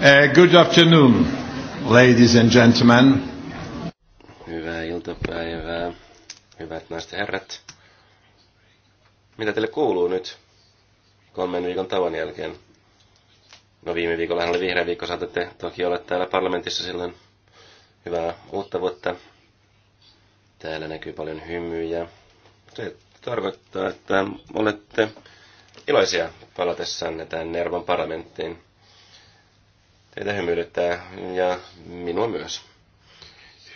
Uh, good afternoon, ladies and gentlemen. Hyvää iltapäivää, hyvät naiset ja herrat. Mitä teille kuuluu nyt kolmen viikon tauon jälkeen? No viime viikolla oli vihreä viikko, saatatte toki olla täällä parlamentissa silloin. Hyvää uutta vuotta. Täällä näkyy paljon hymyjä. Se tarkoittaa, että olette iloisia palatessanne tähän Nervon parlamenttiin. Teitä hymyilyttää ja minua myös.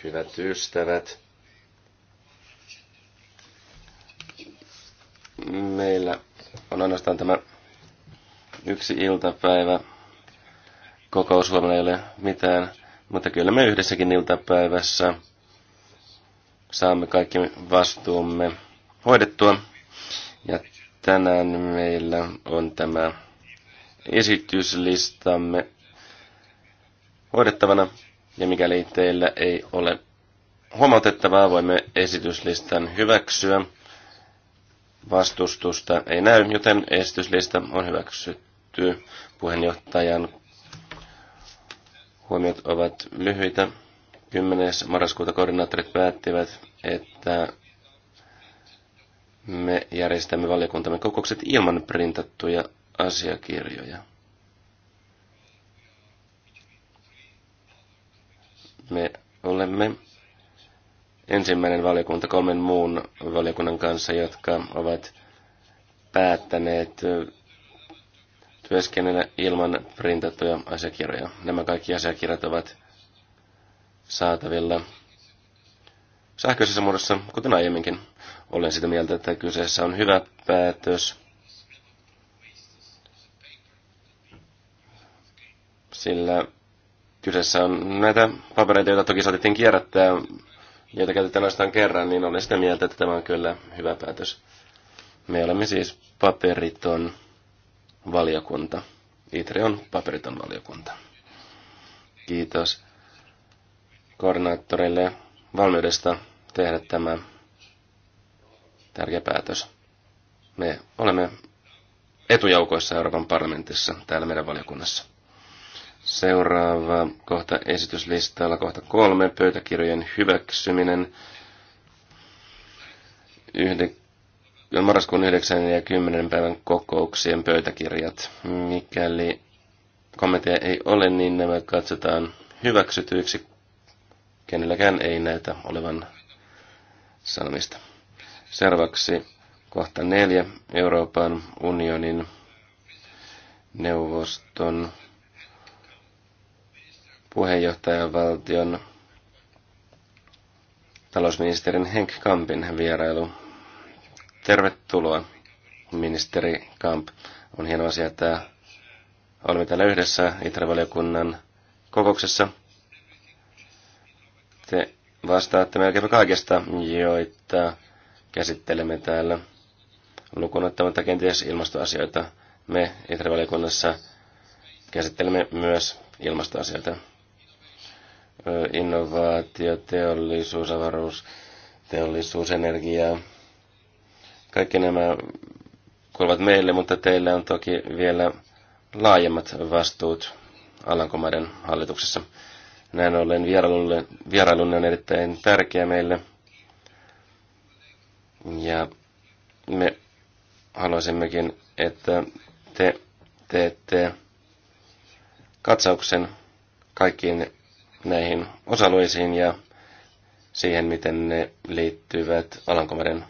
Hyvät ystävät, meillä on ainoastaan tämä yksi iltapäivä. Kokous huomenna ei ole mitään, mutta kyllä me yhdessäkin iltapäivässä saamme kaikki vastuumme hoidettua. Ja tänään meillä on tämä esityslistamme hoidettavana. Ja mikäli teillä ei ole huomautettavaa, voimme esityslistan hyväksyä. Vastustusta ei näy, joten esityslista on hyväksytty. Puheenjohtajan huomiot ovat lyhyitä. 10. marraskuuta koordinaattorit päättivät, että me järjestämme valiokuntamme kokoukset ilman printattuja asiakirjoja. Me olemme ensimmäinen valiokunta kolmen muun valiokunnan kanssa, jotka ovat päättäneet työskennellä ilman printattuja asiakirjoja. Nämä kaikki asiakirjat ovat saatavilla sähköisessä muodossa, kuten aiemminkin. Olen sitä mieltä, että kyseessä on hyvä päätös, sillä Kyseessä on näitä papereita, joita toki saatettiin kierrättää, joita käytetään ainoastaan kerran, niin olen sitä mieltä, että tämä on kyllä hyvä päätös. Me olemme siis paperiton valiokunta. ITRE on paperiton valiokunta. Kiitos koordinaattoreille valmiudesta tehdä tämä tärkeä päätös. Me olemme etujoukoissa Euroopan parlamentissa täällä meidän valiokunnassa. Seuraava kohta esityslistalla, kohta kolme, pöytäkirjojen hyväksyminen. Yhde, marraskuun 9. ja 10. päivän kokouksien pöytäkirjat. Mikäli kommentteja ei ole, niin nämä katsotaan hyväksytyiksi. Kenelläkään ei näytä olevan sanomista. Seuraavaksi kohta neljä Euroopan unionin neuvoston puheenjohtajavaltion talousministerin Henk Kampin vierailu. Tervetuloa, ministeri Kamp. On hieno asia, että olemme täällä yhdessä Itävaliokunnan kokouksessa. Te vastaatte melkein kaikesta, joita käsittelemme täällä lukuun ottamatta kenties ilmastoasioita. Me Itävaliokunnassa käsittelemme myös ilmastoasioita innovaatio, teollisuus, avaruus, teollisuus, Kaikki nämä kuuluvat meille, mutta teillä on toki vielä laajemmat vastuut Alankomaiden hallituksessa. Näin ollen vierailunne on erittäin tärkeä meille. Ja me haluaisimmekin, että te teette katsauksen kaikkiin näihin osalueisiin ja siihen, miten ne liittyvät Alankomaiden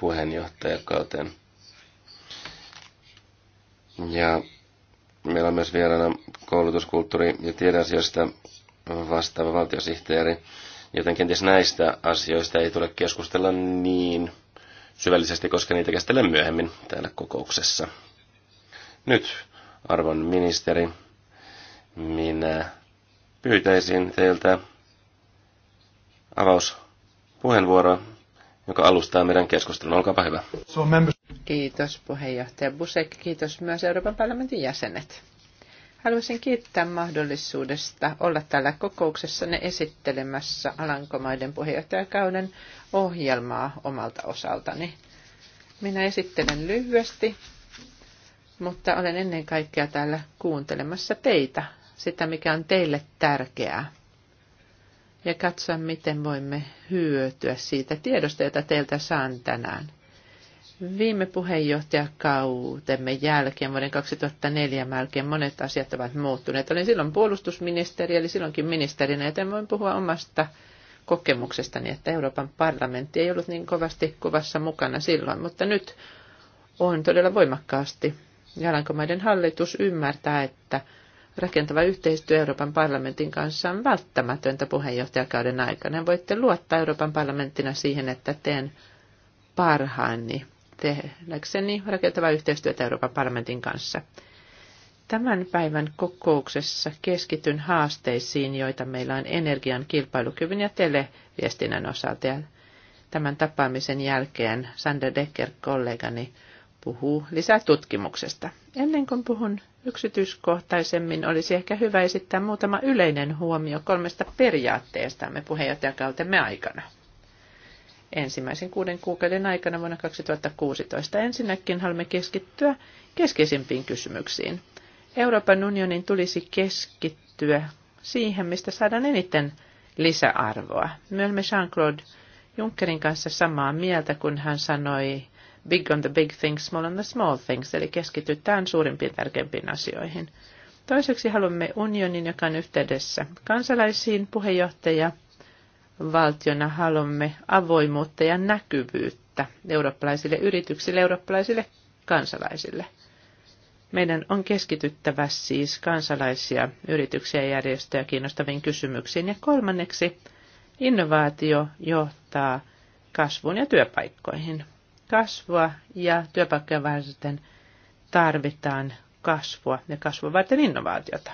puheenjohtajakauteen. Ja meillä on myös vieraana koulutuskulttuuri- ja tiedeasioista vastaava valtiosihteeri, joten kenties näistä asioista ei tule keskustella niin syvällisesti, koska niitä käsitellään myöhemmin täällä kokouksessa. Nyt, arvon ministeri, minä pyytäisin teiltä avauspuheenvuoroa, joka alustaa meidän keskustelun. Olkaapa hyvä. Kiitos puheenjohtaja Busek, kiitos myös Euroopan parlamentin jäsenet. Haluaisin kiittää mahdollisuudesta olla täällä kokouksessanne esittelemässä Alankomaiden puheenjohtajakauden ohjelmaa omalta osaltani. Minä esittelen lyhyesti, mutta olen ennen kaikkea täällä kuuntelemassa teitä sitä, mikä on teille tärkeää. Ja katsoa, miten voimme hyötyä siitä tiedosta, jota teiltä saan tänään. Viime puheenjohtajakautemme jälkeen, vuoden 2004 jälkeen, monet asiat ovat muuttuneet. Olin silloin puolustusministeri, eli silloinkin ministerinä, joten voin puhua omasta kokemuksestani, että Euroopan parlamentti ei ollut niin kovasti kuvassa mukana silloin, mutta nyt on todella voimakkaasti. Jalankomaiden hallitus ymmärtää, että rakentava yhteistyö Euroopan parlamentin kanssa on välttämätöntä puheenjohtajakauden aikana. Voitte luottaa Euroopan parlamenttina siihen, että teen parhaani tehdäkseni rakentavaa yhteistyötä Euroopan parlamentin kanssa. Tämän päivän kokouksessa keskityn haasteisiin, joita meillä on energian, kilpailukyvyn ja televiestinnän osalta. Ja tämän tapaamisen jälkeen Sander Decker, kollegani, puhuu lisää tutkimuksesta. Ennen kuin puhun yksityiskohtaisemmin olisi ehkä hyvä esittää muutama yleinen huomio kolmesta periaatteestamme puheenjohtajakautemme aikana. Ensimmäisen kuuden kuukauden aikana vuonna 2016 ensinnäkin haluamme keskittyä keskeisimpiin kysymyksiin. Euroopan unionin tulisi keskittyä siihen, mistä saadaan eniten lisäarvoa. Me olemme Jean-Claude Junckerin kanssa samaa mieltä, kun hän sanoi big on the big things, small on the small things, eli keskitytään suurimpiin tärkeimpiin asioihin. Toiseksi haluamme unionin, joka on yhteydessä kansalaisiin puheenjohtaja. Valtiona haluamme avoimuutta ja näkyvyyttä eurooppalaisille yrityksille, eurooppalaisille kansalaisille. Meidän on keskityttävä siis kansalaisia, yrityksiä ja järjestöjä kiinnostaviin kysymyksiin. Ja kolmanneksi, innovaatio johtaa kasvuun ja työpaikkoihin kasvua ja työpaikkoja varten tarvitaan kasvua ja kasvua varten innovaatiota.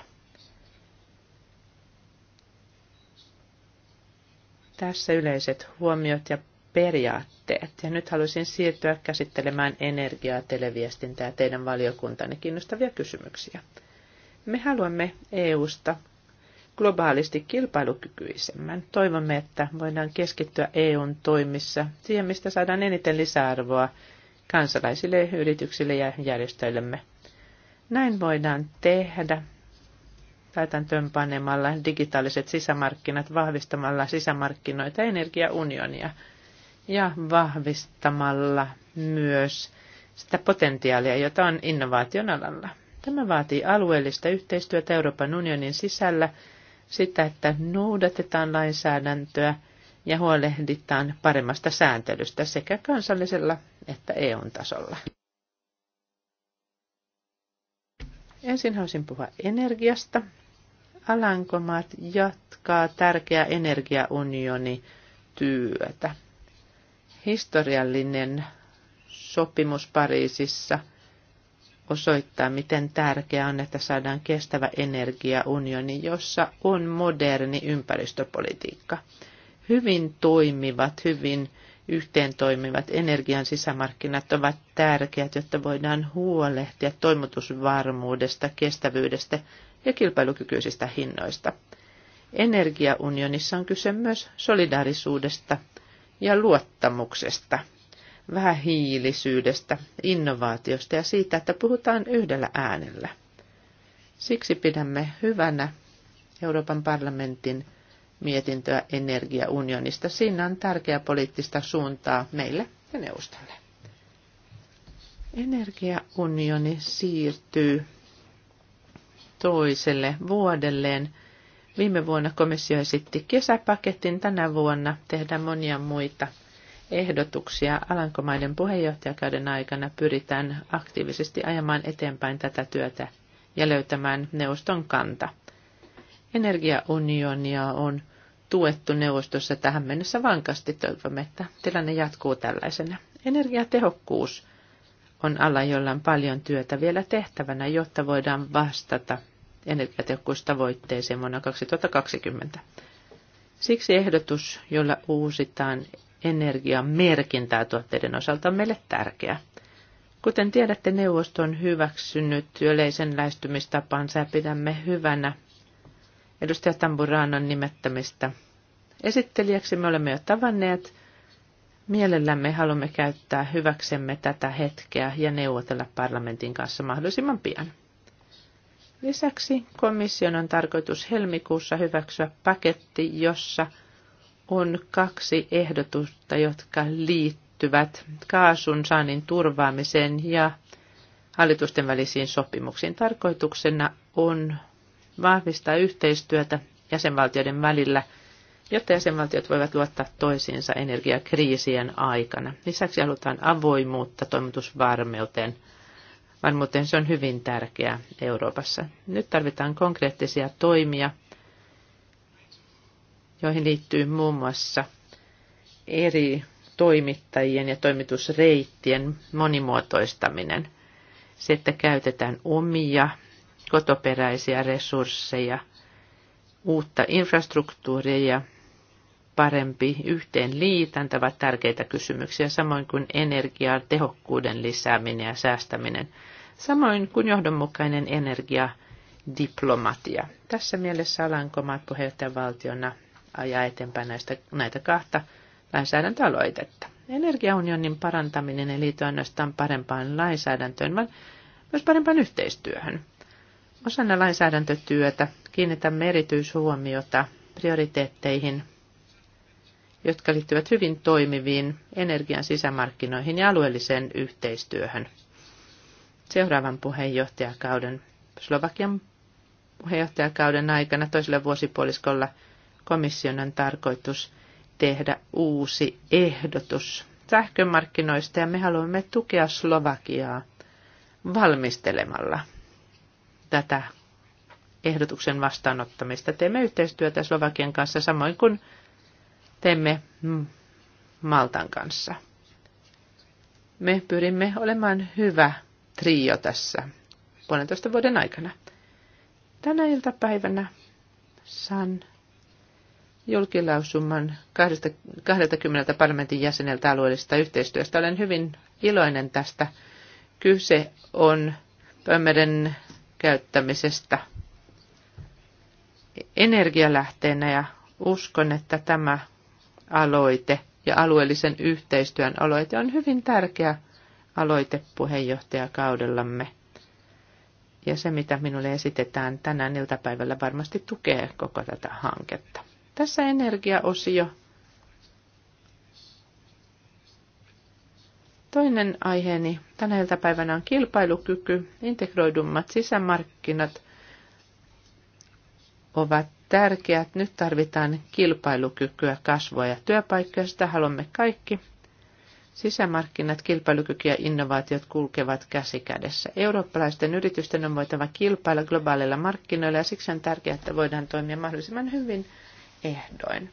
Tässä yleiset huomiot ja periaatteet. Ja nyt haluaisin siirtyä käsittelemään energiaa, televiestintää ja teidän valiokuntanne kiinnostavia kysymyksiä. Me haluamme EUsta globaalisti kilpailukykyisemmän. Toivomme, että voidaan keskittyä EUn toimissa siihen, mistä saadaan eniten lisäarvoa kansalaisille, yrityksille ja järjestöillemme. Näin voidaan tehdä täytäntöönpanemalla digitaaliset sisämarkkinat, vahvistamalla sisämarkkinoita energiaunionia ja vahvistamalla myös sitä potentiaalia, jota on innovaation alalla. Tämä vaatii alueellista yhteistyötä Euroopan unionin sisällä – sitä, että noudatetaan lainsäädäntöä ja huolehditaan paremmasta sääntelystä sekä kansallisella että eu tasolla. Ensin haluaisin puhua energiasta. Alankomaat jatkaa tärkeää energiaunioni työtä. Historiallinen sopimus Pariisissa – osoittaa, miten tärkeää on, että saadaan kestävä energiaunioni, jossa on moderni ympäristöpolitiikka. Hyvin toimivat, hyvin yhteen toimivat energian sisämarkkinat ovat tärkeät, jotta voidaan huolehtia toimitusvarmuudesta, kestävyydestä ja kilpailukykyisistä hinnoista. Energiaunionissa on kyse myös solidaarisuudesta ja luottamuksesta – vähähiilisyydestä, innovaatiosta ja siitä, että puhutaan yhdellä äänellä. Siksi pidämme hyvänä Euroopan parlamentin mietintöä energiaunionista. Siinä on tärkeä poliittista suuntaa meille ja neuvostolle. Energiaunioni siirtyy toiselle vuodelleen. Viime vuonna komissio esitti kesäpaketin, tänä vuonna tehdään monia muita ehdotuksia Alankomaiden puheenjohtajakauden aikana pyritään aktiivisesti ajamaan eteenpäin tätä työtä ja löytämään neuvoston kanta. Energiaunionia on tuettu neuvostossa tähän mennessä vankasti. Toivomme, että tilanne jatkuu tällaisena. Energiatehokkuus on ala, jolla on paljon työtä vielä tehtävänä, jotta voidaan vastata energiatehokkuustavoitteeseen vuonna 2020. Siksi ehdotus, jolla uusitaan energiamerkintää tuotteiden osalta on meille tärkeä. Kuten tiedätte, neuvosto on hyväksynyt yleisen lähestymistapansa ja pidämme hyvänä edustaja Tamburanon nimettämistä esittelijäksi. Me olemme jo tavanneet. Mielellämme haluamme käyttää hyväksemme tätä hetkeä ja neuvotella parlamentin kanssa mahdollisimman pian. Lisäksi komission on tarkoitus helmikuussa hyväksyä paketti, jossa – on kaksi ehdotusta, jotka liittyvät kaasun saannin turvaamiseen ja hallitusten välisiin sopimuksiin. Tarkoituksena on vahvistaa yhteistyötä jäsenvaltioiden välillä, jotta jäsenvaltiot voivat luottaa toisiinsa energiakriisien aikana. Lisäksi halutaan avoimuutta toimitusvarmeuteen. Varmuuteen se on hyvin tärkeää Euroopassa. Nyt tarvitaan konkreettisia toimia – joihin liittyy muun muassa eri toimittajien ja toimitusreittien monimuotoistaminen. Se, että käytetään omia kotoperäisiä resursseja, uutta infrastruktuuria ja parempi yhteenliitäntä ovat tärkeitä kysymyksiä, samoin kuin energiaa, tehokkuuden lisääminen ja säästäminen, samoin kuin johdonmukainen energia diplomatia. Tässä mielessä Alankomaat puheenjohtajavaltiona ajaa eteenpäin näistä, näitä kahta lainsäädäntöaloitetta. Energiaunionin parantaminen ei liity ainoastaan parempaan lainsäädäntöön, vaan myös parempaan yhteistyöhön. Osana lainsäädäntötyötä kiinnitämme erityishuomiota prioriteetteihin, jotka liittyvät hyvin toimiviin energian sisämarkkinoihin ja alueelliseen yhteistyöhön. Seuraavan puheenjohtajakauden, Slovakian puheenjohtajakauden aikana toisella vuosipuoliskolla – komission on tarkoitus tehdä uusi ehdotus sähkömarkkinoista ja me haluamme tukea Slovakiaa valmistelemalla tätä ehdotuksen vastaanottamista. Teemme yhteistyötä Slovakian kanssa samoin kuin teemme Maltan kanssa. Me pyrimme olemaan hyvä trio tässä puolentoista vuoden aikana. Tänä iltapäivänä saan julkilausuman 20 parlamentin jäseneltä alueellisesta yhteistyöstä. Olen hyvin iloinen tästä. Kyse on pöymäden käyttämisestä energialähteenä ja uskon, että tämä aloite ja alueellisen yhteistyön aloite on hyvin tärkeä aloite puheenjohtajakaudellamme. Ja se, mitä minulle esitetään tänään iltapäivällä, varmasti tukee koko tätä hanketta. Tässä energiaosio. Toinen aiheeni tänä iltapäivänä on kilpailukyky. Integroidummat sisämarkkinat ovat tärkeät. Nyt tarvitaan kilpailukykyä, kasvua ja työpaikkoja. Sitä haluamme kaikki. Sisämarkkinat, kilpailukyky ja innovaatiot kulkevat käsi kädessä. Eurooppalaisten yritysten on voitava kilpailla globaaleilla markkinoilla ja siksi on tärkeää, että voidaan toimia mahdollisimman hyvin – ehdoin.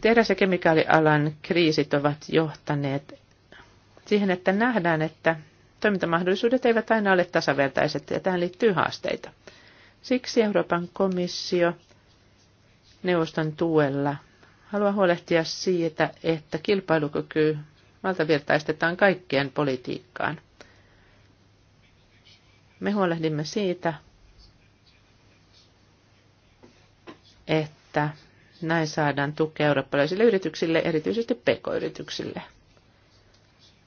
Teräs- ja kemikaalialan kriisit ovat johtaneet siihen, että nähdään, että toimintamahdollisuudet eivät aina ole tasavertaiset ja tähän liittyy haasteita. Siksi Euroopan komissio neuvoston tuella haluaa huolehtia siitä, että kilpailukyky valtavirtaistetaan kaikkien politiikkaan. Me huolehdimme siitä, että näin saadaan tukea eurooppalaisille yrityksille, erityisesti pk-yrityksille.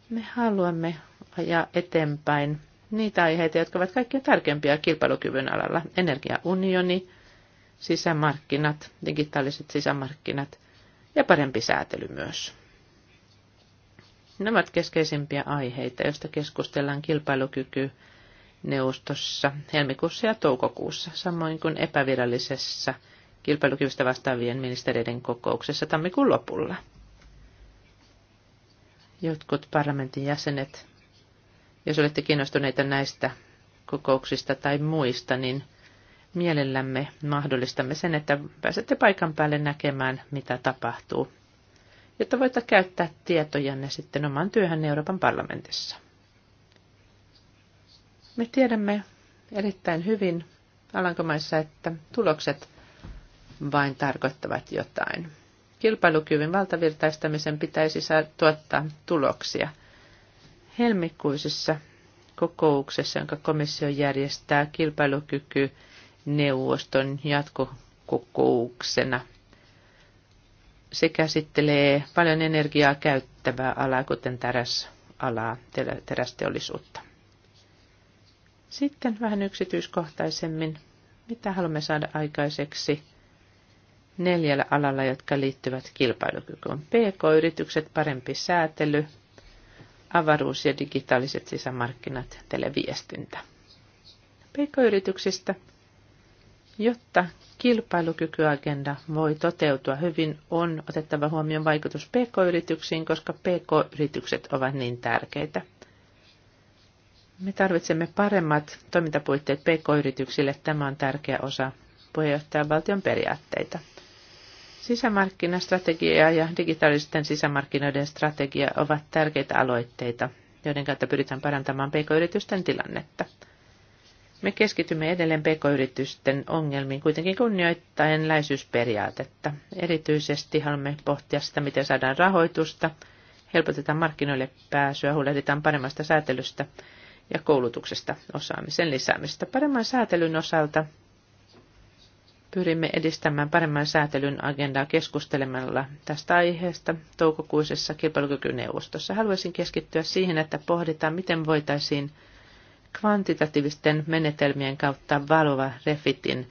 Me haluamme ajaa eteenpäin niitä aiheita, jotka ovat kaikkein tärkeimpiä kilpailukyvyn alalla. Energiaunioni, sisämarkkinat, digitaaliset sisämarkkinat ja parempi säätely myös. Nämä ovat keskeisimpiä aiheita, joista keskustellaan kilpailukyky neuvostossa helmikuussa ja toukokuussa, samoin kuin epävirallisessa – kilpailukyvystä vastaavien ministereiden kokouksessa tammikuun lopulla. Jotkut parlamentin jäsenet, jos olette kiinnostuneita näistä kokouksista tai muista, niin mielellämme mahdollistamme sen, että pääsette paikan päälle näkemään, mitä tapahtuu, jotta voitte käyttää tietojanne sitten oman työhön Euroopan parlamentissa. Me tiedämme erittäin hyvin Alankomaissa, että tulokset vain tarkoittavat jotain. Kilpailukyvyn valtavirtaistamisen pitäisi saada tuottaa tuloksia. Helmikuisessa kokouksessa, jonka komissio järjestää kilpailukykyneuvoston jatkokokouksena, se käsittelee paljon energiaa käyttävää alaa, kuten teräsalaa, terästeollisuutta. Sitten vähän yksityiskohtaisemmin, mitä haluamme saada aikaiseksi neljällä alalla, jotka liittyvät kilpailukykyyn. PK-yritykset, parempi säätely, avaruus ja digitaaliset sisämarkkinat, televiestintä. PK-yrityksistä, jotta kilpailukykyagenda voi toteutua hyvin, on otettava huomioon vaikutus PK-yrityksiin, koska PK-yritykset ovat niin tärkeitä. Me tarvitsemme paremmat toimintapuitteet PK-yrityksille. Tämä on tärkeä osa valtion periaatteita. Sisämarkkinastrategia ja digitaalisten sisämarkkinoiden strategia ovat tärkeitä aloitteita, joiden kautta pyritään parantamaan pk-yritysten tilannetta. Me keskitymme edelleen pk-yritysten ongelmiin kuitenkin kunnioittaen läisyysperiaatetta. Erityisesti haluamme pohtia sitä, miten saadaan rahoitusta, helpotetaan markkinoille pääsyä, huolehditaan paremmasta säätelystä ja koulutuksesta osaamisen lisäämistä. Paremman säätelyn osalta Pyrimme edistämään paremman säätelyn agendaa keskustelemalla tästä aiheesta toukokuisessa kilpailukykyneuvostossa. Haluaisin keskittyä siihen, että pohditaan, miten voitaisiin kvantitatiivisten menetelmien kautta valvoa refitin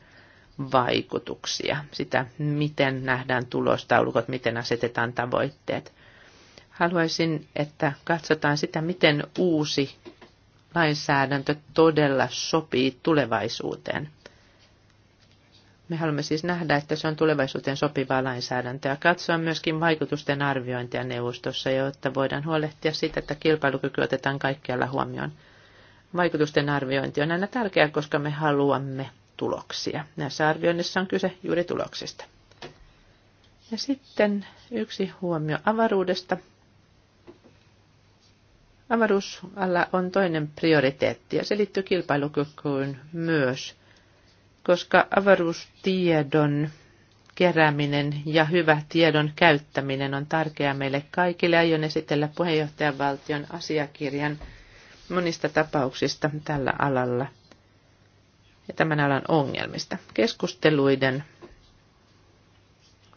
vaikutuksia, sitä miten nähdään tulostaulukot, miten asetetaan tavoitteet. Haluaisin, että katsotaan sitä, miten uusi lainsäädäntö todella sopii tulevaisuuteen – me haluamme siis nähdä, että se on tulevaisuuteen sopivaa lainsäädäntöä. Katsoa myöskin vaikutusten arviointia neuvostossa, jotta voidaan huolehtia siitä, että kilpailukyky otetaan kaikkialla huomioon. Vaikutusten arviointi on aina tärkeää, koska me haluamme tuloksia. Näissä arvioinnissa on kyse juuri tuloksista. Ja sitten yksi huomio avaruudesta. Avaruusalla on toinen prioriteetti ja se liittyy kilpailukykyyn myös – koska avaruustiedon kerääminen ja hyvä tiedon käyttäminen on tärkeää meille kaikille. Aion esitellä valtion asiakirjan monista tapauksista tällä alalla ja tämän alan ongelmista. Keskusteluiden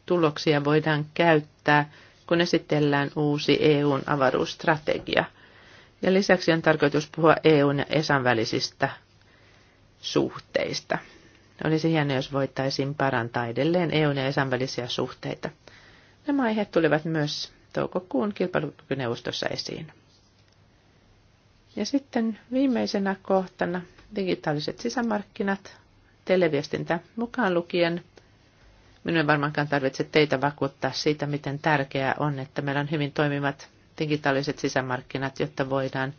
tuloksia voidaan käyttää, kun esitellään uusi EUn avaruusstrategia. Ja lisäksi on tarkoitus puhua EUn ja ESAn välisistä suhteista. Olisi hienoa, jos voitaisiin parantaa edelleen EUn ja ESAn välisiä suhteita. Nämä aiheet tulivat myös toukokuun kilpailukyneuvostossa esiin. Ja sitten viimeisenä kohtana digitaaliset sisämarkkinat, televiestintä mukaan lukien. Minun ei varmaankaan tarvitse teitä vakuuttaa siitä, miten tärkeää on, että meillä on hyvin toimivat digitaaliset sisämarkkinat, jotta voidaan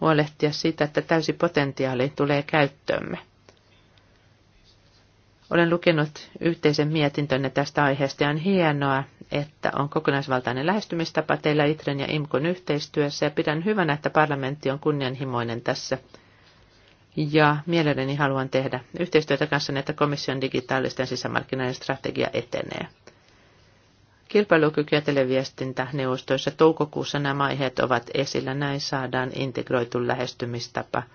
huolehtia siitä, että täysi potentiaali tulee käyttöömme. Olen lukenut yhteisen mietintönne tästä aiheesta ja on hienoa, että on kokonaisvaltainen lähestymistapa teillä ITREN ja IMKON yhteistyössä ja pidän hyvänä, että parlamentti on kunnianhimoinen tässä. Ja mielelläni haluan tehdä yhteistyötä kanssa, että komission digitaalisten sisämarkkinoiden strategia etenee. Kilpailukyky- ja televiestintäneuvostoissa toukokuussa nämä aiheet ovat esillä. Näin saadaan integroitu lähestymistapa –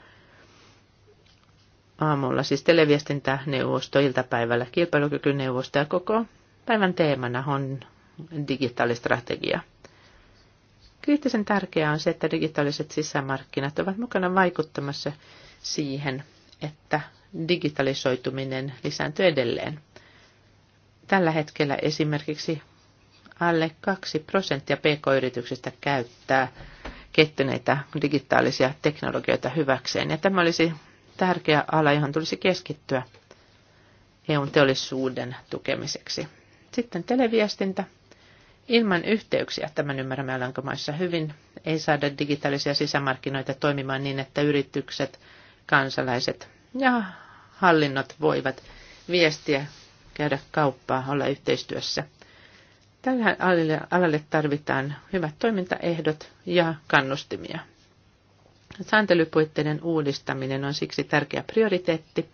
aamulla, siis televiestintäneuvosto, iltapäivällä kilpailukykyneuvosto ja koko päivän teemana on digitaalistrategia. Kriittisen tärkeää on se, että digitaaliset sisämarkkinat ovat mukana vaikuttamassa siihen, että digitalisoituminen lisääntyy edelleen. Tällä hetkellä esimerkiksi alle 2 prosenttia pk-yrityksistä käyttää kettyneitä digitaalisia teknologioita hyväkseen. Ja tämä olisi tärkeä ala, johon tulisi keskittyä EUn teollisuuden tukemiseksi. Sitten televiestintä. Ilman yhteyksiä, tämän ymmärrämme Alankomaissa hyvin, ei saada digitaalisia sisämarkkinoita toimimaan niin, että yritykset, kansalaiset ja hallinnot voivat viestiä, käydä kauppaa, olla yhteistyössä. Tällä alalle tarvitaan hyvät toimintaehdot ja kannustimia. Sääntelypuitteiden uudistaminen on siksi tärkeä prioriteetti,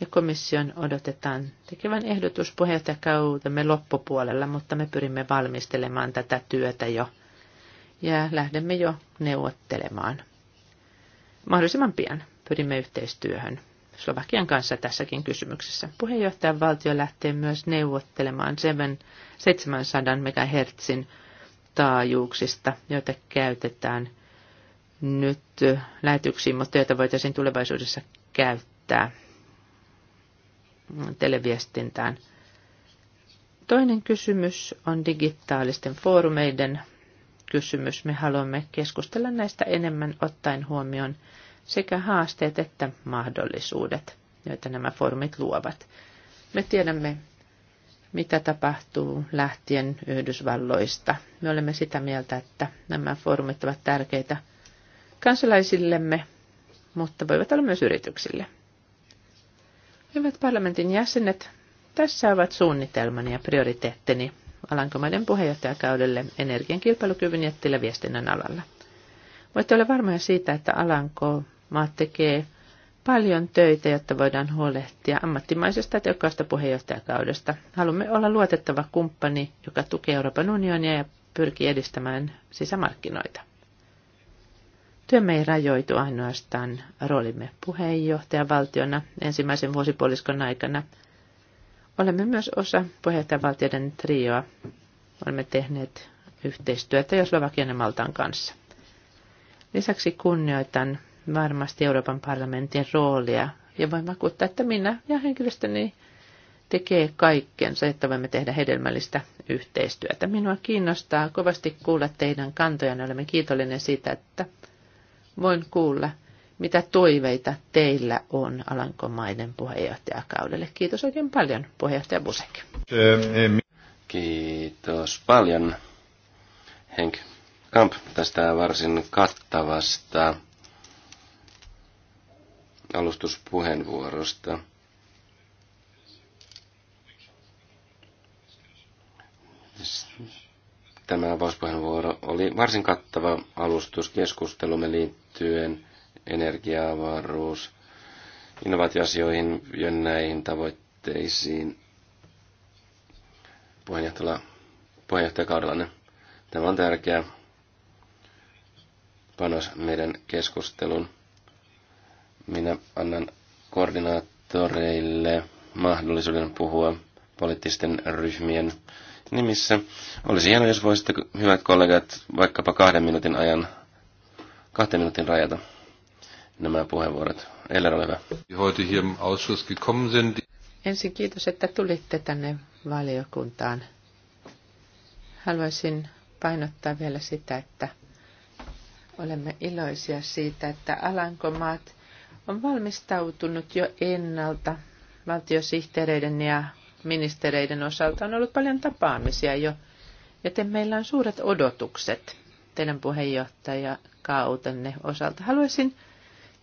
ja komission odotetaan tekevän ehdotus puheenjohtajakautemme loppupuolella, mutta me pyrimme valmistelemaan tätä työtä jo ja lähdemme jo neuvottelemaan. Mahdollisimman pian pyrimme yhteistyöhön Slovakian kanssa tässäkin kysymyksessä. Puheenjohtajan valtio lähtee myös neuvottelemaan 700 MHz taajuuksista, joita käytetään – nyt lähetyksiin, mutta joita voitaisiin tulevaisuudessa käyttää televiestintään. Toinen kysymys on digitaalisten foorumeiden kysymys. Me haluamme keskustella näistä enemmän ottaen huomioon sekä haasteet että mahdollisuudet, joita nämä foorumit luovat. Me tiedämme, mitä tapahtuu lähtien Yhdysvalloista. Me olemme sitä mieltä, että nämä foorumit ovat tärkeitä kansalaisillemme, mutta voivat olla myös yrityksille. Hyvät parlamentin jäsenet, tässä ovat suunnitelmani ja prioriteettini Alankomaiden puheenjohtajakaudelle energian kilpailukyvyn jättillä viestinnän alalla. Voitte olla varmoja siitä, että Alankomaat tekee paljon töitä, jotta voidaan huolehtia ammattimaisesta ja tehokkaasta puheenjohtajakaudesta. Haluamme olla luotettava kumppani, joka tukee Euroopan unionia ja pyrkii edistämään sisämarkkinoita. Työmme ei rajoitu ainoastaan roolimme valtiona ensimmäisen vuosipuoliskon aikana. Olemme myös osa puheenjohtajavaltioiden trioa. Olemme tehneet yhteistyötä jo Slovakian ja Maltan kanssa. Lisäksi kunnioitan varmasti Euroopan parlamentin roolia ja voin vakuuttaa, että minä ja henkilöstöni tekee kaikkensa, että voimme tehdä hedelmällistä yhteistyötä. Minua kiinnostaa kovasti kuulla teidän ja Olemme kiitollinen siitä, että voin kuulla, mitä toiveita teillä on Alankomaiden puheenjohtajakaudelle. Kiitos oikein paljon, puheenjohtaja Busek. Kiitos paljon, Henk Kamp, tästä varsin kattavasta alustuspuheenvuorosta. Tämä avauspuheenvuoro oli varsin kattava alustus keskustelumme liittyen energiaavaruus, innovaatioasioihin ja näihin tavoitteisiin puheenjohtajalla, puheenjohtajakaudellanne. Tämä on tärkeä panos meidän keskustelun. Minä annan koordinaattoreille mahdollisuuden puhua poliittisten ryhmien nimissä. Olisi hienoa, jos voisitte, hyvät kollegat, vaikkapa kahden minuutin ajan, kahden minuutin rajata nämä puheenvuorot. Eller ole hyvä. Ensin kiitos, että tulitte tänne valiokuntaan. Haluaisin painottaa vielä sitä, että olemme iloisia siitä, että Alankomaat on valmistautunut jo ennalta valtiosihteereiden ja ministereiden osalta on ollut paljon tapaamisia jo, joten meillä on suuret odotukset teidän puheenjohtajakautenne osalta. Haluaisin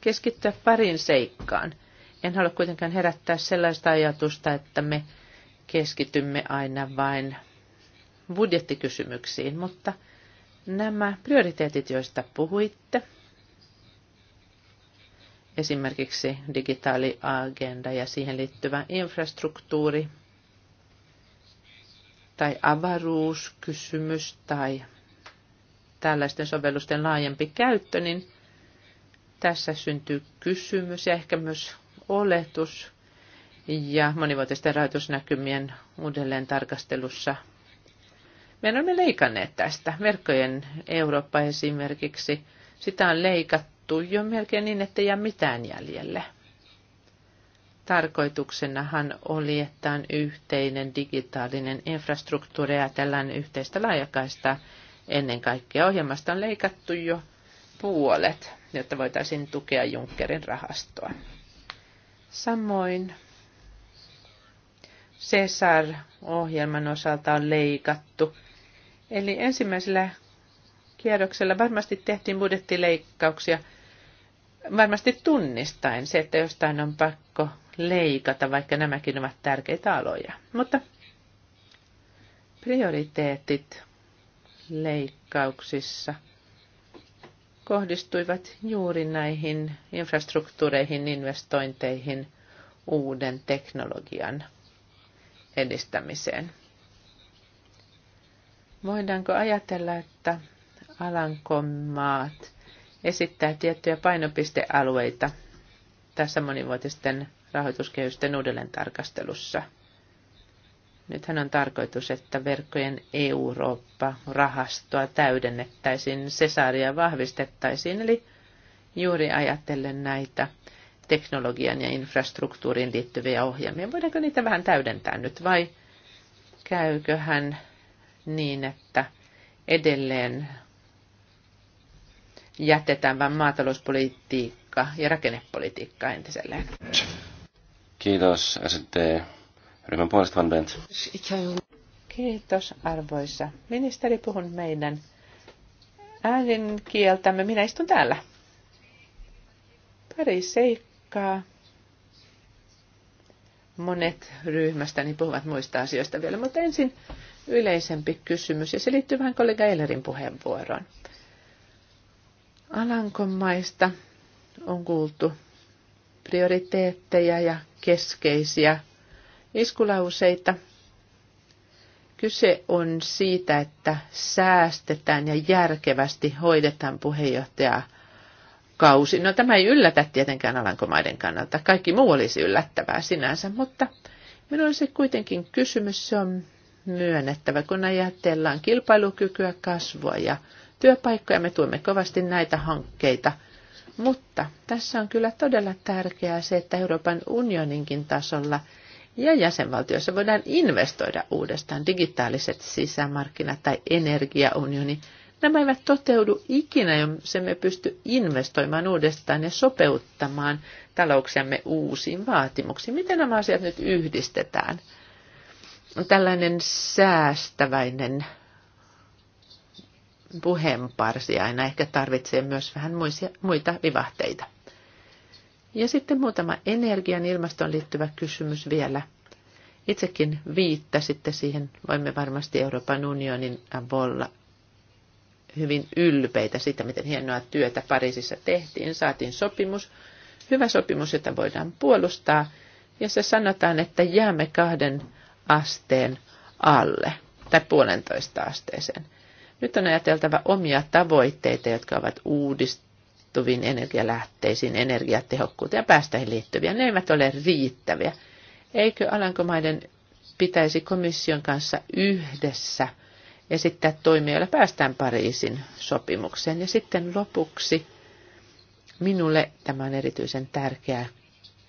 keskittyä pariin seikkaan. En halua kuitenkaan herättää sellaista ajatusta, että me keskitymme aina vain budjettikysymyksiin, mutta nämä prioriteetit, joista puhuitte, esimerkiksi digitaaliagenda ja siihen liittyvä infrastruktuuri, tai avaruuskysymys tai tällaisten sovellusten laajempi käyttö, niin tässä syntyy kysymys ja ehkä myös oletus ja monivuotisten rahoitusnäkymien uudelleen tarkastelussa. Me olemme leikanneet tästä. Verkkojen Eurooppa esimerkiksi, sitä on leikattu jo melkein niin, että jää mitään jäljelle – tarkoituksenahan oli, että on yhteinen digitaalinen infrastruktuuri ja tällainen yhteistä laajakaista ennen kaikkea. Ohjelmasta on leikattu jo puolet, jotta voitaisiin tukea Junckerin rahastoa. Samoin CESAR-ohjelman osalta on leikattu. Eli ensimmäisellä kierroksella varmasti tehtiin budjettileikkauksia varmasti tunnistaen se, että jostain on pakko leikata, vaikka nämäkin ovat tärkeitä aloja. Mutta prioriteetit leikkauksissa kohdistuivat juuri näihin infrastruktuureihin, investointeihin, uuden teknologian edistämiseen. Voidaanko ajatella, että Alankomaat esittää tiettyjä painopistealueita tässä monivuotisten rahoituskehysten uudelleen tarkastelussa. Nythän on tarkoitus, että verkkojen Eurooppa-rahastoa täydennettäisiin, sesaria vahvistettaisiin, eli juuri ajatellen näitä teknologian ja infrastruktuuriin liittyviä ohjelmia. Voidaanko niitä vähän täydentää nyt vai käyköhän niin, että edelleen jätetään vain maatalouspolitiikka ja rakennepolitiikka entiselleen? Kiitos ST-ryhmän puolesta Van Bent. Kiitos arvoisa ministeri. Puhun meidän äidinkieltämme. Minä istun täällä. Pari seikkaa. Monet ryhmästäni puhuvat muista asioista vielä, mutta ensin yleisempi kysymys, ja se liittyy vähän kollega Eilerin puheenvuoroon. Alankomaista on kuultu prioriteetteja ja keskeisiä iskulauseita. Kyse on siitä, että säästetään ja järkevästi hoidetaan puheenjohtajaa kausi. No tämä ei yllätä tietenkään Alankomaiden kannalta. Kaikki muu olisi yllättävää sinänsä, mutta minulla se kuitenkin kysymys se on myönnettävä, kun ajatellaan kilpailukykyä, kasvua ja työpaikkoja. Me tuemme kovasti näitä hankkeita – mutta tässä on kyllä todella tärkeää se, että Euroopan unioninkin tasolla ja jäsenvaltioissa voidaan investoida uudestaan digitaaliset sisämarkkinat tai energiaunioni. Nämä eivät toteudu ikinä, jos emme pysty investoimaan uudestaan ja sopeuttamaan talouksiamme uusiin vaatimuksiin. Miten nämä asiat nyt yhdistetään? Tällainen säästäväinen puheenparsi aina ehkä tarvitsee myös vähän muita vivahteita. Ja sitten muutama energian ilmastoon liittyvä kysymys vielä. Itsekin viittasitte siihen, voimme varmasti Euroopan unionin avulla hyvin ylpeitä siitä, miten hienoa työtä Pariisissa tehtiin. Saatiin sopimus, hyvä sopimus, jota voidaan puolustaa, ja se sanotaan, että jäämme kahden asteen alle tai puolentoista asteeseen. Nyt on ajateltava omia tavoitteita, jotka ovat uudistuviin energialähteisiin, energiatehokkuuteen ja päästöihin liittyviä. Ne eivät ole riittäviä. Eikö Alankomaiden pitäisi komission kanssa yhdessä esittää toimia, joilla päästään Pariisin sopimukseen? Ja sitten lopuksi minulle tämä on erityisen tärkeä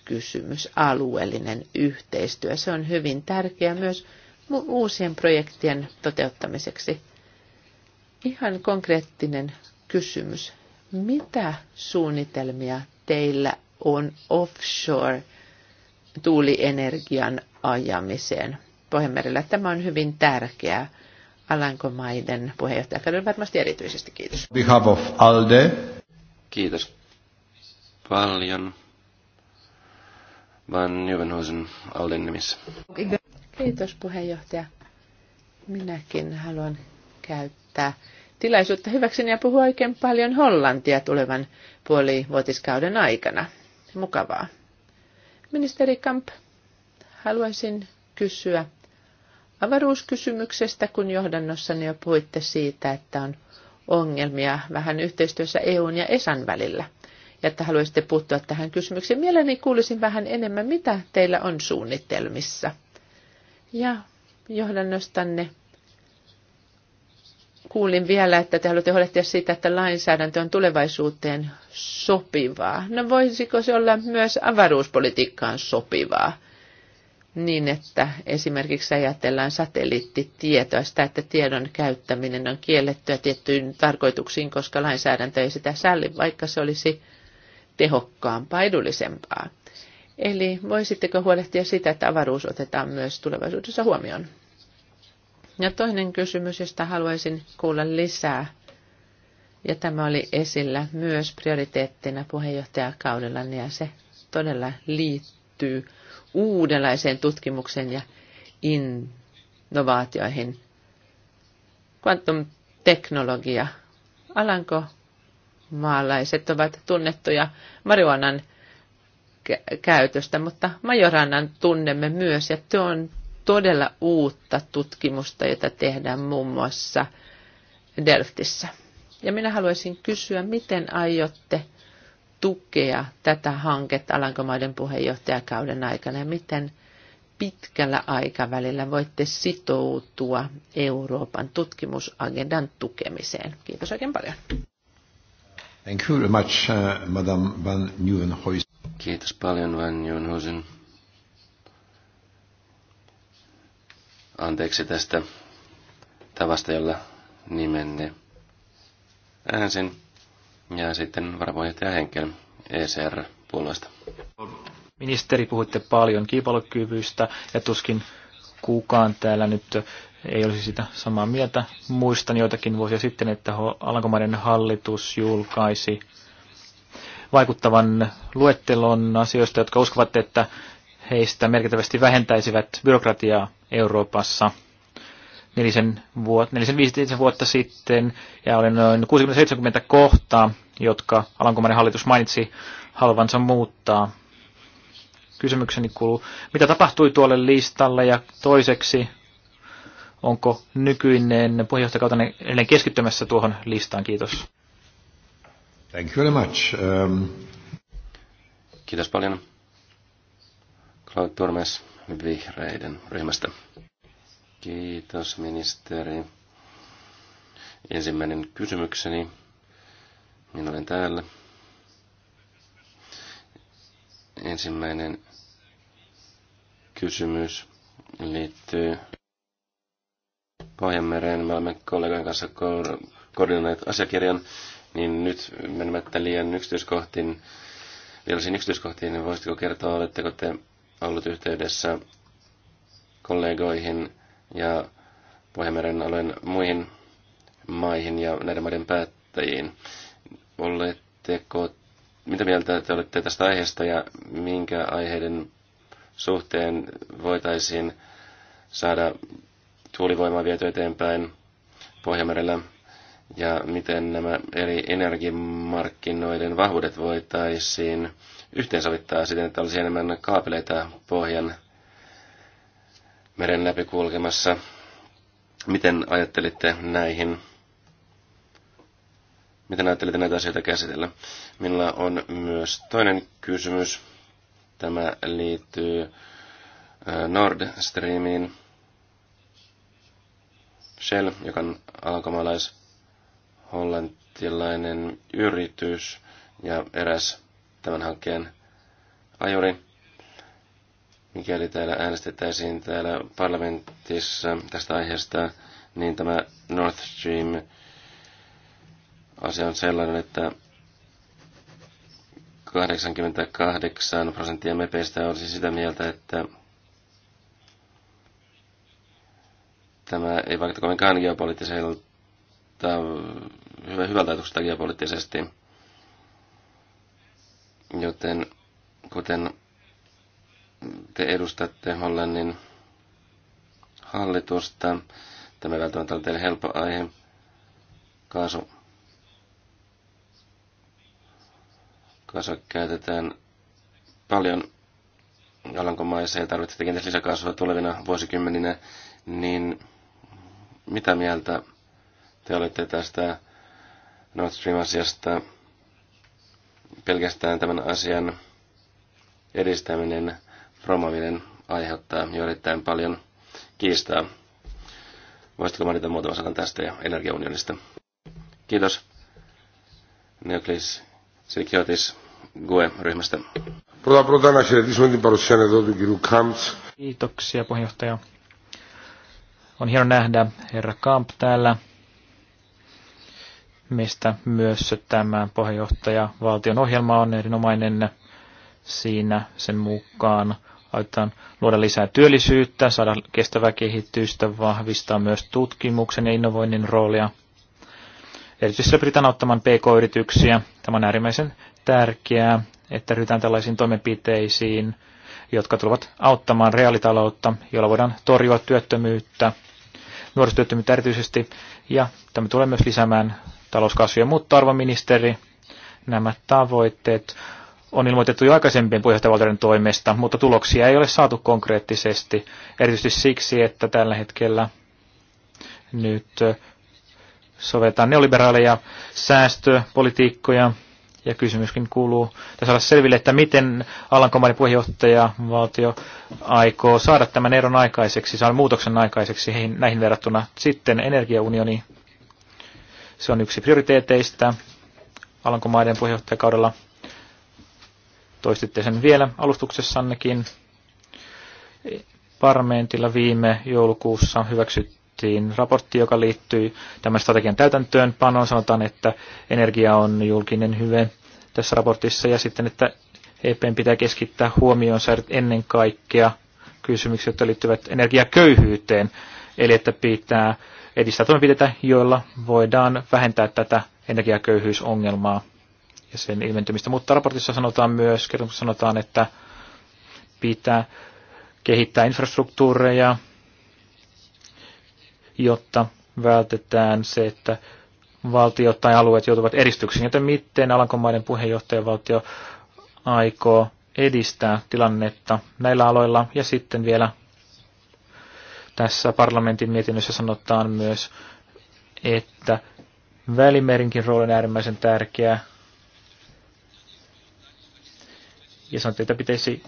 kysymys, alueellinen yhteistyö. Se on hyvin tärkeä myös uusien projektien toteuttamiseksi. Ihan konkreettinen kysymys. Mitä suunnitelmia teillä on offshore tuulienergian ajamiseen Pohjanmerellä? Tämä on hyvin tärkeää. Alankomaiden Kadun varmasti erityisesti kiitos. Behalf of ALDE. Kiitos paljon. Van Nyvenhuisen ALDEn nimissä. Kiitos puheenjohtaja. Minäkin haluan käyttää tilaisuutta hyväkseni ja puhua oikein paljon hollantia tulevan puolivuotiskauden aikana. Mukavaa. Ministeri Kamp, haluaisin kysyä avaruuskysymyksestä, kun johdannossani jo puhuitte siitä, että on ongelmia vähän yhteistyössä EUn ja ESAn välillä. Ja että haluaisitte puuttua tähän kysymykseen. Mielelläni kuulisin vähän enemmän, mitä teillä on suunnitelmissa. Ja johdannostanne kuulin vielä, että te haluatte huolehtia siitä, että lainsäädäntö on tulevaisuuteen sopivaa. No voisiko se olla myös avaruuspolitiikkaan sopivaa? Niin, että esimerkiksi ajatellaan satelliittitietoa, sitä, että tiedon käyttäminen on kiellettyä tiettyyn tarkoituksiin, koska lainsäädäntö ei sitä salli, vaikka se olisi tehokkaampaa, edullisempaa. Eli voisitteko huolehtia sitä, että avaruus otetaan myös tulevaisuudessa huomioon? Ja toinen kysymys, josta haluaisin kuulla lisää, ja tämä oli esillä myös prioriteettina puheenjohtajakaudella, niin ja se todella liittyy uudenlaiseen tutkimukseen ja innovaatioihin. Quantum-teknologia. Alanko maalaiset ovat tunnettuja marihuanan käytöstä, mutta majorannan tunnemme myös, ja tuon todella uutta tutkimusta, jota tehdään muun muassa Delftissä. Ja minä haluaisin kysyä, miten aiotte tukea tätä hanketta Alankomaiden puheenjohtajakauden aikana ja miten pitkällä aikavälillä voitte sitoutua Euroopan tutkimusagendan tukemiseen. Kiitos oikein paljon. Thank you very much, uh, Madame Van Nieuwenhuizen. Kiitos paljon Van Nieuwenhuizen. Anteeksi tästä tavasta, jolla nimenne äänsin. Ja sitten varapuheenjohtaja Henkel ECR-puolueesta. Ministeri, puhuitte paljon kilpailukyvystä ja tuskin kukaan täällä nyt ei olisi sitä samaa mieltä. Muistan joitakin vuosia sitten, että Alankomaiden hallitus julkaisi vaikuttavan luettelon asioista, jotka uskovat, että heistä merkittävästi vähentäisivät byrokratiaa Euroopassa nelisen, vuot, nelisen 15 vuotta sitten, ja oli noin 60-70 kohtaa, jotka Alankomainen hallitus mainitsi halvansa muuttaa. Kysymykseni kuuluu, mitä tapahtui tuolle listalle, ja toiseksi, onko nykyinen puheenjohtajakautainen edelleen keskittymässä tuohon listaan? Kiitos. Thank you very much. Um... Kiitos paljon. Claude Turmes vihreiden ryhmästä. Kiitos ministeri. Ensimmäinen kysymykseni. Minä olen täällä. Ensimmäinen kysymys liittyy Pohjanmereen. Me olemme kollegan kanssa koordinoineet asiakirjan, niin nyt menemättä liian yksityiskohtiin, vielä yksityiskohtiin, niin voisitko kertoa, oletteko te ollut yhteydessä kollegoihin ja Pohjanmeren alueen muihin maihin ja näiden maiden päättäjiin. Oletteko, mitä mieltä te olette tästä aiheesta ja minkä aiheiden suhteen voitaisiin saada tuulivoimaa viety eteenpäin Pohjanmerellä ja miten nämä eri energiamarkkinoiden vahvuudet voitaisiin yhteensovittaa siten, että olisi enemmän kaapeleita pohjan meren läpi kulkemassa. Miten ajattelitte näihin? Miten ajattelitte näitä asioita käsitellä? Minulla on myös toinen kysymys. Tämä liittyy Nord Streamiin. Shell, joka on alkamalais hollantilainen yritys ja eräs tämän hankkeen ajuri. Mikäli täällä äänestettäisiin täällä parlamentissa tästä aiheesta, niin tämä North Stream asia on sellainen, että 88 prosenttia mepeistä olisi sitä mieltä, että tämä ei vaikuta kovinkaan geopoliittiselta, hyvältä ajatukselta geopoliittisesti. Joten kuten te edustatte Hollannin hallitusta, tämä ei välttämättä ole teille helppo aihe, kaasu, kaasua käytetään paljon Alankomaissa ja tarvitsette kenties lisäkaasua tulevina vuosikymmeninä, niin mitä mieltä te olette tästä Nord Stream-asiasta? pelkästään tämän asian edistäminen, promominen aiheuttaa jo erittäin paljon kiistaa. Voisitko mainita muutaman sanan tästä ja energiaunionista? Kiitos. Neoklis Sikiotis GUE-ryhmästä. Πρώτα πρώτα να χαιρετήσουμε την παρουσία εδώ του κυρίου Κάμπτς. Kiitoksia puheenjohtaja. On hieno nähdä herra Kamp täällä mistä myös tämä puheenjohtaja valtion ohjelma on erinomainen. Siinä sen mukaan aitaan luoda lisää työllisyyttä, saada kestävää kehitystä, vahvistaa myös tutkimuksen ja innovoinnin roolia. Erityisesti pyritään auttamaan pk-yrityksiä. Tämä on äärimmäisen tärkeää, että ryhdytään tällaisiin toimenpiteisiin, jotka tulevat auttamaan reaalitaloutta, jolla voidaan torjua työttömyyttä, nuorisotyöttömyyttä erityisesti, ja tämä tulee myös lisäämään talouskasvua. Mutta arvoministeri, nämä tavoitteet on ilmoitettu jo aikaisempien puheenjohtajavaltioiden toimesta, mutta tuloksia ei ole saatu konkreettisesti, erityisesti siksi, että tällä hetkellä nyt sovetaan neoliberaaleja säästöpolitiikkoja, ja kysymyskin kuuluu tässä olla selville, että miten Alankomainen puheenjohtaja valtio aikoo saada tämän eron aikaiseksi, saada muutoksen aikaiseksi näihin verrattuna sitten energiaunioni. Se on yksi prioriteeteista Alankomaiden puheenjohtajakaudella. Toistitte sen vielä alustuksessannekin. Parmeentilla viime joulukuussa hyväksyttiin raportti, joka liittyy tämän strategian täytäntöönpanoon. Sanotaan, että energia on julkinen hyve tässä raportissa ja sitten, että EPn pitää keskittää huomionsa ennen kaikkea kysymyksiä, jotka liittyvät energiaköyhyyteen. Eli että pitää edistää toimenpiteitä, joilla voidaan vähentää tätä energiaköyhyysongelmaa ja sen ilmentymistä. Mutta raportissa sanotaan myös, kertomuksessa sanotaan, että pitää kehittää infrastruktuureja, jotta vältetään se, että valtiot tai alueet joutuvat eristyksiin. Joten miten Alankomaiden puheenjohtajavaltio aikoo edistää tilannetta näillä aloilla ja sitten vielä tässä parlamentin mietinnössä sanotaan myös, että Välimerinkin rooli on äärimmäisen tärkeä. Ja sanotaan, että pitäisi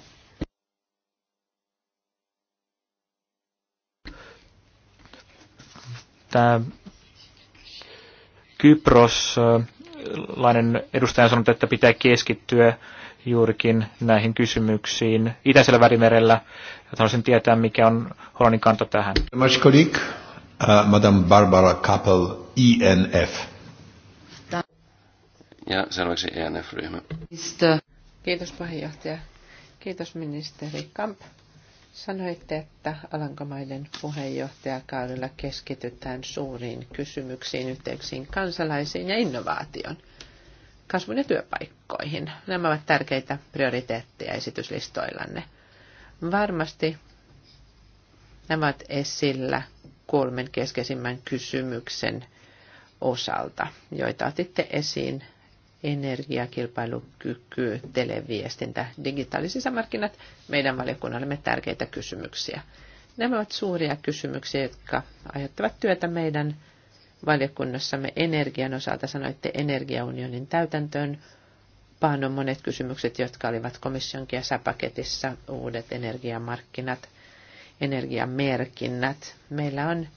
tämä Kyproslainen edustaja sanoi, että pitää keskittyä juurikin näihin kysymyksiin Itäisellä välimerellä. Haluaisin tietää, mikä on Hollannin kanta tähän. Uh, Madame Barbara Kappel, INF. E ja seuraavaksi ENF-ryhmä. Kiitos puheenjohtaja. Kiitos ministeri Kamp. Sanoitte, että Alankomaiden puheenjohtajakaudella keskitytään suuriin kysymyksiin, yhteyksiin kansalaisiin ja innovaatioon kasvun ja työpaikkoihin. Nämä ovat tärkeitä prioriteetteja esityslistoillanne. Varmasti nämä ovat esillä kolmen keskeisimmän kysymyksen osalta, joita otitte esiin energiakilpailukyky, televiestintä, digitaaliset markkinat, meidän valiokunnallemme tärkeitä kysymyksiä. Nämä ovat suuria kysymyksiä, jotka aiheuttavat työtä meidän valiokunnassamme energian osalta sanoitte energiaunionin täytäntöön. Panon monet kysymykset, jotka olivat komission kesäpaketissa, uudet energiamarkkinat, energiamerkinnät. Meillä on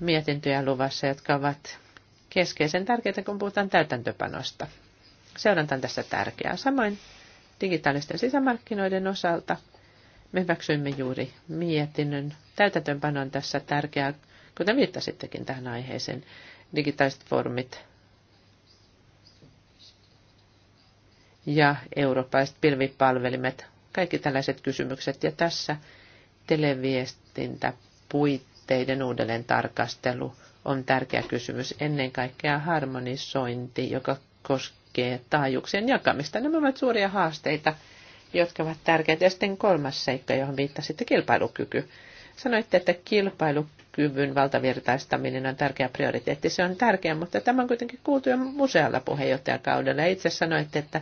mietintöjä luvassa, jotka ovat keskeisen tärkeitä, kun puhutaan täytäntöpanosta. Seuranta on tässä tärkeää. Samoin digitaalisten sisämarkkinoiden osalta me hyväksyimme juuri mietinnön. Täytäntöpano on tässä tärkeää Kuten viittasittekin tähän aiheeseen, digitaaliset foorumit ja eurooppalaiset pilvipalvelimet, kaikki tällaiset kysymykset. Ja tässä televiestintäpuitteiden uudelleen tarkastelu on tärkeä kysymys. Ennen kaikkea harmonisointi, joka koskee taajuuksien jakamista. Nämä ovat suuria haasteita, jotka ovat tärkeitä. Ja sitten kolmas seikka, johon viittasitte, kilpailukyky. Sanoitte, että kilpailukyky kyvyn valtavirtaistaminen on tärkeä prioriteetti. Se on tärkeä, mutta tämä on kuitenkin kuultu jo musealla puheenjohtajakaudella. Itse sanoitte, että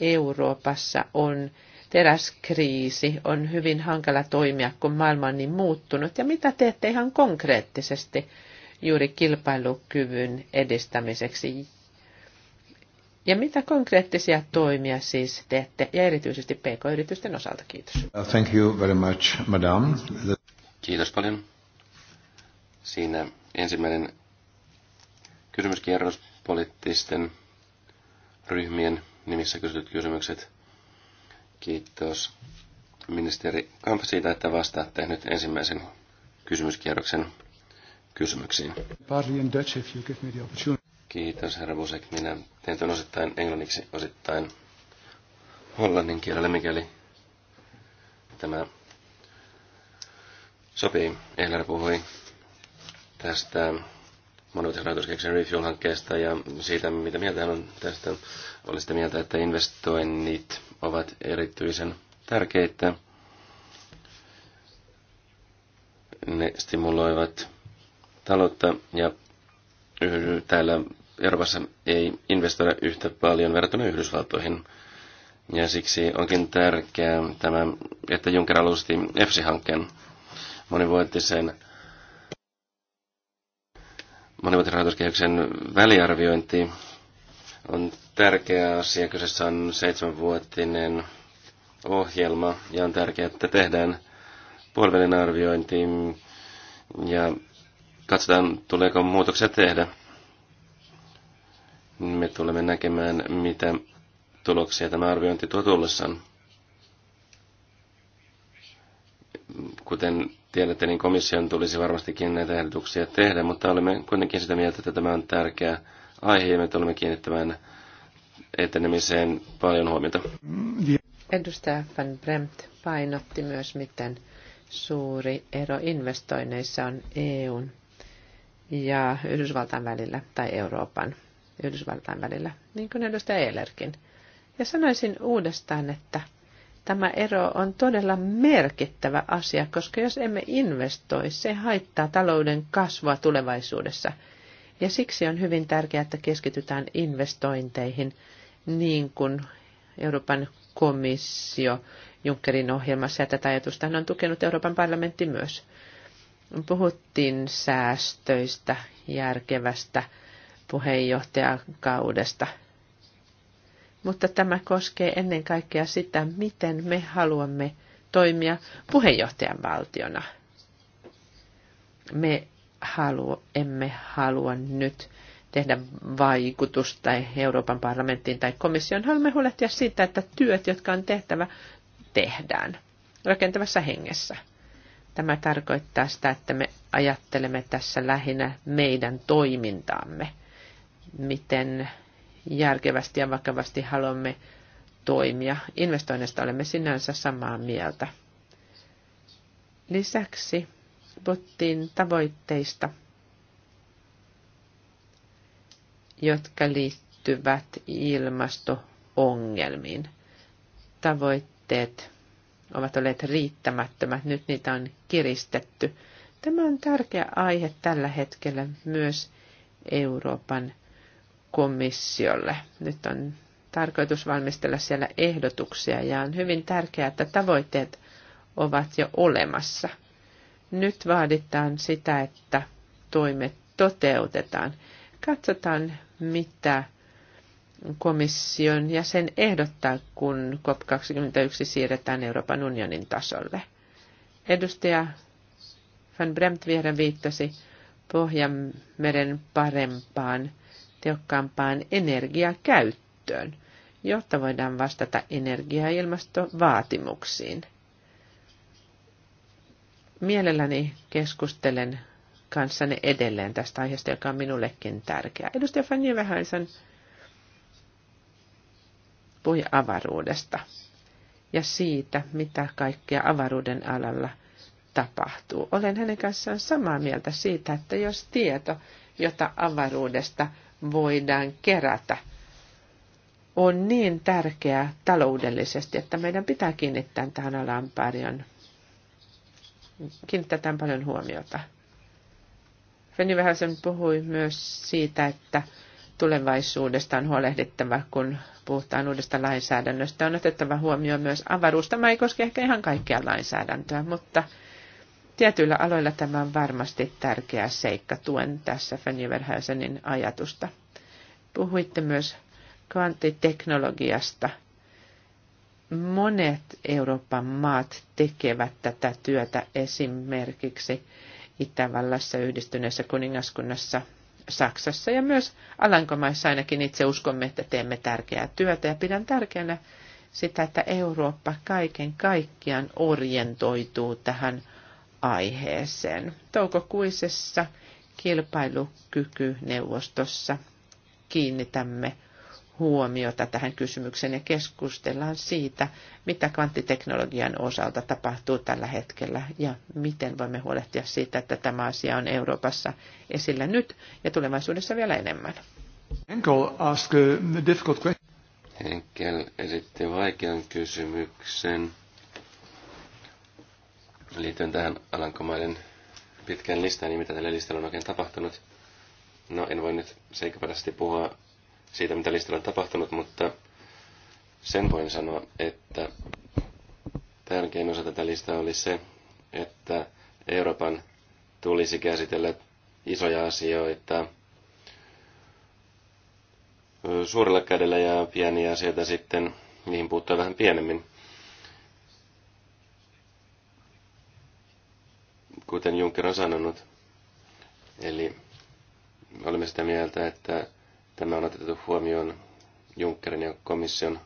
Euroopassa on teräskriisi, on hyvin hankala toimia, kun maailma on niin muuttunut. Ja mitä teette ihan konkreettisesti juuri kilpailukyvyn edistämiseksi? Ja mitä konkreettisia toimia siis teette, ja erityisesti PK-yritysten osalta? Kiitos. Thank you very much, madam. Kiitos paljon. Siinä ensimmäinen kysymyskierros poliittisten ryhmien nimissä kysytyt kysymykset. Kiitos ministeri Kamp siitä, että vastaatte nyt ensimmäisen kysymyskierroksen kysymyksiin. Kiitos, herra Busek. Minä teen tuon osittain englanniksi, osittain hollannin kielellä, mikäli tämä sopii. Ehler puhui tästä monivuotisen rahoituskehityksen Refuel-hankkeesta ja siitä, mitä mieltä hän on tästä. Olen sitä mieltä, että investoinnit ovat erityisen tärkeitä. Ne stimuloivat taloutta ja täällä Euroopassa ei investoida yhtä paljon verrattuna Yhdysvaltoihin. Ja siksi onkin tärkeää tämä, että Juncker alusti EFSI-hankkeen monivuotisen monivuotisen rahoituskehyksen väliarviointi on tärkeä asia. Kyseessä on seitsemänvuotinen ohjelma ja on tärkeää, että tehdään puolivälin arviointi ja katsotaan, tuleeko muutoksia tehdä. Me tulemme näkemään, mitä tuloksia tämä arviointi tuo tullessaan. Kuten tiedätte, niin komission tulisi varmastikin näitä ehdotuksia tehdä, mutta olemme kuitenkin sitä mieltä, että tämä on tärkeä aihe ja me tulemme kiinnittämään etenemiseen paljon huomiota. Edustaja Van Bremt painotti myös, miten suuri ero investoinneissa on EUn ja Yhdysvaltain välillä tai Euroopan Yhdysvaltain välillä, niin kuin edustaja Eilerkin. Ja sanoisin uudestaan, että – Tämä ero on todella merkittävä asia, koska jos emme investoi, se haittaa talouden kasvua tulevaisuudessa. Ja siksi on hyvin tärkeää, että keskitytään investointeihin, niin kuin Euroopan komissio Junckerin ohjelmassa, ja tätä ajatusta on tukenut Euroopan parlamentti myös. Puhuttiin säästöistä, järkevästä puheenjohtajakaudesta – mutta tämä koskee ennen kaikkea sitä, miten me haluamme toimia puheenjohtajan valtiona. Me halu, emme halua nyt tehdä vaikutusta Euroopan parlamenttiin tai komission. Haluamme huolehtia siitä, että työt, jotka on tehtävä, tehdään rakentavassa hengessä. Tämä tarkoittaa sitä, että me ajattelemme tässä lähinnä meidän toimintaamme, miten järkevästi ja vakavasti haluamme toimia. Investoinnista olemme sinänsä samaa mieltä. Lisäksi puhuttiin tavoitteista, jotka liittyvät ilmastoongelmiin. Tavoitteet ovat olleet riittämättömät, nyt niitä on kiristetty. Tämä on tärkeä aihe tällä hetkellä myös Euroopan komissiolle. Nyt on tarkoitus valmistella siellä ehdotuksia ja on hyvin tärkeää, että tavoitteet ovat jo olemassa. Nyt vaaditaan sitä, että toimet toteutetaan. Katsotaan, mitä komission ja sen ehdottaa, kun COP21 siirretään Euroopan unionin tasolle. Edustaja Van Bremt vielä viittasi Pohjanmeren parempaan tehokkaampaan energiakäyttöön, jotta voidaan vastata energia- ja ilmastovaatimuksiin. Mielelläni keskustelen kanssanne edelleen tästä aiheesta, joka on minullekin tärkeä. Edustaja Fanny Vähäisen puhui avaruudesta ja siitä, mitä kaikkea avaruuden alalla tapahtuu. Olen hänen kanssaan samaa mieltä siitä, että jos tieto, jota avaruudesta voidaan kerätä, on niin tärkeää taloudellisesti, että meidän pitää kiinnittää tähän alaan paljon, kiinnittää tämän paljon huomiota. Feni Vähäsen puhui myös siitä, että tulevaisuudesta on huolehdittava, kun puhutaan uudesta lainsäädännöstä. On otettava huomioon myös avaruus. Tämä ei koske ehkä ihan kaikkia lainsäädäntöä, mutta – Tietyillä aloilla tämä on varmasti tärkeä seikka. Tuen tässä Fenniverhäisenin ajatusta. Puhuitte myös kvanttiteknologiasta. Monet Euroopan maat tekevät tätä työtä esimerkiksi Itävallassa, Yhdistyneessä kuningaskunnassa, Saksassa ja myös Alankomaissa ainakin itse uskomme, että teemme tärkeää työtä ja pidän tärkeänä sitä, että Eurooppa kaiken kaikkiaan orientoituu tähän aiheeseen. Toukokuisessa kilpailukykyneuvostossa kiinnitämme huomiota tähän kysymykseen ja keskustellaan siitä, mitä kvanttiteknologian osalta tapahtuu tällä hetkellä ja miten voimme huolehtia siitä, että tämä asia on Euroopassa esillä nyt ja tulevaisuudessa vielä enemmän. Henkel asked difficult question. Henkel esitti vaikean kysymyksen liittyen tähän Alankomaiden pitkään listaan, niin mitä tällä listalla on oikein tapahtunut. No, en voi nyt seikkaperäisesti puhua siitä, mitä listalla on tapahtunut, mutta sen voin sanoa, että tärkein osa tätä listaa oli se, että Euroopan tulisi käsitellä isoja asioita suurella kädellä ja pieniä asioita sitten niihin puuttua vähän pienemmin. kuten Juncker on sanonut. Eli olemme sitä mieltä, että tämä on otettu huomioon Junckerin ja komission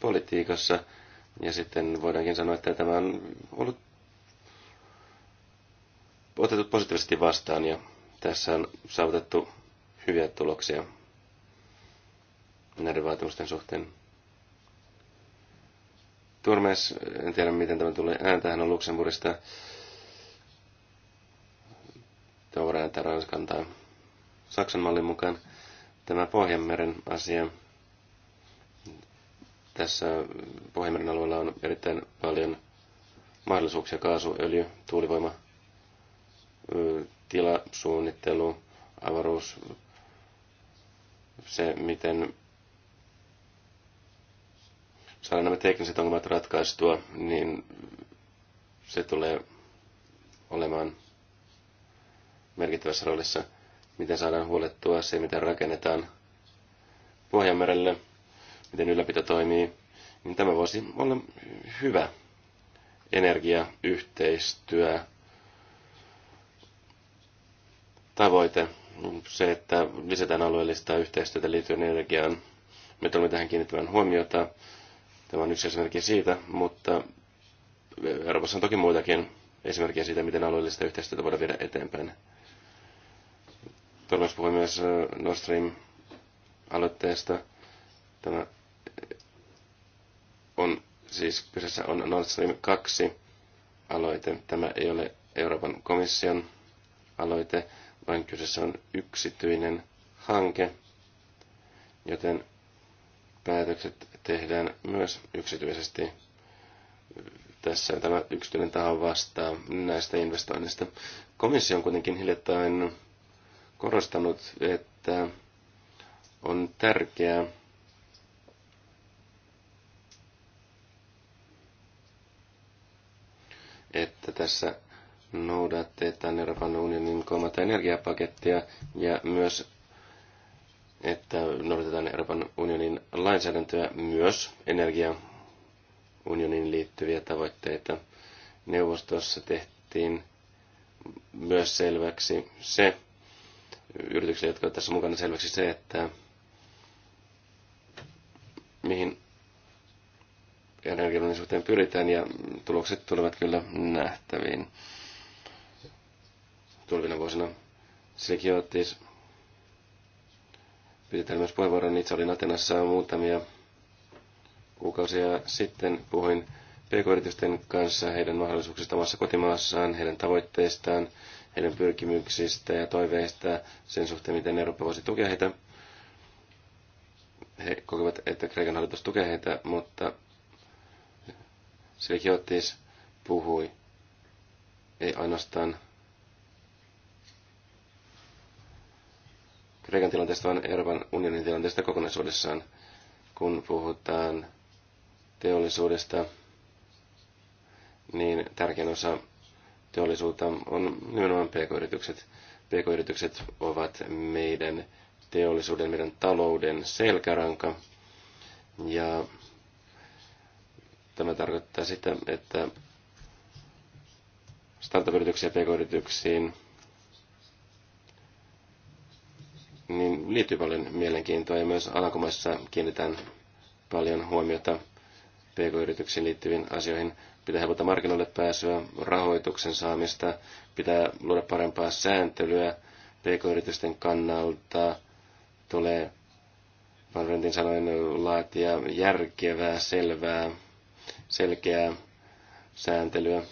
politiikassa. Ja sitten voidaankin sanoa, että tämä on ollut otettu positiivisesti vastaan ja tässä on saavutettu hyviä tuloksia näiden vaatimusten suhteen. Turmes, en tiedä miten tämä tulee ääntähän on Luxemburgista Toivon, että Ranskan tai Saksan mallin mukaan tämä Pohjanmeren asia. Tässä Pohjanmeren alueella on erittäin paljon mahdollisuuksia kaasu, öljy, tuulivoima, tilasuunnittelu, avaruus, se miten saada nämä tekniset ongelmat ratkaistua, niin se tulee olemaan merkittävässä roolissa, miten saadaan huolettua se, miten rakennetaan Pohjanmerelle, miten ylläpito toimii, niin tämä voisi olla hyvä energiayhteistyö tavoite, se, että lisätään alueellista yhteistyötä liittyen energiaan. Me tulemme tähän kiinnittämään huomiota. Tämä on yksi esimerkki siitä, mutta Euroopassa on toki muitakin esimerkkejä siitä, miten alueellista yhteistyötä voidaan viedä eteenpäin. Tolos puhui äh, Nord Stream-aloitteesta. Tämä on siis kyseessä on Nord Stream 2 aloite. Tämä ei ole Euroopan komission aloite, vaan kyseessä on yksityinen hanke, joten päätökset tehdään myös yksityisesti. Tässä tämä yksityinen taho vastaa näistä investoinnista. Komissio on kuitenkin hiljattain korostanut, että on tärkeää että tässä noudatetaan Euroopan unionin kolmatta energiapakettia ja myös että noudatetaan Euroopan unionin lainsäädäntöä myös energiaunionin liittyviä tavoitteita. Neuvostossa tehtiin myös selväksi se, yrityksille, jotka ovat tässä mukana selväksi se, että mihin energian suhteen pyritään ja tulokset tulevat kyllä nähtäviin tulvina vuosina. Sekin ottis pidetään myös puheenvuoron. Itse olin Atenassa muutamia kuukausia sitten. Puhuin pk-yritysten kanssa heidän mahdollisuuksista omassa kotimaassaan, heidän tavoitteistaan, heidän pyrkimyksistä ja toiveista sen suhteen, miten Eurooppa voisi tukea heitä. He kokevat, että Kreikan hallitus tukee heitä, mutta Sirkiottis puhui ei ainoastaan Kreikan tilanteesta, vaan Euroopan unionin tilanteesta kokonaisuudessaan, kun puhutaan teollisuudesta, niin tärkein osa teollisuutta on nimenomaan pk-yritykset. Pk-yritykset ovat meidän teollisuuden, meidän talouden selkäranka. Ja tämä tarkoittaa sitä, että startup-yrityksiin ja pk-yrityksiin niin liittyy paljon mielenkiintoa ja myös Alankomaissa kiinnitetään paljon huomiota pk-yrityksiin liittyviin asioihin pitää helpottaa markkinoille pääsyä, rahoituksen saamista, pitää luoda parempaa sääntelyä pk-yritysten kannalta, tulee Valventin Rentin sanoin laatia järkevää, selvää, selkeää sääntelyä.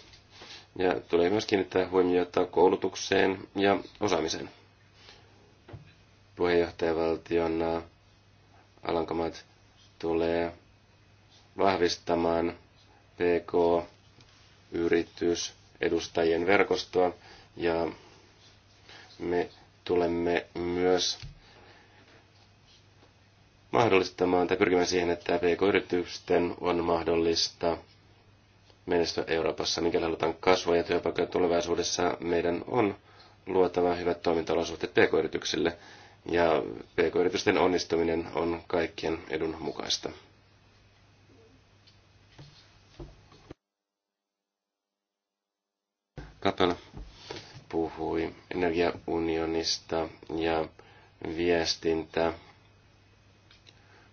Ja tulee myös kiinnittää huomiota koulutukseen ja osaamiseen. Puheenjohtajavaltion äh, Alankomaat tulee vahvistamaan PK-yritys edustajien verkostoa ja me tulemme myös mahdollistamaan tai pyrkimään siihen, että PK-yritysten on mahdollista menestyä Euroopassa, mikäli halutaan kasvua ja työpaikkoja tulevaisuudessa, meidän on luotava hyvät toimintalosuhteet PK-yrityksille, ja PK-yritysten onnistuminen on kaikkien edun mukaista. Kapel puhui energiaunionista ja viestintä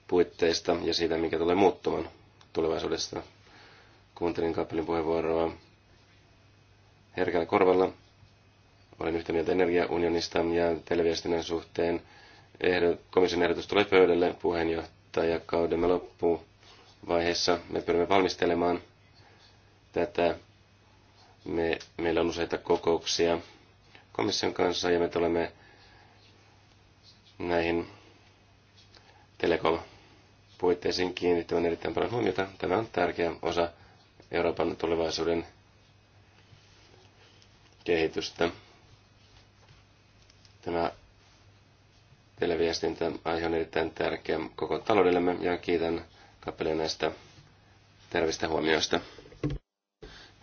puitteista ja siitä, mikä tulee muuttumaan tulevaisuudessa. Kuuntelin Kappelin puheenvuoroa herkällä korvalla. Olen yhtä mieltä energiaunionista ja televiestinnän suhteen. Ehdot, komission ehdotus tulee pöydälle puheenjohtajakaudemme loppuvaiheessa. Me pyrimme valmistelemaan tätä me, meillä on useita kokouksia komission kanssa ja me tulemme näihin telekom-puitteisiin kiinnittämään erittäin paljon huomiota. Tämä on tärkeä osa Euroopan tulevaisuuden kehitystä. Tämä televiestintä aihe on erittäin tärkeä koko taloudellemme ja kiitän kappeleen näistä tervistä huomioista.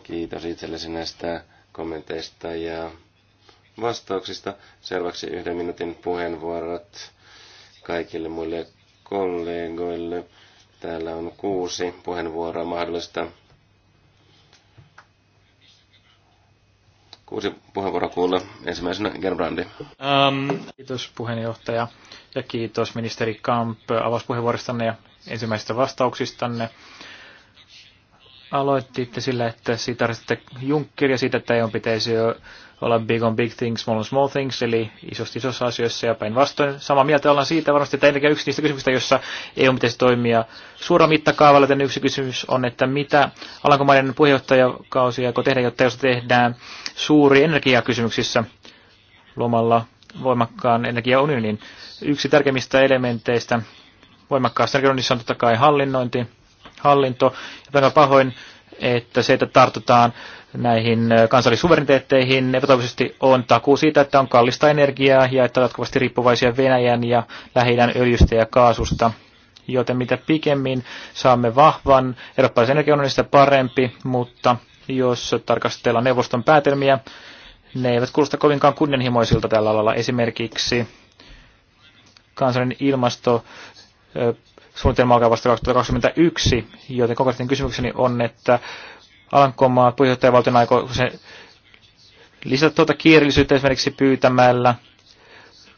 Kiitos itsellesi näistä kommenteista ja vastauksista. Selväksi yhden minuutin puheenvuorot kaikille muille kollegoille. Täällä on kuusi puheenvuoroa mahdollista. Kuusi puheenvuoroa kuulla. Ensimmäisenä Gerbrandi. Um, kiitos puheenjohtaja ja kiitos ministeri Kamp avauspuheenvuoristanne ja ensimmäisistä vastauksistanne aloititte sillä, että siitä ja siitä, että on pitäisi olla big on big things, small on small things, eli isosti isossa asioissa ja päinvastoin. Samaa mieltä ollaan siitä varmasti, että ennen yksi niistä kysymyksistä, jossa EU pitäisi toimia suora mittakaavalla, joten yksi kysymys on, että mitä Alankomaiden puheenjohtajakausi joko tehdä, jotta jos tehdään suuri energiakysymyksissä lomalla voimakkaan energiaunionin. Yksi tärkeimmistä elementeistä voimakkaassa energiaunionissa on totta kai hallinnointi, hallinto. Ja pelkään pahoin, että se, että tartutaan näihin kansallisuvereniteetteihin epätoivoisesti on takuu siitä, että on kallista energiaa ja että on jatkuvasti riippuvaisia Venäjän ja lähi öljystä ja kaasusta. Joten mitä pikemmin saamme vahvan eurooppalaisen energian, niin sitä parempi, mutta jos tarkastellaan neuvoston päätelmiä, ne eivät kuulosta kovinkaan kunnianhimoisilta tällä alalla. Esimerkiksi kansallinen ilmasto suunnitelma alkaa vasta 2021, joten konkreettinen kysymykseni on, että Alankomaat puheenjohtajavaltion aiko se lisätä tuota kiireellisyyttä esimerkiksi pyytämällä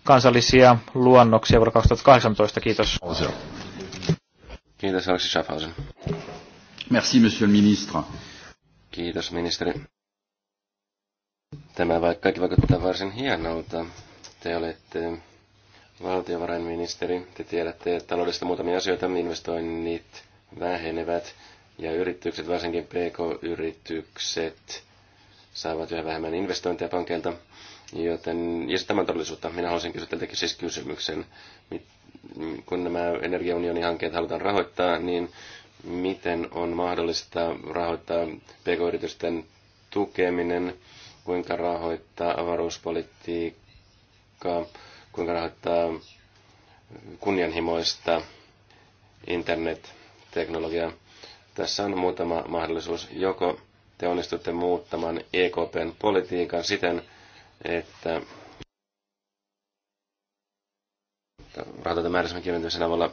kansallisia luonnoksia vuonna 2018. Kiitos. Osio. Kiitos, Alexis Schaffhausen. Merci, monsieur le ministre. Kiitos, ministeri. Tämä vaikka kaikki vaikuttaa varsin hienolta. Te olette valtiovarainministeri, te tiedätte että taloudesta muutamia asioita, investoinnit vähenevät ja yritykset, varsinkin PK-yritykset, saavat yhä vähemmän investointeja pankeilta. Joten, ja tämä tämän todellisuutta. Minä haluaisin kysyä teiltäkin siis kysymyksen. Kun nämä energiaunionin hankkeet halutaan rahoittaa, niin miten on mahdollista rahoittaa pk-yritysten tukeminen, kuinka rahoittaa avaruuspolitiikkaa, kuinka näyttää kunnianhimoista internet-teknologiaa. Tässä on muutama mahdollisuus. Joko te onnistutte muuttamaan EKPn politiikan siten, että rahoitetaan määräisemmän kirjoituksen avulla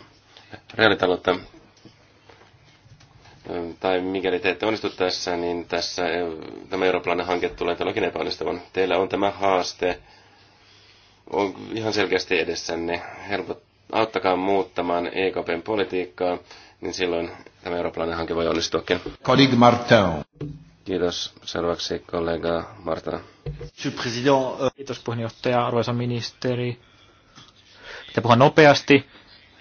reaalitaloutta. Tai mikäli te ette onnistu tässä, niin tässä tämä eurooppalainen hanke tulee todellakin epäonnistuvan. Teillä on tämä haaste on ihan selkeästi edessänne. Helpot, auttakaa muuttamaan EKPn politiikkaa, niin silloin tämä eurooppalainen hanke voi onnistuakin. Kodig Martin. Kiitos. Seuraavaksi kollega Marta. Euh, Kiitos puheenjohtaja, arvoisa ministeri. Pitää puhua nopeasti,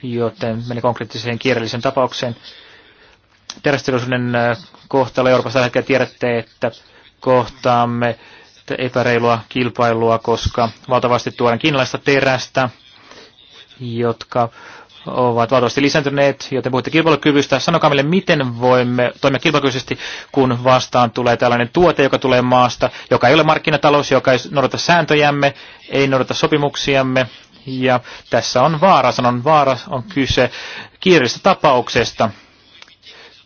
joten meni konkreettiseen kiireelliseen tapaukseen. Terästeollisuuden äh, kohtalo Euroopassa tällä hetkellä tiedätte, että kohtaamme epäreilua kilpailua, koska valtavasti tuodaan kiinalaista terästä, jotka ovat valtavasti lisääntyneet, joten puhutte kilpailukyvystä. Sanokaa meille, miten voimme toimia kilpailukyvystä, kun vastaan tulee tällainen tuote, joka tulee maasta, joka ei ole markkinatalous, joka ei noudata sääntöjämme, ei noudata sopimuksiamme. Ja tässä on vaara, sanon vaara, on kyse kiireellisestä tapauksesta.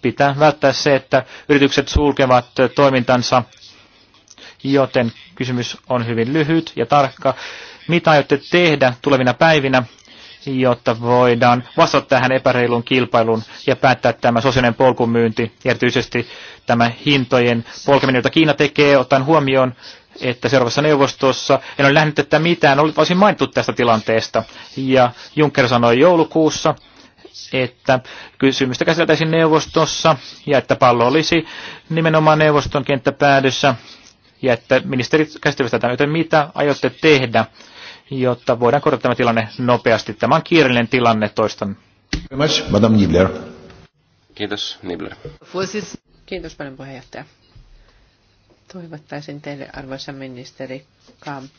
Pitää välttää se, että yritykset sulkevat toimintansa joten kysymys on hyvin lyhyt ja tarkka. Mitä aiotte tehdä tulevina päivinä, jotta voidaan vastata tähän epäreilun kilpailuun ja päättää tämä sosiaalinen polkumyynti, erityisesti tämä hintojen polkeminen, jota Kiina tekee, ottaen huomioon, että seuraavassa neuvostossa en ole nähnyt, että mitään olisi mainittu tästä tilanteesta. Ja Juncker sanoi joulukuussa, että kysymystä käsiteltäisiin neuvostossa ja että pallo olisi nimenomaan neuvoston kenttäpäädyssä ja että ministerit käsittelevät tätä, joten mitä aiotte tehdä, jotta voidaan korjata tämä tilanne nopeasti. Tämä on kiireellinen tilanne, toistan. Madame Nibler. Kiitos, Nibler. Kiitos paljon puheenjohtaja. Toivottaisin teille, arvoisa ministeri Kamp,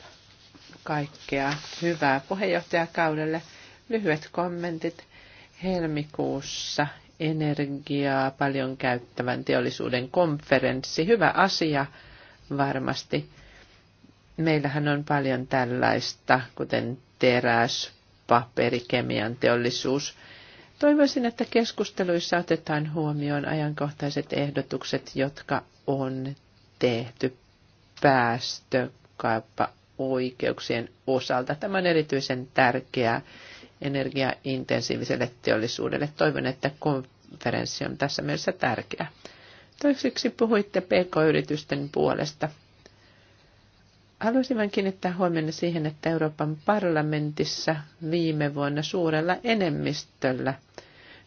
kaikkea hyvää puheenjohtajakaudelle. Lyhyet kommentit. Helmikuussa energiaa paljon käyttävän teollisuuden konferenssi. Hyvä asia varmasti. Meillähän on paljon tällaista, kuten teräs, paperi, kemian teollisuus. Toivoisin, että keskusteluissa otetaan huomioon ajankohtaiset ehdotukset, jotka on tehty päästökauppa oikeuksien osalta. Tämä on erityisen tärkeää energiaintensiiviselle teollisuudelle. Toivon, että konferenssi on tässä mielessä tärkeä. Toiseksi puhuitte pk-yritysten puolesta. Haluaisin vain kiinnittää huomioon siihen, että Euroopan parlamentissa viime vuonna suurella enemmistöllä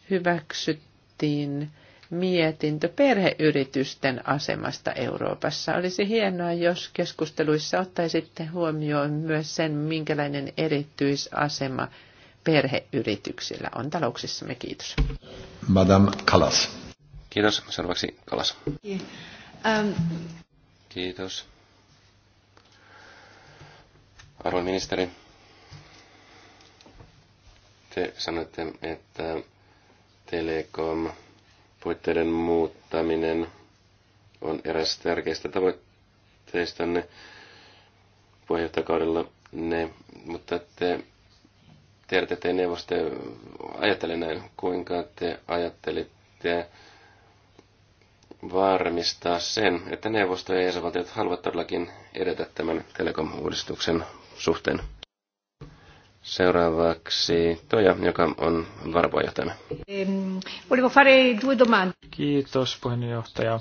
hyväksyttiin mietintö perheyritysten asemasta Euroopassa. Olisi hienoa, jos keskusteluissa ottaisitte huomioon myös sen, minkälainen erityisasema perheyrityksillä on talouksissamme. Kiitos. Madame Kalas. Kiitos. Seuraavaksi Kalas. Um, Kiitos. Arvoin ministeri, te sanoitte, että telekom puitteiden muuttaminen on eräs tärkeistä tavoitteistanne puheenjohtajakaudella ne, mutta te tiedätte, että neuvoste ajattele näin, kuinka te ajattelitte varmistaa sen, että neuvosto ja jäsenvaltiot haluavat todellakin edetä tämän telekom-uudistuksen suhteen. Seuraavaksi Toja, joka on varapuheenjohtajana. Kiitos puheenjohtaja.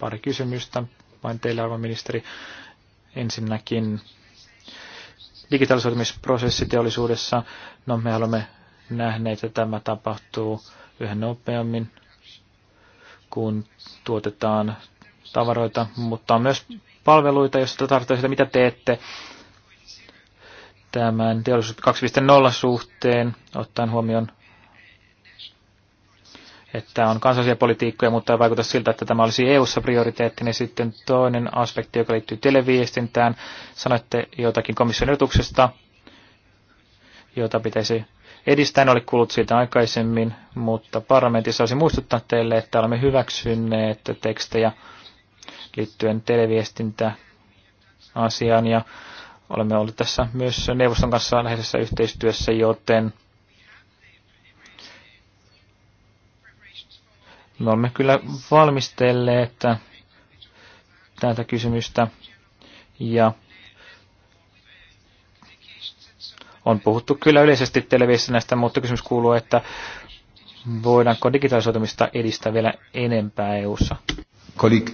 Pari kysymystä vain teille arvon ministeri. Ensinnäkin digitalisoitumisprosessi teollisuudessa. No me olemme nähneet, että tämä tapahtuu yhä nopeammin kun tuotetaan tavaroita, mutta on myös palveluita, jos tarvitaan sitä, mitä teette tämän teollisuus 2.0 suhteen, ottaen huomioon, että on kansallisia politiikkoja, mutta ei vaikuta siltä, että tämä olisi EU-ssa prioriteetti. Niin sitten toinen aspekti, joka liittyy televiestintään, sanoitte jotakin komission jota pitäisi edistäen oli kuullut siitä aikaisemmin, mutta parlamentissa olisi muistuttaa teille, että olemme hyväksyneet tekstejä liittyen televiestintä asiaan ja olemme olleet tässä myös neuvoston kanssa läheisessä yhteistyössä, joten me olemme kyllä valmistelleet tätä kysymystä ja On puhuttu kyllä yleisesti näistä mutta kysymys kuuluu, että voidaanko digitalisoitumista edistää vielä enempää EU-ssa? Kolik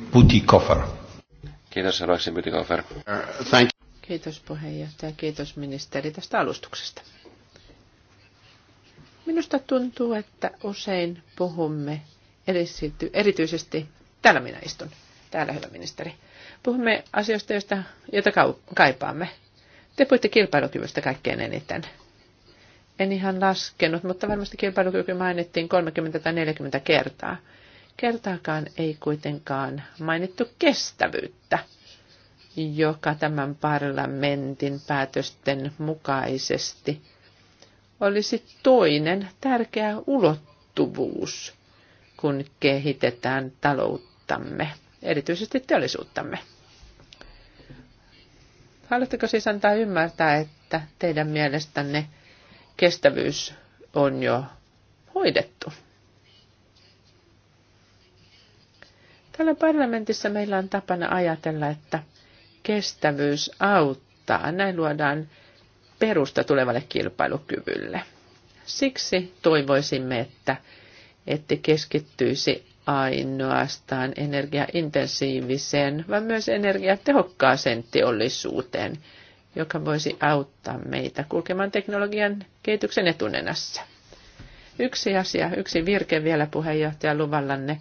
Kiitos, Roksi Putikofer. Uh, thank Kiitos puheenjohtaja, kiitos ministeri tästä alustuksesta. Minusta tuntuu, että usein puhumme erityisesti, täällä minä istun, täällä hyvä ministeri, puhumme asioista, joita kaipaamme. Te puhutte kilpailukyvystä kaikkein eniten. En ihan laskenut, mutta varmasti kilpailukyky mainittiin 30 tai 40 kertaa. Kertaakaan ei kuitenkaan mainittu kestävyyttä, joka tämän parlamentin päätösten mukaisesti olisi toinen tärkeä ulottuvuus, kun kehitetään talouttamme, erityisesti teollisuuttamme. Haluatteko siis antaa ymmärtää, että teidän mielestänne kestävyys on jo hoidettu? Täällä parlamentissa meillä on tapana ajatella, että kestävyys auttaa. Näin luodaan perusta tulevalle kilpailukyvylle. Siksi toivoisimme, että ette keskittyisi ainoastaan energiaintensiiviseen, vaan myös energiatehokkaaseen teollisuuteen, joka voisi auttaa meitä kulkemaan teknologian kehityksen etunenässä. Yksi asia, yksi virke vielä puheenjohtaja luvallanne.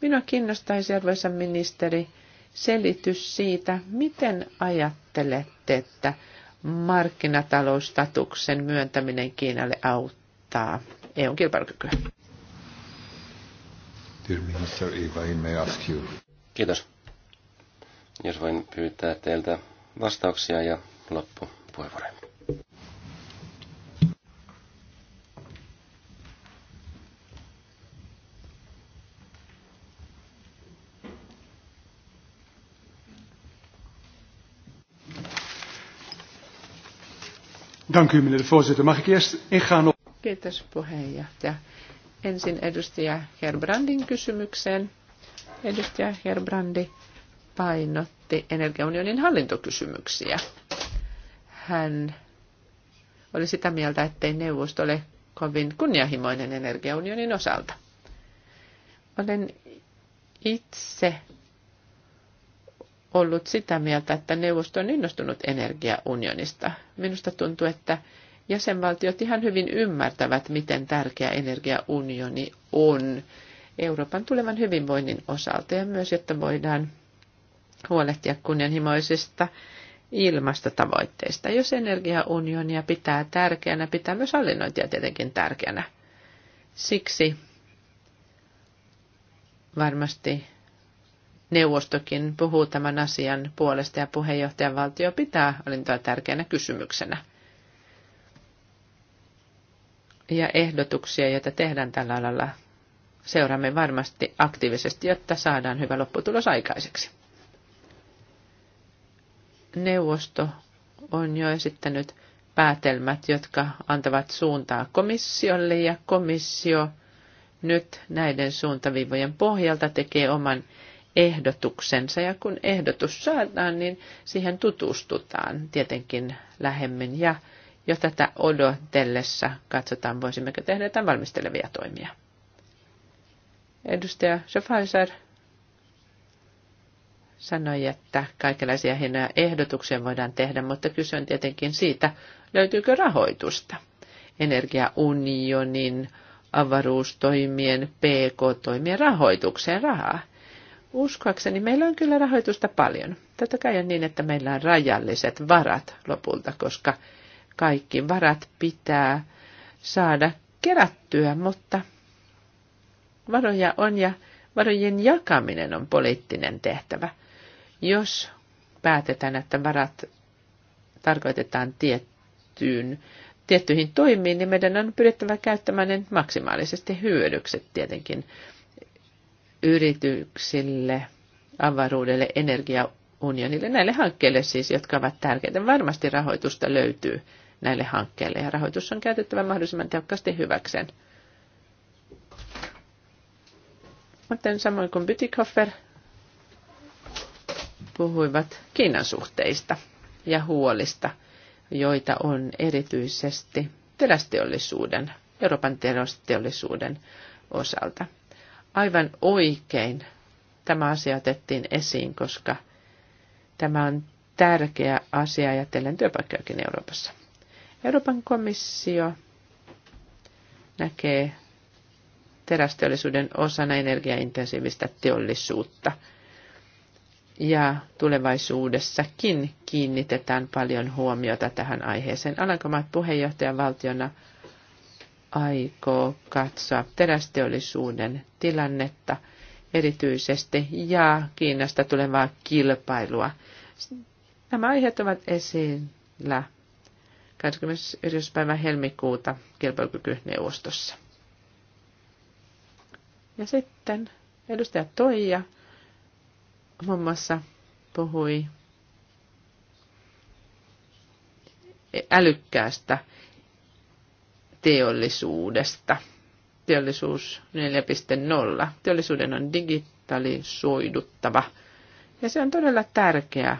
Minua kiinnostaisi, arvoisa ministeri, selitys siitä, miten ajattelette, että markkinataloustatuksen myöntäminen Kiinalle auttaa EUn kilpailukykyä. Dear Minister, if I may ask you. Kiitos. Jos voin pyytää teiltä vastauksia ja loppupuheenvuoroja. Dank u, meneer de voorzitter. Mag ik eerst ingaan op... Kiitos, puheenjohtaja ensin edustaja Herbrandin kysymykseen. Edustaja Herbrandi painotti energiaunionin hallintokysymyksiä. Hän oli sitä mieltä, ettei neuvosto ole kovin kunnianhimoinen energiaunionin osalta. Olen itse ollut sitä mieltä, että neuvosto on innostunut energiaunionista. Minusta tuntuu, että jäsenvaltiot ihan hyvin ymmärtävät, miten tärkeä energiaunioni on Euroopan tulevan hyvinvoinnin osalta ja myös, jotta voidaan huolehtia kunnianhimoisista ilmastotavoitteista. Jos energiaunionia pitää tärkeänä, pitää myös hallinnointia tietenkin tärkeänä. Siksi varmasti neuvostokin puhuu tämän asian puolesta ja puheenjohtajavaltio pitää hallintoa tärkeänä kysymyksenä ja ehdotuksia, joita tehdään tällä alalla, seuraamme varmasti aktiivisesti, jotta saadaan hyvä lopputulos aikaiseksi. Neuvosto on jo esittänyt päätelmät, jotka antavat suuntaa komissiolle ja komissio nyt näiden suuntaviivojen pohjalta tekee oman ehdotuksensa ja kun ehdotus saadaan, niin siihen tutustutaan tietenkin lähemmin ja jo tätä odotellessa katsotaan, voisimmeko tehdä jotain valmistelevia toimia. Edustaja Schofhauser sanoi, että kaikenlaisia hienoja ehdotuksia voidaan tehdä, mutta kyse on tietenkin siitä, löytyykö rahoitusta. Energiaunionin, avaruustoimien, PK-toimien rahoitukseen rahaa. Uskoakseni meillä on kyllä rahoitusta paljon. Totta kai on niin, että meillä on rajalliset varat lopulta, koska kaikki varat pitää saada kerättyä, mutta varoja on ja varojen jakaminen on poliittinen tehtävä. Jos päätetään, että varat tarkoitetaan tiettyyn, tiettyihin toimiin, niin meidän on pyrittävä käyttämään ne maksimaalisesti hyödykset tietenkin yrityksille, avaruudelle, energiaunionille, näille hankkeille siis, jotka ovat tärkeitä. Varmasti rahoitusta löytyy näille hankkeille ja rahoitus on käytettävä mahdollisimman tehokkaasti hyväkseen. Mutta samoin kuin Bytikhofer puhuivat Kiinan suhteista ja huolista, joita on erityisesti terästeollisuuden, Euroopan terästeollisuuden osalta. Aivan oikein tämä asia otettiin esiin, koska tämä on tärkeä asia ajatellen työpaikkojakin Euroopassa. Euroopan komissio näkee terästeollisuuden osana energiaintensiivistä teollisuutta. Ja tulevaisuudessakin kiinnitetään paljon huomiota tähän aiheeseen. Alankomaat puheenjohtajan valtiona aikoo katsoa terästeollisuuden tilannetta erityisesti ja Kiinasta tulevaa kilpailua. Nämä aiheet ovat esillä 21. päivä helmikuuta kilpailukykyneuvostossa. Ja sitten edustaja Toija muun muassa puhui älykkäästä teollisuudesta. Teollisuus 4.0. Teollisuuden on digitalisoiduttava. Ja se on todella tärkeä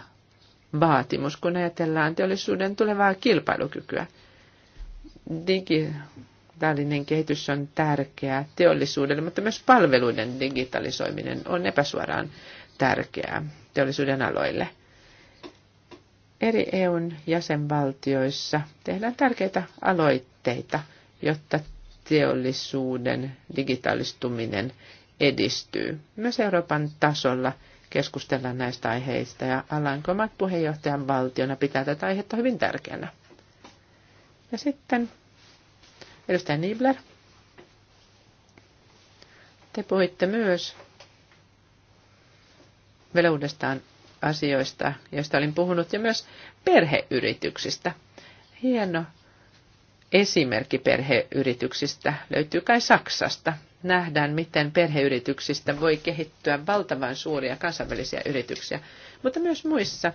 vaatimus, kun ajatellaan teollisuuden tulevaa kilpailukykyä. Digitaalinen kehitys on tärkeää teollisuudelle, mutta myös palveluiden digitalisoiminen on epäsuoraan tärkeää teollisuuden aloille. Eri EUn jäsenvaltioissa tehdään tärkeitä aloitteita, jotta teollisuuden digitaalistuminen edistyy. Myös Euroopan tasolla – keskustella näistä aiheista ja Alankomat puheenjohtajan valtiona pitää tätä aihetta hyvin tärkeänä. Ja sitten edustaja Nibler, te puhuitte myös vielä uudestaan asioista, joista olin puhunut, ja myös perheyrityksistä. Hieno esimerkki perheyrityksistä löytyy kai Saksasta nähdään, miten perheyrityksistä voi kehittyä valtavan suuria kansainvälisiä yrityksiä. Mutta myös muissa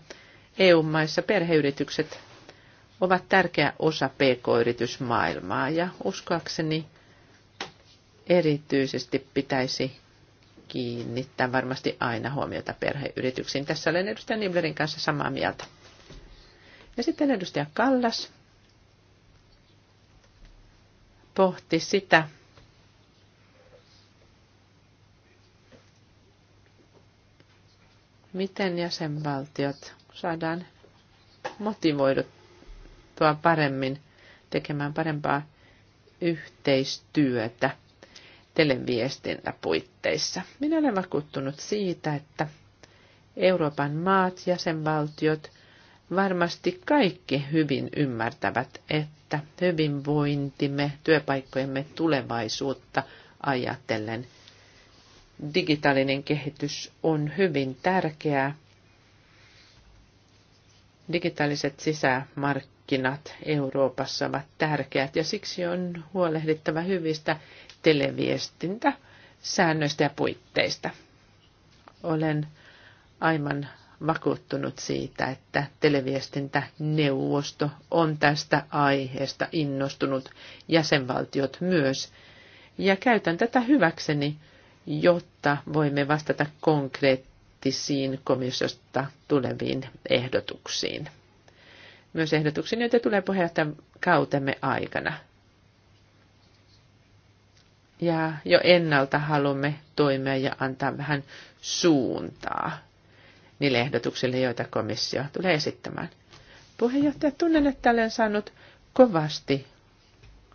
EU-maissa perheyritykset ovat tärkeä osa pk-yritysmaailmaa ja uskoakseni erityisesti pitäisi kiinnittää varmasti aina huomiota perheyrityksiin. Tässä olen edustaja Niblerin kanssa samaa mieltä. Ja sitten edustaja Kallas pohti sitä, Miten jäsenvaltiot saadaan motivoiduttua paremmin tekemään parempaa yhteistyötä televiestintäpuitteissa? Minä olen vakuuttunut siitä, että Euroopan maat, jäsenvaltiot, varmasti kaikki hyvin ymmärtävät, että hyvinvointimme, työpaikkojemme tulevaisuutta ajatellen – digitaalinen kehitys on hyvin tärkeää. Digitaaliset sisämarkkinat Euroopassa ovat tärkeät ja siksi on huolehdittava hyvistä televiestintä säännöistä ja puitteista. Olen aivan vakuuttunut siitä, että televiestintäneuvosto on tästä aiheesta innostunut jäsenvaltiot myös. Ja käytän tätä hyväkseni jotta voimme vastata konkreettisiin komissiosta tuleviin ehdotuksiin. Myös ehdotuksiin, joita tulee puheenjohtajan kautemme aikana. Ja jo ennalta haluamme toimia ja antaa vähän suuntaa niille ehdotuksille, joita komissio tulee esittämään. Puheenjohtaja, tunnen, että olen saanut kovasti,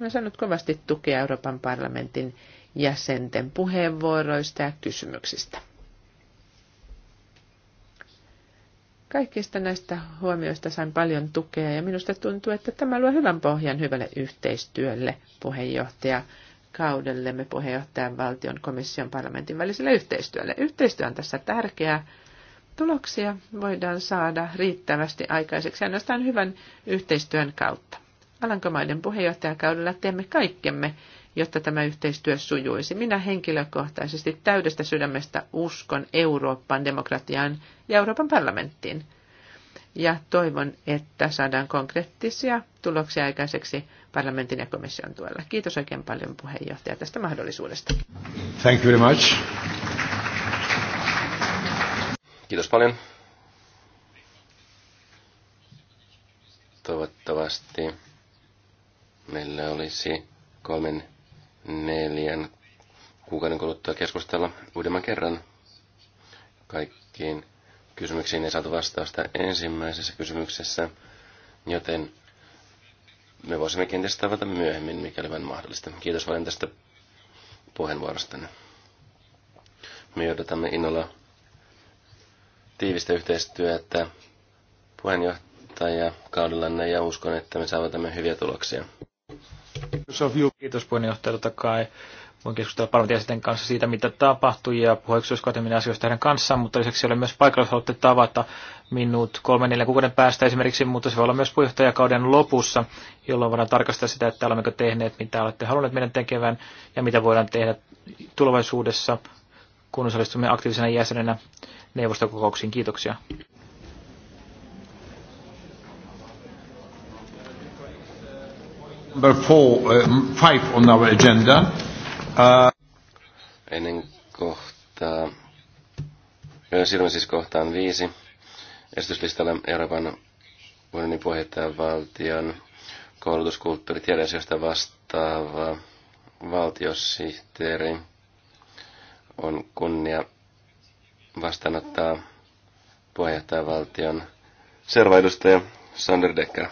olen saanut kovasti tukea Euroopan parlamentin jäsenten puheenvuoroista ja kysymyksistä. Kaikista näistä huomioista sain paljon tukea ja minusta tuntuu, että tämä luo hyvän pohjan hyvälle yhteistyölle puheenjohtaja kaudellemme puheenjohtajan valtion komission parlamentin väliselle yhteistyölle. Yhteistyö on tässä tärkeää. Tuloksia voidaan saada riittävästi aikaiseksi ainoastaan hyvän yhteistyön kautta. Alankomaiden puheenjohtajakaudella teemme kaikkemme, jotta tämä yhteistyö sujuisi. Minä henkilökohtaisesti täydestä sydämestä uskon Euroopan demokratiaan ja Euroopan parlamenttiin. Ja toivon, että saadaan konkreettisia tuloksia aikaiseksi parlamentin ja komission tuella. Kiitos oikein paljon puheenjohtaja tästä mahdollisuudesta. Thank you very much. Kiitos paljon. Toivottavasti meillä olisi kolmen neljän kuukauden kuluttua keskustella uudemman kerran. Kaikkiin kysymyksiin ei saatu vastausta ensimmäisessä kysymyksessä, joten me voisimme kenties tavata myöhemmin, mikäli vain mahdollista. Kiitos paljon tästä puheenvuorostanne. Me odotamme innolla tiivistä yhteistyötä puheenjohtajakaudellanne ja uskon, että me saavutamme hyviä tuloksia. Kiitos puheenjohtaja, totta kai voin keskustella jäsenten kanssa siitä, mitä tapahtui ja puheeksi asioista heidän kanssaan, mutta lisäksi olen myös paikalla, jos haluatte tavata minut kolmen neljän kuukauden päästä esimerkiksi, mutta se voi olla myös puheenjohtajakauden lopussa, jolloin voidaan tarkastaa sitä, että olemmeko tehneet, mitä olette halunneet meidän tekevän ja mitä voidaan tehdä tulevaisuudessa, kun osallistumme aktiivisena jäsenenä neuvostokokouksiin. Kiitoksia. Number four, uh, five on our agenda. Uh... Ennen kohtaa, siirrymme siis kohtaan viisi. Esityslistalla Euroopan unionin puheenjohtajan valtion koulutuskulttuuri tiedeasioista vastaava valtiosihteeri on kunnia vastaanottaa puheenjohtajavaltion seuraava edustaja Sander Decker.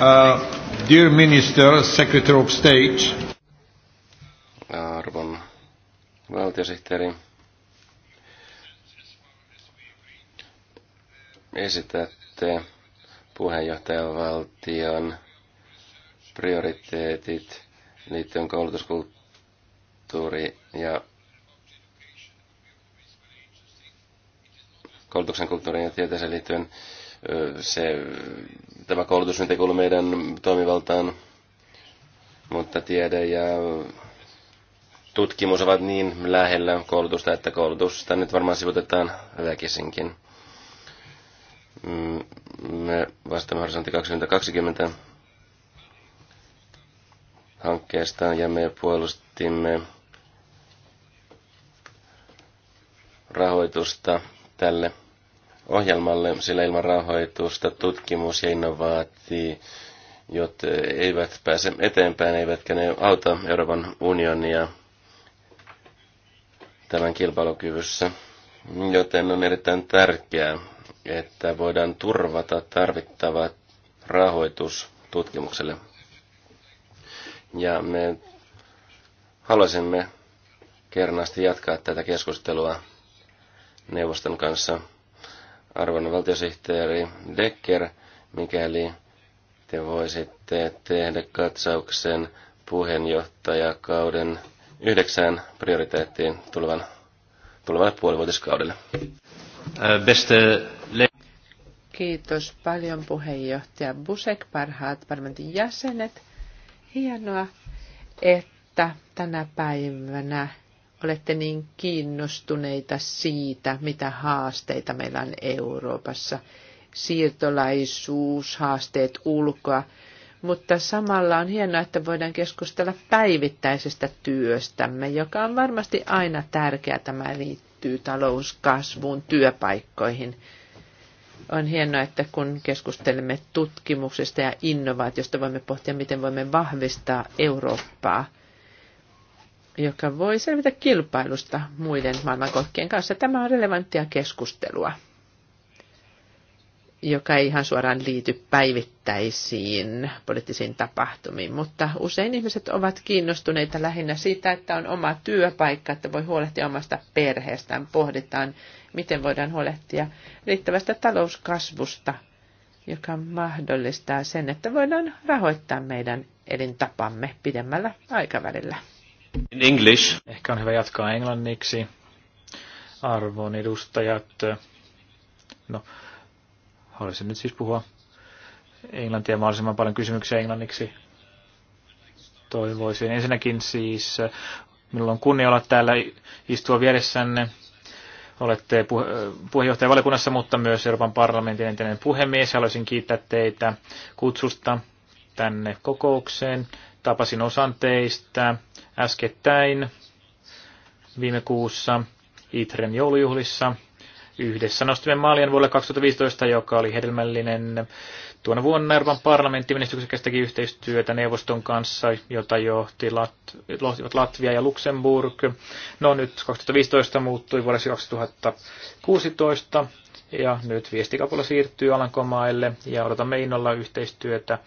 Uh, dear Minister, Secretary of State. Arvon valtiosihteeri. Esitätte puheenjohtajavaltion prioriteetit liittyen koulutuskulttuuri ja koulutuksen kulttuuriin ja tieteeseen liittyen se tämä koulutus nyt ei kuulu meidän toimivaltaan, mutta tiede ja tutkimus ovat niin lähellä koulutusta, että koulutusta nyt varmaan sivutetaan väkisinkin. Mm, me vastaamme Horisontti 2020 hankkeesta ja me puolustimme rahoitusta tälle ohjelmalle, sillä ilman rahoitusta tutkimus ja innovaati, jotta eivät pääse eteenpäin, eivätkä ne auta Euroopan unionia tämän kilpailukyvyssä. Joten on erittäin tärkeää, että voidaan turvata tarvittava rahoitus tutkimukselle. Ja me haluaisimme kernaasti jatkaa tätä keskustelua neuvoston kanssa arvon valtiosihteeri Decker, mikäli te voisitte tehdä katsauksen puheenjohtajakauden yhdeksään prioriteettiin tulevan, tulevalle puolivuotiskaudelle. Äh, Kiitos paljon puheenjohtaja Busek, parhaat parlamentin jäsenet. Hienoa, että tänä päivänä olette niin kiinnostuneita siitä, mitä haasteita meillä on Euroopassa. Siirtolaisuus, haasteet ulkoa, mutta samalla on hienoa, että voidaan keskustella päivittäisestä työstämme, joka on varmasti aina tärkeää. Tämä liittyy talouskasvuun, työpaikkoihin. On hienoa, että kun keskustelemme tutkimuksesta ja innovaatiosta, voimme pohtia, miten voimme vahvistaa Eurooppaa – joka voi selvitä kilpailusta muiden maailmankolkkien kanssa. Tämä on relevanttia keskustelua, joka ei ihan suoraan liity päivittäisiin poliittisiin tapahtumiin, mutta usein ihmiset ovat kiinnostuneita lähinnä siitä, että on oma työpaikka, että voi huolehtia omasta perheestään, pohditaan, miten voidaan huolehtia riittävästä talouskasvusta, joka mahdollistaa sen, että voidaan rahoittaa meidän elintapamme pidemmällä aikavälillä. In English. Ehkä on hyvä jatkaa englanniksi. Arvon edustajat. No, haluaisin nyt siis puhua englantia mahdollisimman paljon kysymyksiä englanniksi. Toivoisin. Ensinnäkin siis, minulla on kunnia olla täällä istua vieressänne. Olette puheenjohtajavaliokunnassa, mutta myös Euroopan parlamentin entinen puhemies. Haluaisin kiittää teitä kutsusta tänne kokoukseen. Tapasin osan teistä äskettäin viime kuussa Itren joulujuhlissa. Yhdessä nostimme maalien vuodelle 2015, joka oli hedelmällinen. Tuona vuonna Euroopan parlamentti menestyksekäs teki yhteistyötä neuvoston kanssa, jota johti Lat- Latvia ja Luxemburg. No nyt 2015 muuttui vuodeksi 2016 ja nyt viestikapula siirtyy Alankomaille ja odotamme innolla yhteistyötä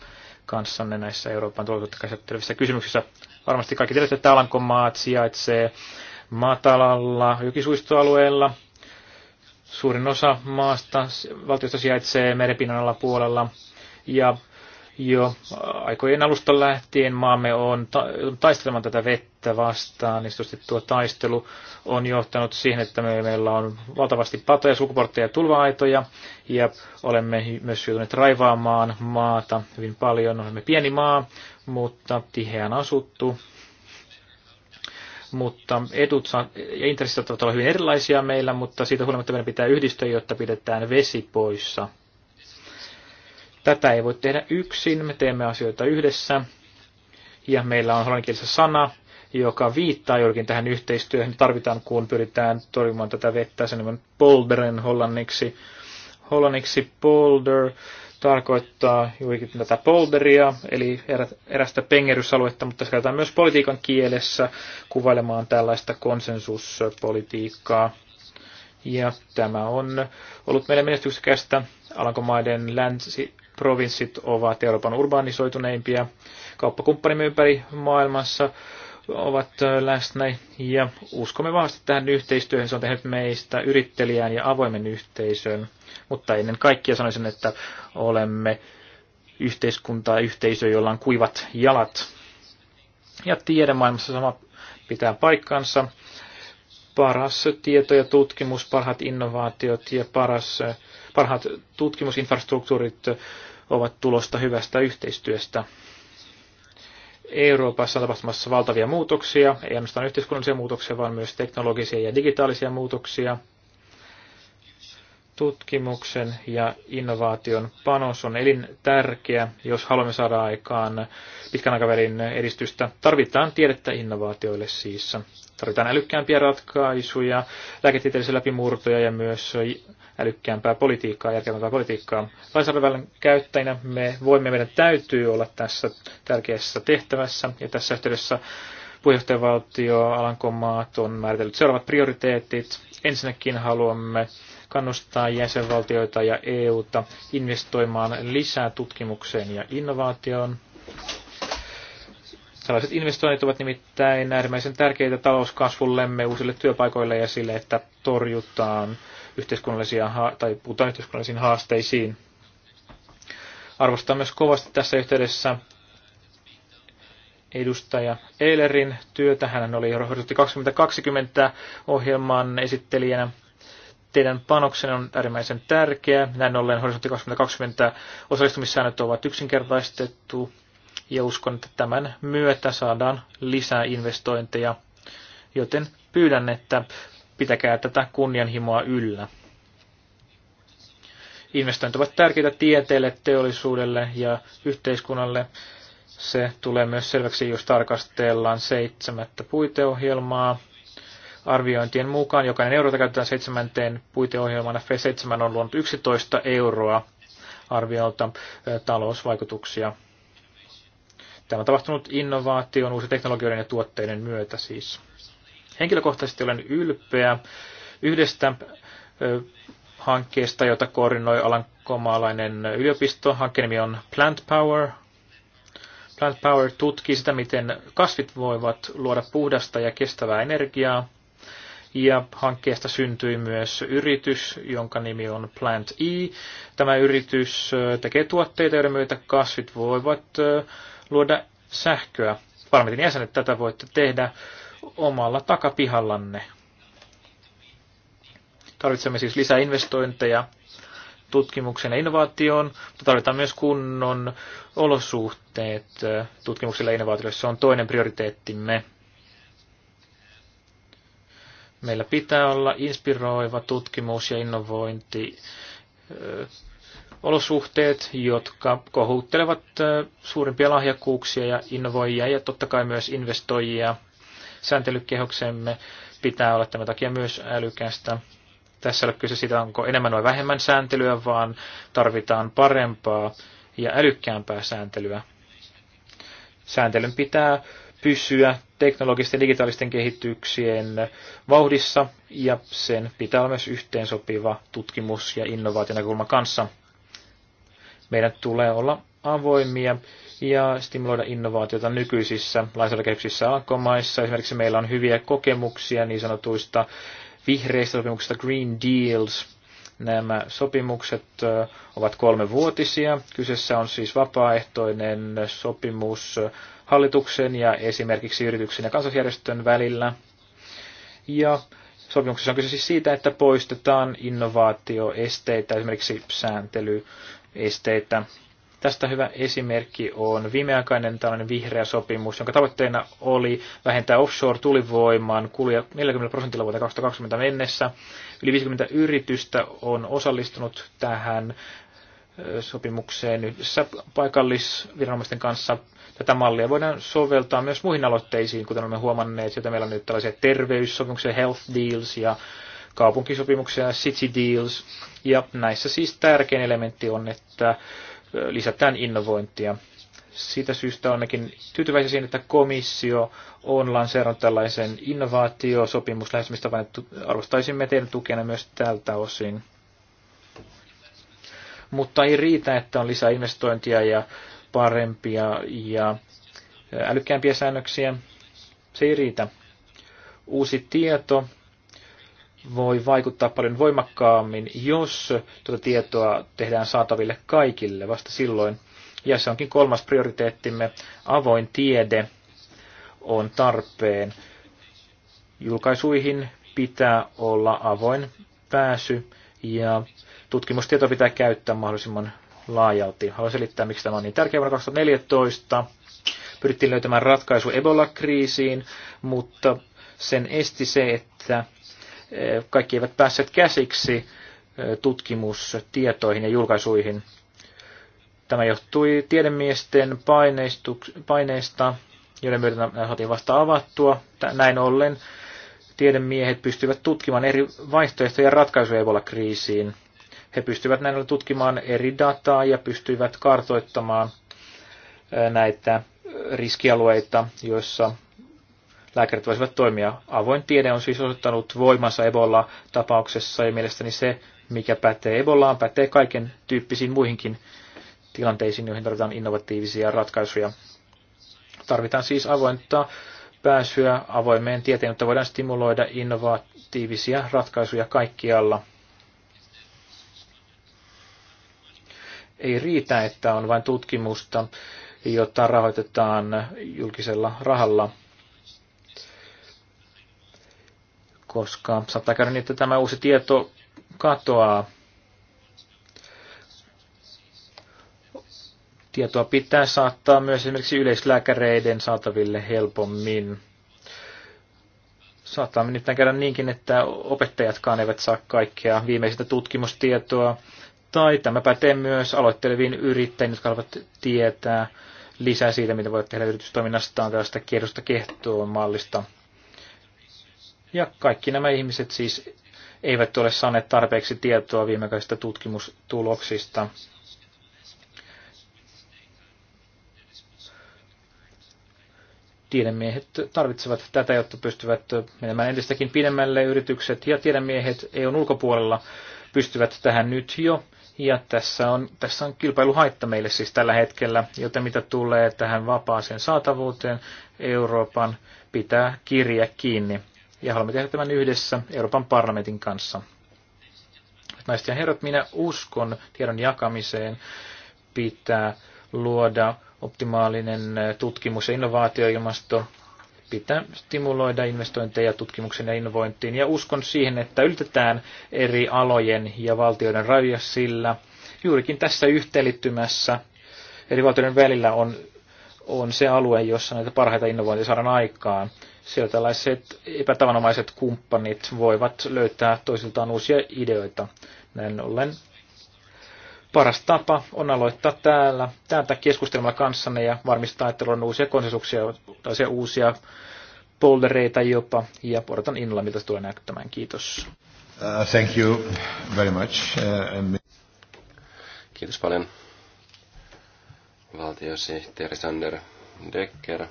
kanssanne näissä Euroopan tuotantokäsittelevissä kysymyksissä. Varmasti kaikki tiedätte, että Alankomaat sijaitsee matalalla jokisuistoalueella. Suurin osa maasta valtiosta sijaitsee merenpinnan alapuolella ja jo aikojen alusta lähtien maamme on ta- taistelemaan tätä vettä vastaan. Niin tuo taistelu on johtanut siihen, että me, meillä on valtavasti patoja, sukuportteja ja tulva-aitoja ja olemme myös joutuneet raivaamaan maata hyvin paljon. Olemme pieni maa, mutta tiheän asuttu. Mutta edut ja intressit ovat olla hyvin erilaisia meillä, mutta siitä huolimatta meidän pitää yhdistyä, jotta pidetään vesi poissa – Tätä ei voi tehdä yksin, me teemme asioita yhdessä. Ja meillä on hollanninkielisessä sana, joka viittaa jollakin tähän yhteistyöhön. Me tarvitaan, kun pyritään torjumaan tätä vettä, sen nimen polderen hollanniksi. Hollanniksi polder tarkoittaa juurikin tätä polderia, eli erästä pengerysaluetta, mutta se käytetään myös politiikan kielessä kuvailemaan tällaista konsensuspolitiikkaa. Ja tämä on ollut meille menestyksekästä Alankomaiden länsi, provinssit ovat Euroopan urbanisoituneimpia. Kauppakumppanimme ympäri maailmassa ovat läsnä ja uskomme vahvasti tähän yhteistyöhön. Se on tehnyt meistä yrittelijän ja avoimen yhteisön, mutta ennen kaikkea sanoisin, että olemme ja yhteisö, jolla on kuivat jalat. Ja tiedemaailmassa sama pitää paikkansa. Paras tieto ja tutkimus, parhaat innovaatiot ja paras parhaat tutkimusinfrastruktuurit ovat tulosta hyvästä yhteistyöstä. Euroopassa on tapahtumassa valtavia muutoksia, ei ainoastaan yhteiskunnallisia muutoksia, vaan myös teknologisia ja digitaalisia muutoksia – tutkimuksen ja innovaation panos on elintärkeä, jos haluamme saada aikaan pitkän aikavälin edistystä. Tarvitaan tiedettä innovaatioille siis. Tarvitaan älykkäämpiä ratkaisuja, lääketieteellisiä läpimurtoja ja myös älykkäämpää politiikkaa, järkevämpää politiikkaa. Lainsäädännön käyttäjinä me voimme, meidän täytyy olla tässä tärkeässä tehtävässä ja tässä yhteydessä puheenjohtajavaltio Alankomaat on määritellyt seuraavat prioriteetit. Ensinnäkin haluamme kannustaa jäsenvaltioita ja EUta investoimaan lisää tutkimukseen ja innovaatioon. Sellaiset investoinnit ovat nimittäin äärimmäisen tärkeitä talouskasvullemme, uusille työpaikoille ja sille, että torjutaan yhteiskunnallisia tai puhutaan yhteiskunnallisiin haasteisiin. Arvostan myös kovasti tässä yhteydessä edustaja Eilerin työtä. Hän oli Horisontti 2020 ohjelman esittelijänä teidän panoksen on äärimmäisen tärkeä. Näin ollen horisontti 2020 osallistumissäännöt ovat yksinkertaistettu ja uskon, että tämän myötä saadaan lisää investointeja, joten pyydän, että pitäkää tätä kunnianhimoa yllä. Investoinnit ovat tärkeitä tieteelle, teollisuudelle ja yhteiskunnalle. Se tulee myös selväksi, jos tarkastellaan seitsemättä puiteohjelmaa, Arviointien mukaan jokainen euro, jota käytetään seitsemänteen puiteohjelmana, F7 on luonut 11 euroa arviolta talousvaikutuksia. Tämä on tapahtunut innovaation, uusi teknologioiden ja tuotteiden myötä siis. Henkilökohtaisesti olen ylpeä yhdestä hankkeesta, jota koordinoi alankomaalainen yliopisto. Hankkeen nimi on Plant Power. Plant Power tutkii sitä, miten kasvit voivat luoda puhdasta ja kestävää energiaa ja hankkeesta syntyi myös yritys, jonka nimi on Plant E. Tämä yritys tekee tuotteita, joiden myötä kasvit voivat luoda sähköä. Parmetin jäsenet tätä voitte tehdä omalla takapihallanne. Tarvitsemme siis lisää investointeja tutkimuksen ja innovaatioon, mutta tarvitaan myös kunnon olosuhteet tutkimukselle ja innovaatiolle. Se on toinen prioriteettimme. Meillä pitää olla inspiroiva tutkimus ja innovointi, olosuhteet, jotka kohuttelevat suurimpia lahjakkuuksia ja innovoijia ja totta kai myös investoijia. Sääntelykehoksemme pitää olla tämän takia myös älykästä. Tässä ei ole kyse siitä, onko enemmän vai vähemmän sääntelyä, vaan tarvitaan parempaa ja älykkäämpää sääntelyä. Sääntelyn pitää pysyä teknologisten digitaalisten kehityksien vauhdissa ja sen pitää olla myös yhteensopiva tutkimus- ja innovaationäkökulma kanssa. Meidän tulee olla avoimia ja stimuloida innovaatiota nykyisissä lainsäädäntökehyksissä alkomaissa. Esimerkiksi meillä on hyviä kokemuksia niin sanotuista vihreistä sopimuksista Green Deals. Nämä sopimukset ovat kolmevuotisia. Kyseessä on siis vapaaehtoinen sopimus hallituksen ja esimerkiksi yrityksen ja kansalaisjärjestön välillä. Ja sopimuksessa on kyse siis siitä, että poistetaan innovaatioesteitä, esimerkiksi sääntelyesteitä. Tästä hyvä esimerkki on viimeaikainen tällainen vihreä sopimus, jonka tavoitteena oli vähentää offshore-tulivoiman kuluja 40 prosentilla vuoteen 2020 mennessä. Yli 50 yritystä on osallistunut tähän sopimukseen yhdessä paikallisviranomaisten kanssa. Tätä mallia voidaan soveltaa myös muihin aloitteisiin, kuten olemme huomanneet, että meillä on nyt tällaisia terveyssopimuksia, health deals ja kaupunkisopimuksia, city deals. Ja näissä siis tärkein elementti on, että lisätään innovointia. Siitä syystä onnekin tyytyväisiä siihen, että komissio on lanseerannut tällaisen innovaatiosopimuslähestymistavan, että arvostaisimme teidän tukena myös tältä osin mutta ei riitä, että on lisää investointia ja parempia ja älykkäämpiä säännöksiä. Se ei riitä. Uusi tieto voi vaikuttaa paljon voimakkaammin, jos tuota tietoa tehdään saataville kaikille vasta silloin. Ja se onkin kolmas prioriteettimme. Avoin tiede on tarpeen. Julkaisuihin pitää olla avoin pääsy ja tutkimustietoa pitää käyttää mahdollisimman laajalti. Haluan selittää, miksi tämä on niin tärkeä. Vuonna 2014 pyrittiin löytämään ratkaisu Ebola-kriisiin, mutta sen esti se, että e, kaikki eivät päässeet käsiksi e, tutkimustietoihin ja julkaisuihin. Tämä johtui tiedemiesten paineista, joiden myötä nämä saatiin vasta avattua. Näin ollen tiedemiehet pystyivät tutkimaan eri vaihtoehtoja ja ratkaisuja Ebola-kriisiin. He pystyvät näin tutkimaan eri dataa ja pystyivät kartoittamaan näitä riskialueita, joissa lääkärit voisivat toimia. Avoin tiede on siis osoittanut voimansa Ebola-tapauksessa ja mielestäni se, mikä pätee Ebolaan, pätee kaiken tyyppisiin muihinkin tilanteisiin, joihin tarvitaan innovatiivisia ratkaisuja. Tarvitaan siis avointa pääsyä avoimeen tieteen, jotta voidaan stimuloida innovatiivisia ratkaisuja kaikkialla – Ei riitä, että on vain tutkimusta, jota rahoitetaan julkisella rahalla, koska saattaa käydä niin, että tämä uusi tieto katoaa. Tietoa pitää saattaa myös esimerkiksi yleislääkäreiden saataville helpommin saattaa nyt käydä niinkin, että opettajatkaan eivät saa kaikkea viimeisintä tutkimustietoa, tai tämä pätee myös aloitteleviin yrittäjiin, jotka haluavat tietää lisää siitä, mitä voivat tehdä yritystoiminnastaan tällaista kierrosta kehtoon mallista. Ja kaikki nämä ihmiset siis eivät ole saaneet tarpeeksi tietoa viimeaikaisista tutkimustuloksista. tiedemiehet tarvitsevat tätä, jotta pystyvät menemään entistäkin pidemmälle yritykset ja tiedemiehet EUn ulkopuolella pystyvät tähän nyt jo ja tässä on, tässä on kilpailuhaitta meille siis tällä hetkellä, joten mitä tulee tähän vapaaseen saatavuuteen, Euroopan pitää kirja kiinni. Ja haluamme tehdä tämän yhdessä Euroopan parlamentin kanssa. Naiset ja herrat, minä uskon tiedon jakamiseen pitää luoda optimaalinen tutkimus- ja innovaatioilmasto pitää stimuloida investointeja tutkimuksen ja innovointiin. Ja uskon siihen, että yltetään eri alojen ja valtioiden rajoja sillä. Juurikin tässä yhteenliittymässä eri valtioiden välillä on, on se alue, jossa näitä parhaita innovointeja saadaan aikaan. Siellä tällaiset epätavanomaiset kumppanit voivat löytää toisiltaan uusia ideoita. Näin ollen paras tapa on aloittaa täällä, täältä keskustelemalla kanssanne ja varmistaa, että on uusia konsensuksia tai uusia poldereita jopa, ja odotan innolla, miltä se tulee näyttämään. Kiitos. Uh, thank you very much. Uh, and... Kiitos paljon. Valtiosihteeri Sander Decker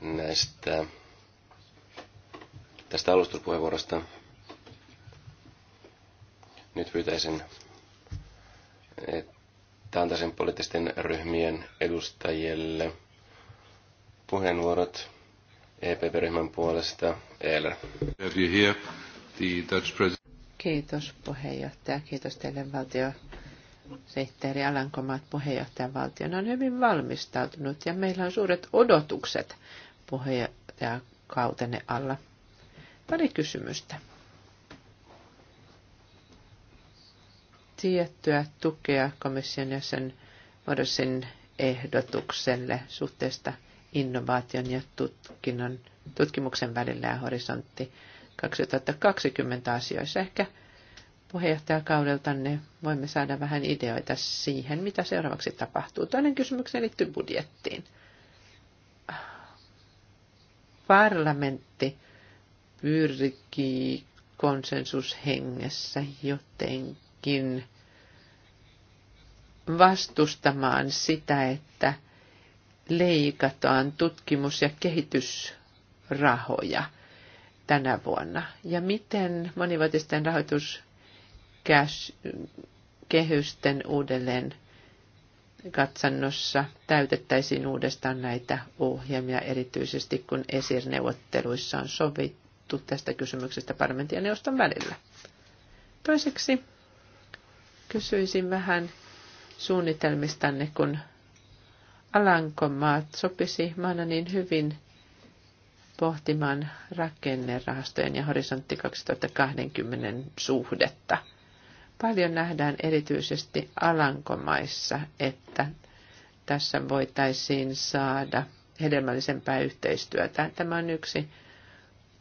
näistä tästä alustuspuheenvuorosta. Nyt pyytäisin että antaisin poliittisten ryhmien edustajille puheenvuorot EPP-ryhmän puolesta. Eller. Kiitos puheenjohtaja. Kiitos teille valtio Sehteeri Alankomaat puheenjohtajan valtion on hyvin valmistautunut ja meillä on suuret odotukset puheenjohtajakautenne alla. Pari kysymystä. tiettyä tukea komission jäsen Morsin ehdotukselle suhteesta innovaation ja tutkinnon, tutkimuksen välillä ja horisontti 2020 asioissa. Ehkä puheenjohtajakaudeltanne voimme saada vähän ideoita siihen, mitä seuraavaksi tapahtuu. Toinen kysymykseen liittyy budjettiin. Parlamentti pyrkii konsensushengessä jotenkin kuitenkin vastustamaan sitä, että leikataan tutkimus- ja kehitysrahoja tänä vuonna. Ja miten monivuotisten rahoituskehysten uudelleen katsannossa täytettäisiin uudestaan näitä ohjelmia, erityisesti kun esirneuvotteluissa on sovittu tästä kysymyksestä parlamentin ja neuvoston välillä. Toiseksi Kysyisin vähän suunnitelmistanne, kun Alankomaat sopisi maana niin hyvin pohtimaan rakennerahastojen ja horisontti 2020 suhdetta. Paljon nähdään erityisesti Alankomaissa, että tässä voitaisiin saada hedelmällisempää yhteistyötä. Tämä on yksi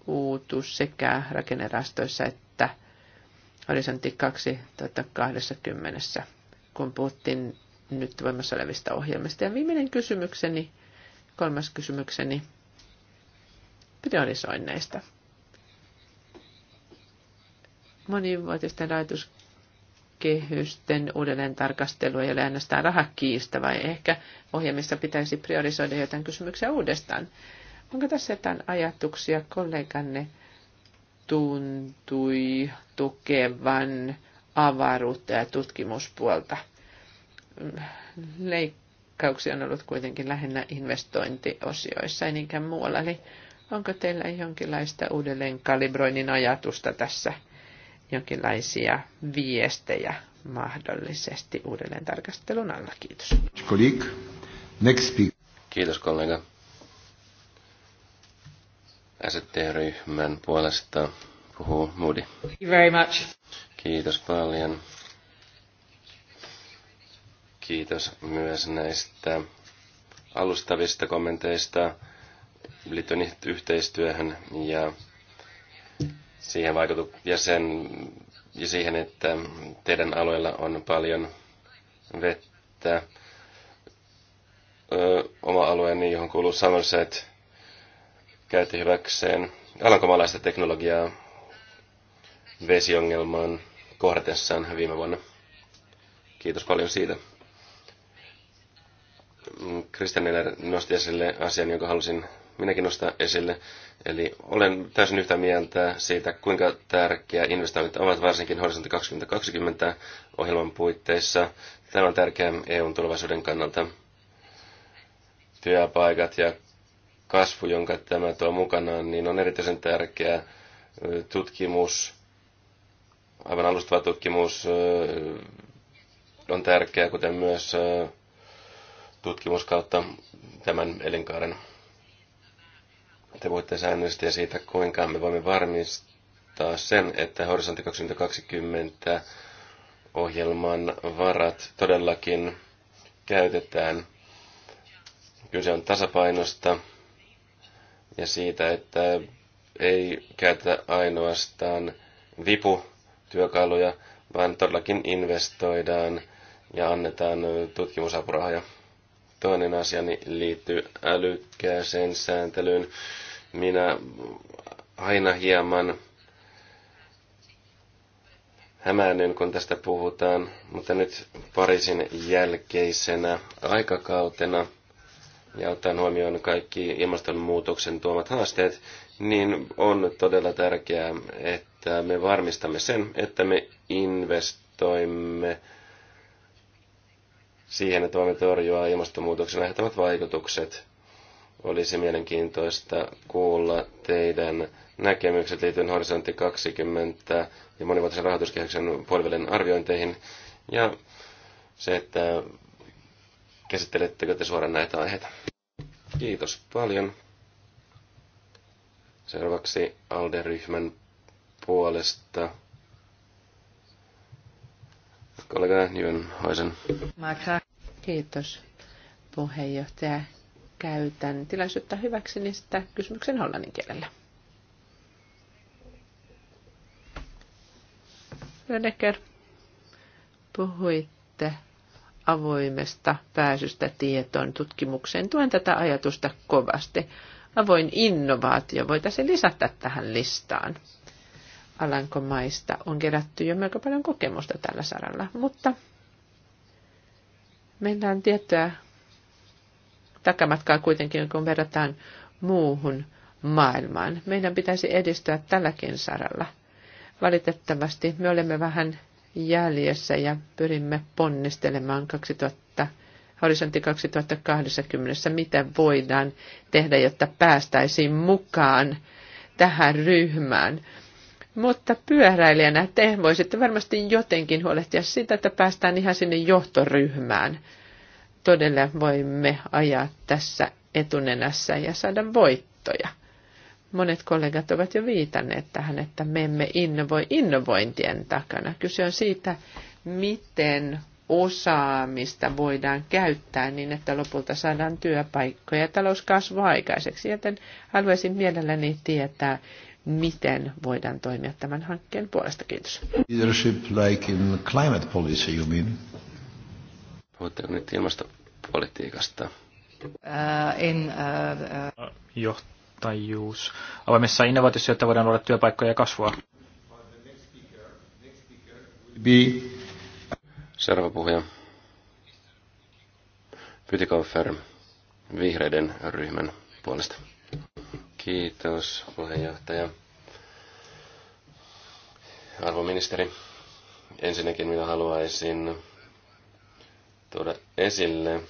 uutuus sekä rakennerastoissa että horisontti 2020, kun puhuttiin nyt voimassa olevista ohjelmista. Ja viimeinen kysymykseni, kolmas kysymykseni, priorisoinneista. Monivuotisten rahoituskehysten uudelleen tarkastelu ei ole ainoastaan rahakiista, vai ehkä ohjelmissa pitäisi priorisoida jotain kysymyksiä uudestaan. Onko tässä jotain ajatuksia kolleganne? tuntui tukevan avaruutta ja tutkimuspuolta. Leikkauksia on ollut kuitenkin lähinnä investointiosioissa, ei niinkään muualla. Eli onko teillä jonkinlaista uudelleen kalibroinnin ajatusta tässä, jonkinlaisia viestejä mahdollisesti uudelleen tarkastelun alla? Kiitos. Kiitos kollega. ST-ryhmän puolesta puhuu Moody. Thank you very much. Kiitos paljon. Kiitos myös näistä alustavista kommenteista liittyen yhteistyöhön ja siihen vaikutu ja, sen, ja siihen, että teidän alueella on paljon vettä. Ö, oma alueeni, johon kuuluu Somerset, käytti hyväkseen alankomaalaista teknologiaa vesiongelmaan kohdatessaan viime vuonna. Kiitos paljon siitä. Christian Miller nosti esille asian, jonka halusin minäkin nostaa esille. Eli olen täysin yhtä mieltä siitä, kuinka tärkeä investoinnit ovat varsinkin Horisontti 2020 ohjelman puitteissa. Tämä on tärkeää EUn tulevaisuuden kannalta. Työpaikat ja kasvu, jonka tämä tuo mukanaan, niin on erityisen tärkeää tutkimus, aivan alustava tutkimus on tärkeää, kuten myös tutkimus kautta tämän elinkaaren. Te voitte säännöllisesti siitä, kuinka me voimme varmistaa sen, että Horisontti 2020 ohjelman varat todellakin käytetään. Kyse on tasapainosta ja siitä, että ei käytetä ainoastaan vipu työkaluja, vaan todellakin investoidaan ja annetaan tutkimusapurahoja. Toinen asiani liittyy älykkääseen sääntelyyn. Minä aina hieman hämäännyn, kun tästä puhutaan, mutta nyt Pariisin jälkeisenä aikakautena – ja ottaen huomioon kaikki ilmastonmuutoksen tuomat haasteet, niin on todella tärkeää, että me varmistamme sen, että me investoimme siihen, että voimme torjua ilmastonmuutoksen aiheuttamat vaikutukset. Olisi mielenkiintoista kuulla teidän näkemykset liittyen Horisontti 20 ja monivuotisen rahoituskehyksen puolivälin arviointeihin. Ja se, että Käsittelettekö te suoraan näitä aiheita? Kiitos paljon. Seuraavaksi ALDE-ryhmän puolesta kollega Jönhoisen. Kiitos puheenjohtaja. Käytän tilaisuutta hyväkseni sitä kysymyksen hollannin kielellä. Rödecker, puhuitte avoimesta pääsystä tietoon tutkimukseen. Tuen tätä ajatusta kovasti. Avoin innovaatio voitaisiin lisätä tähän listaan. Alankomaista on kerätty jo melko paljon kokemusta tällä saralla, mutta mennään on tiettyä takamatkaa kuitenkin, kun verrataan muuhun maailmaan. Meidän pitäisi edistyä tälläkin saralla. Valitettavasti me olemme vähän jäljessä ja pyrimme ponnistelemaan 2000, horisontti 2020, mitä voidaan tehdä, jotta päästäisiin mukaan tähän ryhmään. Mutta pyöräilijänä te voisitte varmasti jotenkin huolehtia siitä, että päästään ihan sinne johtoryhmään. Todella voimme ajaa tässä etunenässä ja saada voittoja. Monet kollegat ovat jo viitanneet tähän, että me emme innovoi innovointien takana. Kyse on siitä, miten osaamista voidaan käyttää niin, että lopulta saadaan työpaikkoja ja talouskasvu aikaiseksi. Joten haluaisin mielelläni tietää, miten voidaan toimia tämän hankkeen puolesta. Kiitos. Leadership like in climate policy, you mean? Puhutteko nyt ilmastopolitiikasta? Uh, in, uh, uh... uh johtajuus avoimessa innovaatiossa, jotta voidaan luoda työpaikkoja ja kasvua. B. Seuraava puhuja. Pytikoffer vihreiden ryhmän puolesta. Kiitos puheenjohtaja. Arvoministeri, ensinnäkin minä haluaisin tuoda esille,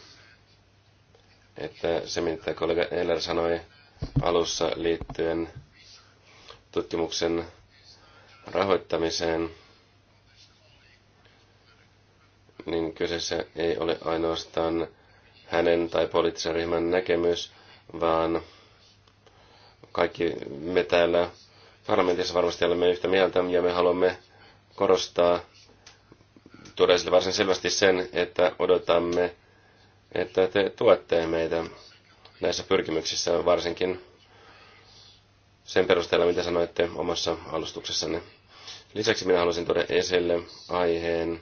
että se mitä kollega Eller sanoi alussa liittyen tutkimuksen rahoittamiseen, niin kyseessä ei ole ainoastaan hänen tai poliittisen ryhmän näkemys, vaan kaikki me täällä parlamentissa varmasti olemme yhtä mieltä ja me haluamme korostaa tuoda varsin selvästi sen, että odotamme, että te tuette meitä näissä pyrkimyksissä, varsinkin sen perusteella, mitä sanoitte omassa alustuksessanne. Lisäksi minä haluaisin tuoda esille aiheen,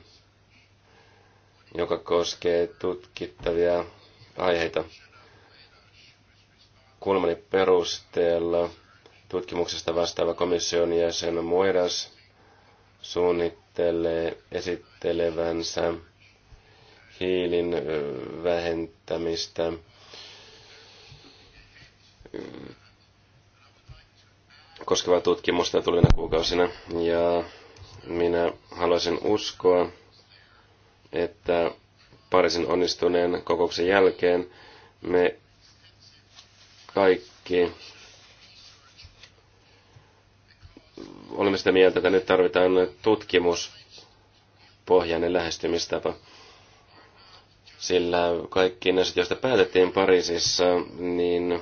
joka koskee tutkittavia aiheita. Kulmani perusteella tutkimuksesta vastaava komission jäsen Moiras suunnittelee esittelevänsä hiilin vähentämistä Mm, koskevaa tutkimusta tulevina kuukausina. Ja minä haluaisin uskoa, että Pariisin onnistuneen kokouksen jälkeen me kaikki olemme sitä mieltä, että nyt tarvitaan tutkimuspohjainen lähestymistapa. Sillä kaikki näistä, joista päätettiin Pariisissa, niin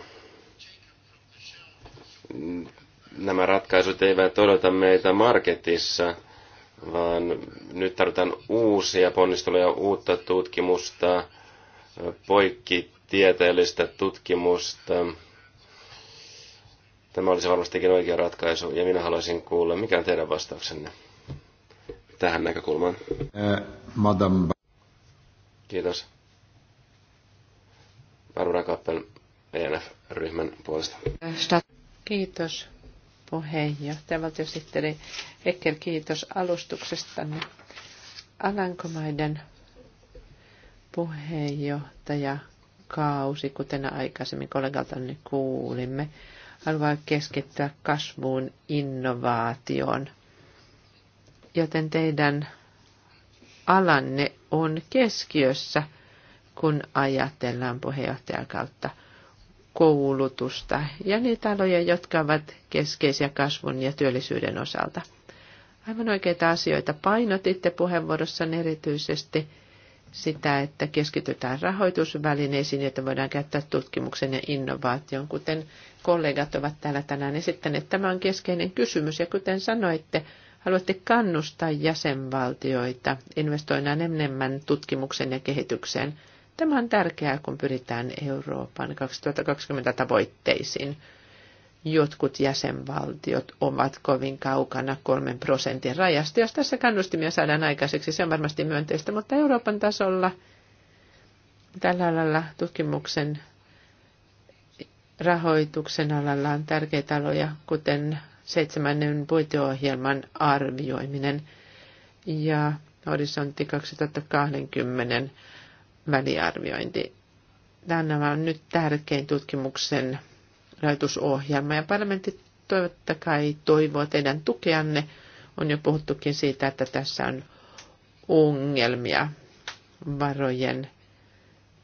nämä ratkaisut eivät odota meitä marketissa, vaan nyt tarvitaan uusia ponnisteluja, uutta tutkimusta, poikkitieteellistä tutkimusta. Tämä olisi varmastikin oikea ratkaisu, ja minä haluaisin kuulla, mikä on teidän vastauksenne tähän näkökulmaan. Äh, madame. Kiitos. Barbara Kappel, ENF-ryhmän puolesta. Äh, Stadt. Kiitos puheenjohtaja, valtiosihteeri Ecker, kiitos alustuksestanne. Alankomaiden puheenjohtaja kausi, kuten aikaisemmin kollegaltanne kuulimme, haluaa keskittyä kasvuun, innovaatioon. Joten teidän alanne on keskiössä, kun ajatellaan puheenjohtajan kautta – koulutusta ja niitä aloja, jotka ovat keskeisiä kasvun ja työllisyyden osalta. Aivan oikeita asioita painotitte puheenvuorossanne erityisesti sitä, että keskitytään rahoitusvälineisiin, joita voidaan käyttää tutkimuksen ja innovaation, kuten kollegat ovat täällä tänään esittäneet. Tämä on keskeinen kysymys ja kuten sanoitte, haluatte kannustaa jäsenvaltioita investoimaan enemmän tutkimuksen ja kehitykseen – Tämä on tärkeää, kun pyritään Euroopan 2020 tavoitteisiin. Jotkut jäsenvaltiot ovat kovin kaukana kolmen prosentin rajasta. Jos tässä kannustimia saadaan aikaiseksi, se on varmasti myönteistä, mutta Euroopan tasolla tällä alalla tutkimuksen rahoituksen alalla on tärkeitä aloja, kuten seitsemännen puiteohjelman arvioiminen ja horisontti 2020 väliarviointi. Tämä on nyt tärkein tutkimuksen rajoitusohjelma ja parlamentti toivottakai toivoa toivoo teidän tukeanne. On jo puhuttukin siitä, että tässä on ongelmia varojen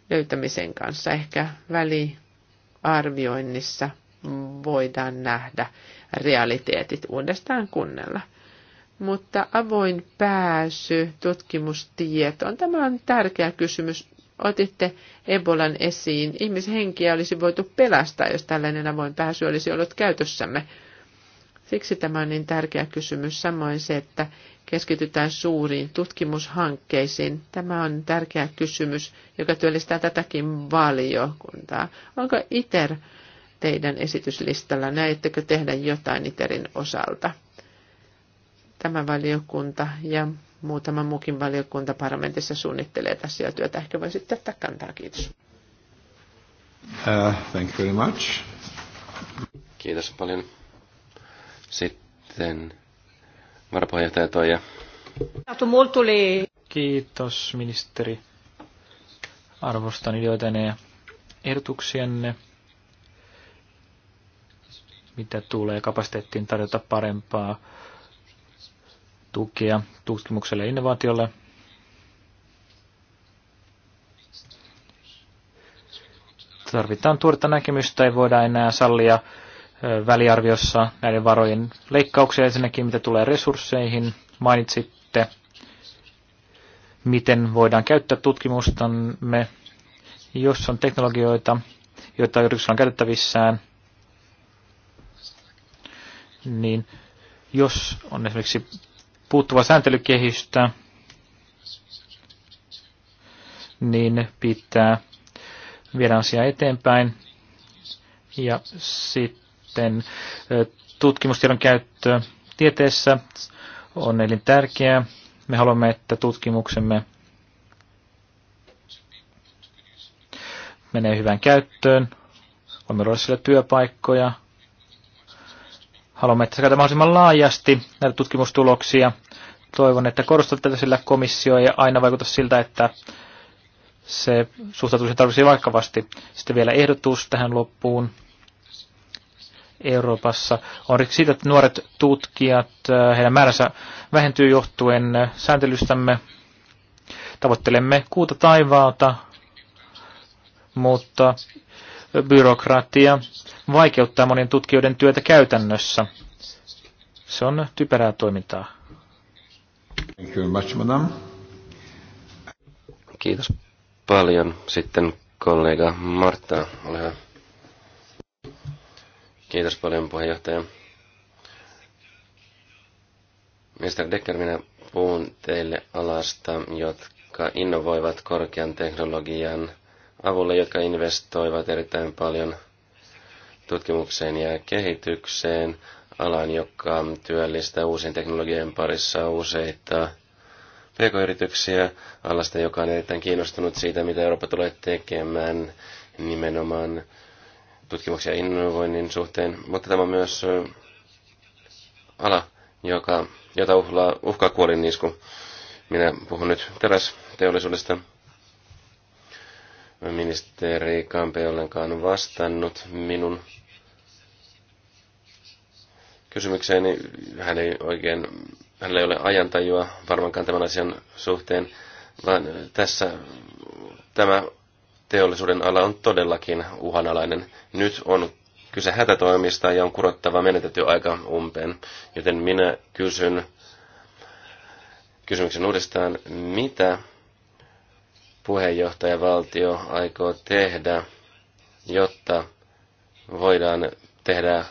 löytämisen kanssa. Ehkä väliarvioinnissa voidaan nähdä realiteetit uudestaan kunnella mutta avoin pääsy tutkimustietoon. Tämä on tärkeä kysymys. Otitte Ebolan esiin. Ihmishenkiä olisi voitu pelastaa, jos tällainen avoin pääsy olisi ollut käytössämme. Siksi tämä on niin tärkeä kysymys. Samoin se, että keskitytään suuriin tutkimushankkeisiin. Tämä on tärkeä kysymys, joka työllistää tätäkin valiokuntaa. Onko ITER teidän esityslistalla? Näettekö tehdä jotain ITERin osalta? tämä valiokunta ja muutama muukin valiokunta parlamentissa suunnittelee tässä ja työtä. Ehkä sitten ottaa kantaa. Kiitos. Uh, thank you very much. Kiitos paljon. Sitten varapuheenjohtaja Toija. Kiitos ministeri. Arvostan ideoitanne ja ehdotuksienne, mitä tulee kapasiteettiin tarjota parempaa tukea tutkimukselle ja innovaatiolle. Tarvitaan tuoretta näkemystä, ei voida enää sallia väliarviossa näiden varojen leikkauksia ensinnäkin, mitä tulee resursseihin. Mainitsitte, miten voidaan käyttää tutkimustamme, jos on teknologioita, joita yrityksellä on käytettävissään, niin jos on esimerkiksi puuttuva sääntelykehystä, niin pitää viedä asiaa eteenpäin. Ja sitten tutkimustiedon käyttö tieteessä on elintärkeää. Me haluamme, että tutkimuksemme menee hyvään käyttöön. Olemme luoda sille työpaikkoja, Haluamme, että se käytetään mahdollisimman laajasti näitä tutkimustuloksia. Toivon, että korostatte sillä komissio ja aina vaikuta siltä, että se suhtautuisi tarvitsisi vaikkavasti. Sitten vielä ehdotus tähän loppuun. Euroopassa on siitä, että nuoret tutkijat, äh, heidän määränsä vähentyy johtuen sääntelystämme. Tavoittelemme kuuta taivaalta, mutta byrokratia vaikeuttaa monien tutkijoiden työtä käytännössä. Se on typerää toimintaa. Thank you much, madam. Kiitos paljon. Sitten kollega Martta, ole hyvä. Kiitos paljon puheenjohtaja. Mr. Decker, minä puhun teille alasta, jotka innovoivat korkean teknologian avulla, jotka investoivat erittäin paljon tutkimukseen ja kehitykseen, alan, joka työllistää uusien teknologian parissa useita pk-yrityksiä, alasta, joka on erittäin kiinnostunut siitä, mitä Eurooppa tulee tekemään nimenomaan tutkimuksen ja innovoinnin suhteen, mutta tämä on myös ala, joka, jota uhlaa, uhkaa kuolinisku. Minä puhun nyt terästeollisuudesta. teollisuudesta Ministeri Kampe ollenkaan vastannut minun kysymykseeni. Hän ei oikein, hänellä ei ole ajantajua varmaankaan tämän asian suhteen, vaan tässä tämä teollisuuden ala on todellakin uhanalainen. Nyt on kyse hätätoimista ja on kurottava menetetty aika umpeen. Joten minä kysyn kysymyksen uudestaan, mitä puheenjohtajavaltio aikoo tehdä, jotta voidaan tehdä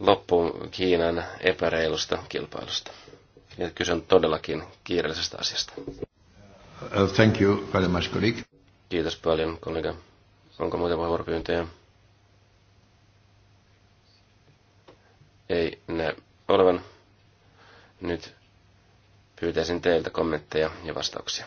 loppu Kiinan epäreilusta kilpailusta. Ja kyse on todellakin kiireellisestä asiasta. Uh, thank you very much, colleague. Kiitos paljon, kollega. Onko muita puheenvuoropyyntöjä? Ei näe olevan. Nyt pyytäisin teiltä kommentteja ja vastauksia.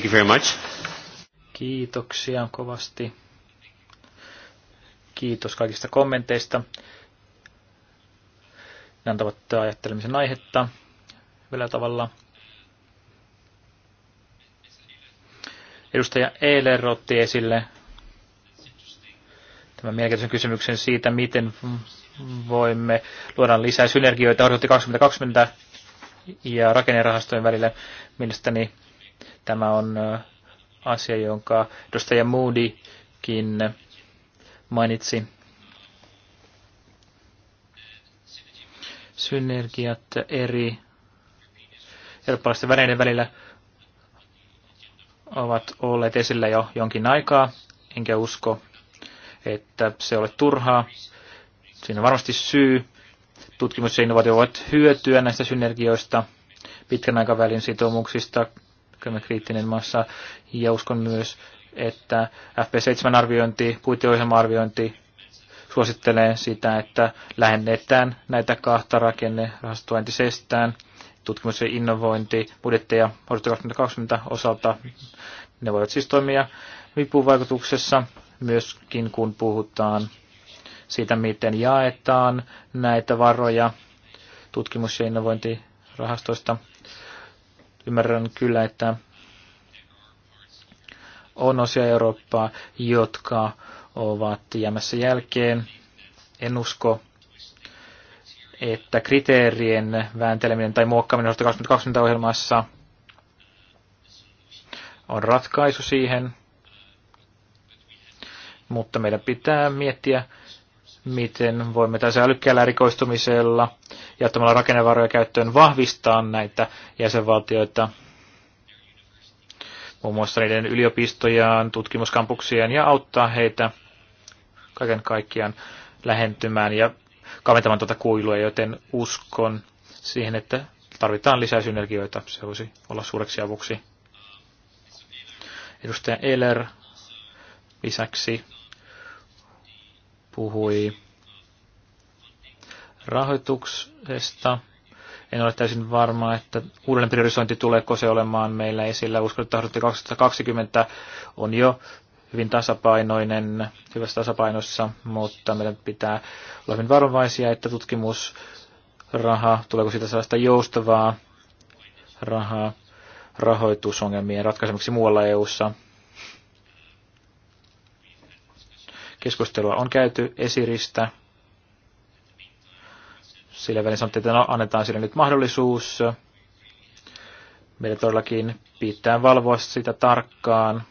Thank you very much. Kiitoksia kovasti. Kiitos kaikista kommenteista. Ne antavat ajattelemisen aihetta vielä tavalla. Edustaja Eiler otti esille tämän mielenkiintoisen kysymyksen siitä, miten voimme luoda lisää synergioita Horisontti 2020 ja rakennerahastojen välillä. Mielestäni Tämä on asia, jonka edustaja Moodykin mainitsi. Synergiat eri eurooppalaisten välineiden välillä ovat olleet esillä jo jonkin aikaa, enkä usko, että se ole turhaa. Siinä on varmasti syy. Tutkimus ja innovaatio ovat hyötyä näistä synergioista, pitkän aikavälin sitoumuksista, tämä kriittinen massa. Ja uskon myös, että FP7-arviointi, puiteohjelma-arviointi suosittelee sitä, että lähennetään näitä kahta rakennerahastoa entisestään. Tutkimus ja innovointi, budjetteja horisontti 2020 osalta, ne voivat siis toimia vipuvaikutuksessa myöskin, kun puhutaan siitä, miten jaetaan näitä varoja tutkimus- ja innovointirahastoista ymmärrän kyllä, että on osia Eurooppaa, jotka ovat jäämässä jälkeen. En usko, että kriteerien väänteleminen tai muokkaaminen 2020 ohjelmassa on ratkaisu siihen, mutta meidän pitää miettiä, miten voimme tässä älykkäällä erikoistumisella ja ottamalla rakennevaroja käyttöön vahvistaa näitä jäsenvaltioita, muun muassa niiden yliopistojaan, tutkimuskampuksiaan ja auttaa heitä kaiken kaikkiaan lähentymään ja kaventamaan tuota kuilua, joten uskon siihen, että tarvitaan lisää synergioita. Se voisi olla suureksi avuksi. Edustaja Eller lisäksi puhui rahoituksesta. En ole täysin varma, että uudelleen priorisointi tuleeko se olemaan meillä esillä. Uskon, että 2020 on jo hyvin tasapainoinen, hyvässä tasapainossa, mutta meidän pitää olla hyvin varovaisia, että tutkimusraha, tuleeko siitä sellaista joustavaa rahaa rahoitusongelmien ratkaisemiseksi muualla EU-ssa. Keskustelua on käyty esiristä. Sillä välin sanottiin, että no, annetaan sille nyt mahdollisuus. Meidän todellakin pitää valvoa sitä tarkkaan.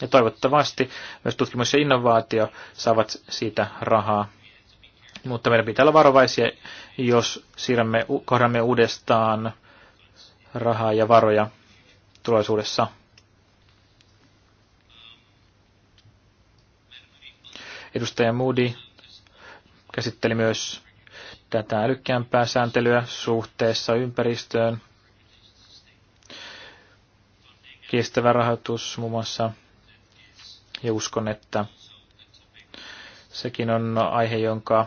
Ja toivottavasti myös tutkimus ja innovaatio saavat siitä rahaa. Mutta meidän pitää olla varovaisia, jos siirrämme, kohdamme uudestaan rahaa ja varoja tulevaisuudessa. Edustaja Moody käsitteli myös tätä älykkäämpää sääntelyä suhteessa ympäristöön. Kestävä rahoitus muun muassa. Ja uskon, että sekin on aihe, jonka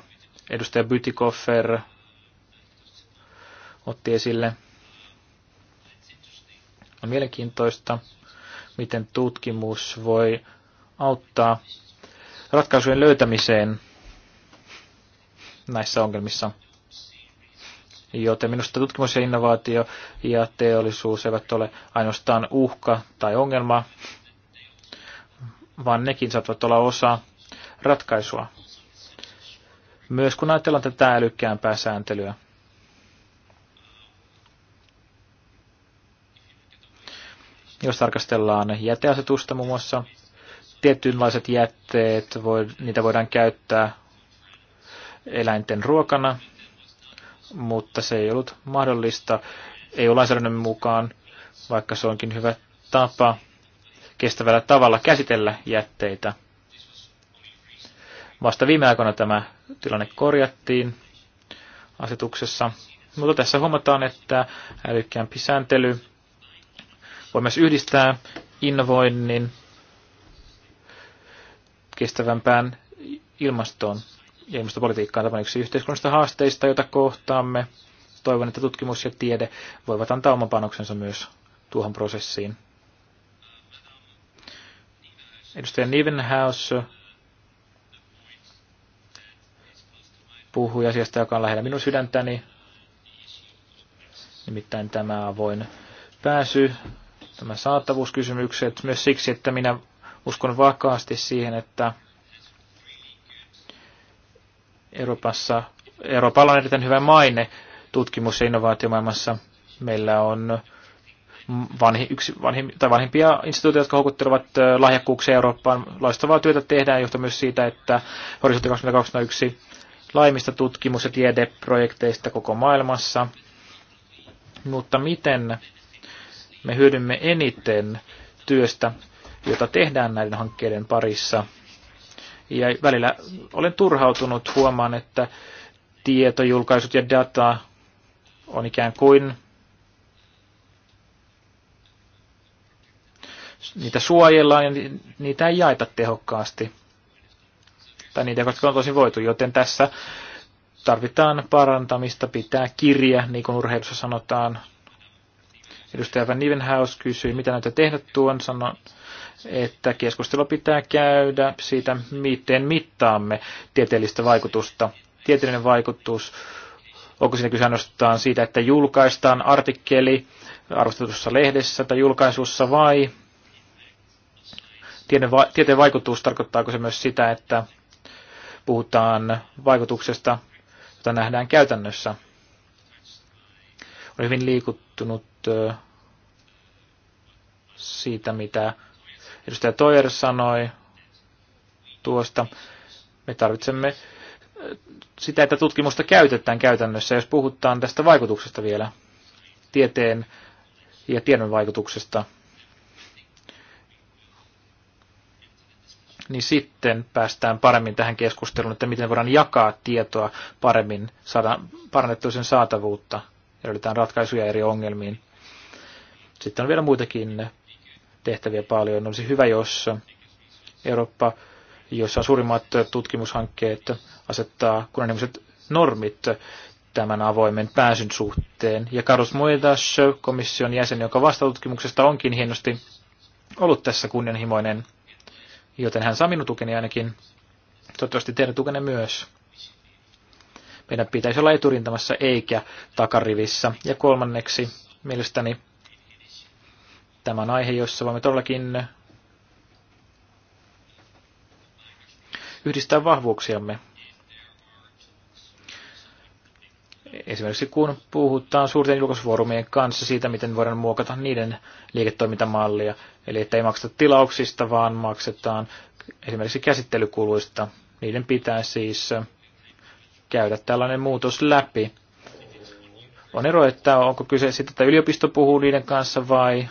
edustaja Bytikoffer otti esille. On mielenkiintoista, miten tutkimus voi auttaa ratkaisujen löytämiseen näissä ongelmissa. Joten minusta tutkimus ja innovaatio ja teollisuus eivät ole ainoastaan uhka tai ongelma, vaan nekin saattavat olla osa ratkaisua. Myös kun ajatellaan tätä älykkäämpää sääntelyä. Jos tarkastellaan jäteasetusta muun muassa, tietynlaiset jätteet, voi, niitä voidaan käyttää eläinten ruokana, mutta se ei ollut mahdollista EU-lainsäädännön mukaan, vaikka se onkin hyvä tapa kestävällä tavalla käsitellä jätteitä. Vasta viime aikoina tämä tilanne korjattiin asetuksessa, mutta tässä huomataan, että älykkäämpi sääntely voi myös yhdistää innovoinnin kestävämpään ilmastoon ja ilmastopolitiikkaan tapana yksi yhteiskunnallista haasteista, jota kohtaamme. Toivon, että tutkimus ja tiede voivat antaa oman panoksensa myös tuohon prosessiin. Edustaja Nivenhaus puhui asiasta, joka on lähellä minun sydäntäni. Nimittäin tämä avoin pääsy, tämä saatavuuskysymykset, myös siksi, että minä Uskon vakaasti siihen, että Euroopassa, Euroopalla on erittäin hyvä maine tutkimus- ja innovaatiomaailmassa. Meillä on vanhi, yksi, vanhi, tai vanhimpia instituutioita, jotka houkuttelevat lahjakkuuksia Eurooppaan. Loistavaa työtä tehdään, johtuu myös siitä, että Horisontti 2021 laimista tutkimus- ja tiedeprojekteista koko maailmassa. Mutta miten me hyödymme eniten työstä, jota tehdään näiden hankkeiden parissa. Ja välillä olen turhautunut huomaan, että tietojulkaisut ja data on ikään kuin niitä suojellaan ja niitä ei jaeta tehokkaasti. Tai niitä koska on tosi voitu, joten tässä tarvitaan parantamista, pitää kirja, niin kuin urheilussa sanotaan. Edustaja Van Nivenhaus kysyi, mitä näitä tehdä tuon, sanon, että keskustelu pitää käydä siitä, miten mittaamme tieteellistä vaikutusta. Tieteellinen vaikutus, onko siinä kyse ainoastaan siitä, että julkaistaan artikkeli arvostetussa lehdessä tai julkaisussa vai tieteen vaikutus, tarkoittaako se myös sitä, että puhutaan vaikutuksesta, jota nähdään käytännössä. Olen hyvin liikuttunut siitä, mitä edustaja Toyer sanoi tuosta. Me tarvitsemme äh, sitä, että tutkimusta käytetään käytännössä, jos puhutaan tästä vaikutuksesta vielä, tieteen ja tiedon vaikutuksesta, niin sitten päästään paremmin tähän keskusteluun, että miten voidaan jakaa tietoa paremmin, saada parannettua sen saatavuutta ja ratkaisuja eri ongelmiin. Sitten on vielä muitakin tehtäviä paljon. Olisi hyvä, jos Eurooppa, jossa on suurimmat tutkimushankkeet, asettaa kunnianhimoiset normit tämän avoimen pääsyn suhteen. Ja Karus Moedas, komission jäsen, joka vastatutkimuksesta onkin hienosti ollut tässä kunnianhimoinen, joten hän saa minun tukeni ainakin. Toivottavasti teidän tukenne myös. Meidän pitäisi olla eturintamassa eikä takarivissä. Ja kolmanneksi, mielestäni Tämä on aihe, jossa voimme todellakin yhdistää vahvuuksiamme. Esimerkiksi kun puhutaan suurten julkaisufoorumien kanssa siitä, miten voidaan muokata niiden liiketoimintamallia, eli että ei makseta tilauksista, vaan maksetaan esimerkiksi käsittelykuluista. Niiden pitää siis käydä tällainen muutos läpi. On ero, että onko kyse siitä, että yliopisto puhuu niiden kanssa vai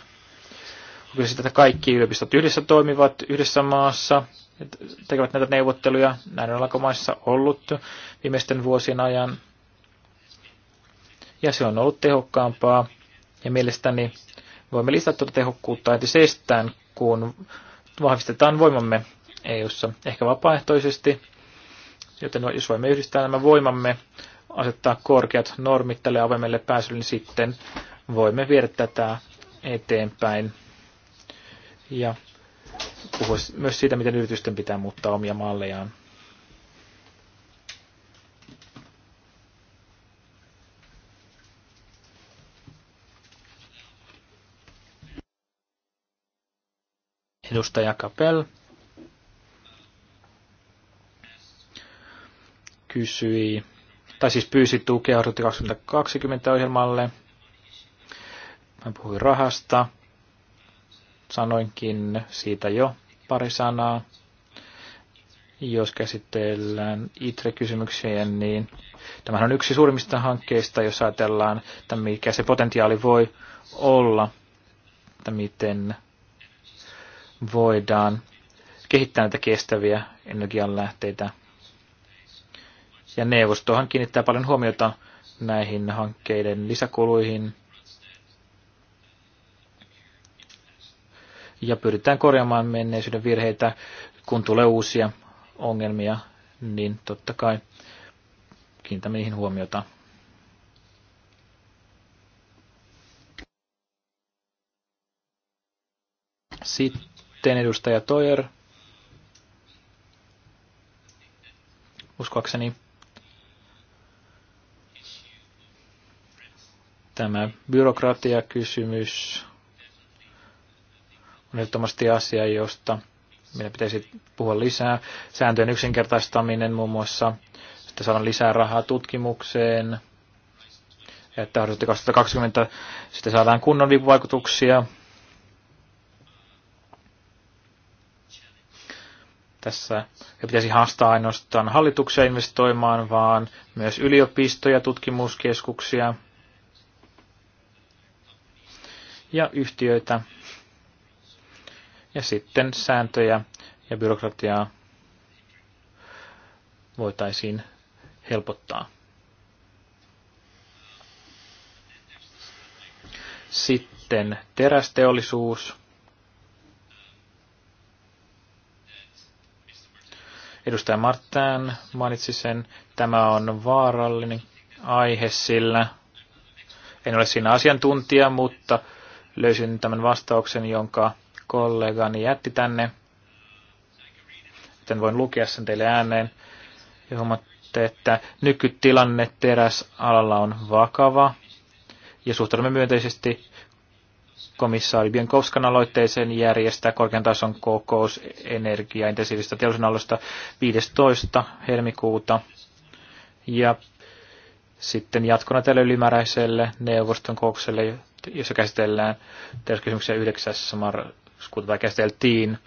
Kyllä sitä, että kaikki yliopistot yhdessä toimivat yhdessä maassa, tekevät näitä neuvotteluja. Näin on alkomaissa ollut viimeisten vuosien ajan. Ja se on ollut tehokkaampaa. Ja mielestäni voimme lisätä tuota tehokkuutta entisestään, kun vahvistetaan voimamme EU-ssa, ehkä vapaaehtoisesti. Joten jos voimme yhdistää nämä voimamme, asettaa korkeat normit tälle avoimelle pääsylle, niin sitten voimme viedä tätä eteenpäin ja puhuisi myös siitä, miten yritysten pitää muuttaa omia mallejaan. Edustaja Kapel kysyi, tai siis pyysi tukea Horti 2020 ohjelmalle. Hän puhui rahasta, sanoinkin siitä jo pari sanaa. Jos käsitellään ITRE-kysymyksiä, niin tämä on yksi suurimmista hankkeista, jos ajatellaan, että mikä se potentiaali voi olla, että miten voidaan kehittää näitä kestäviä energianlähteitä. Ja neuvostohan kiinnittää paljon huomiota näihin hankkeiden lisäkuluihin – ja pyritään korjaamaan menneisyyden virheitä, kun tulee uusia ongelmia, niin totta kai kiinnitämme niihin huomiota. Sitten edustaja Toyer. Uskoakseni tämä byrokratiakysymys on ehdottomasti asia, josta meidän pitäisi puhua lisää. Sääntöjen yksinkertaistaminen muun muassa, että saadaan lisää rahaa tutkimukseen, että 2020 sitten saadaan kunnon vaikutuksia. Tässä ei pitäisi haastaa ainoastaan hallituksia investoimaan, vaan myös yliopistoja, tutkimuskeskuksia ja yhtiöitä, ja sitten sääntöjä ja byrokratiaa voitaisiin helpottaa. Sitten terästeollisuus. Edustaja Martään mainitsi sen. Tämä on vaarallinen aihe, sillä en ole siinä asiantuntija, mutta löysin tämän vastauksen, jonka kollegani jätti tänne. Joten voin lukea sen teille ääneen. Ja huomatte, että nykytilanne teräsalalla on vakava. Ja suhtaudumme myönteisesti komissaari Bienkowskan aloitteeseen järjestää korkean tason kokous energiaintensiivistä teollisuudenaloista 15. helmikuuta. Ja sitten jatkona tälle ylimääräiselle neuvoston kokoukselle, jossa käsitellään terveyskysymyksiä 9. Mar- syyskuuta käsiteltiin.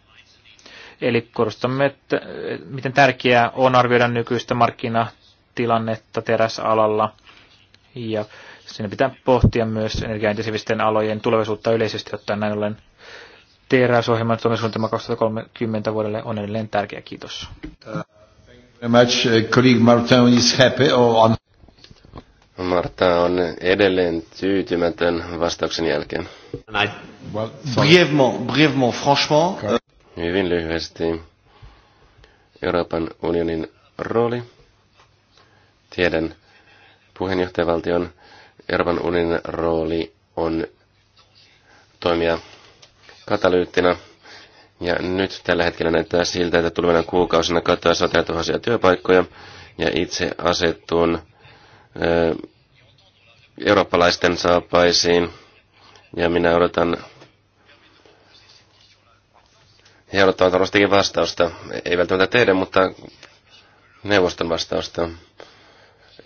Eli korostamme, että miten tärkeää on arvioida nykyistä markkinatilannetta teräsalalla. Ja siinä pitää pohtia myös energiaintensiivisten alojen tulevaisuutta yleisesti ottaen näin ollen teräsohjelman toimisuunnitelma 2030 vuodelle on edelleen tärkeä. Kiitos. Uh, thank you very much. Uh, colleague Martin is happy or Marta on edelleen tyytymätön vastauksen jälkeen. Brièvement, brièvement, franchement. Hyvin lyhyesti. Euroopan unionin rooli. Tiedän puheenjohtajavaltion Euroopan unionin rooli on toimia katalyyttina. Ja nyt tällä hetkellä näyttää siltä, että tulevana kuukausina katoaa satoja tuhansia työpaikkoja ja itse asettuun eurooppalaisten saapaisiin. Ja minä odotan, he odottavat varmastikin vastausta, ei välttämättä teidän, mutta neuvoston vastausta.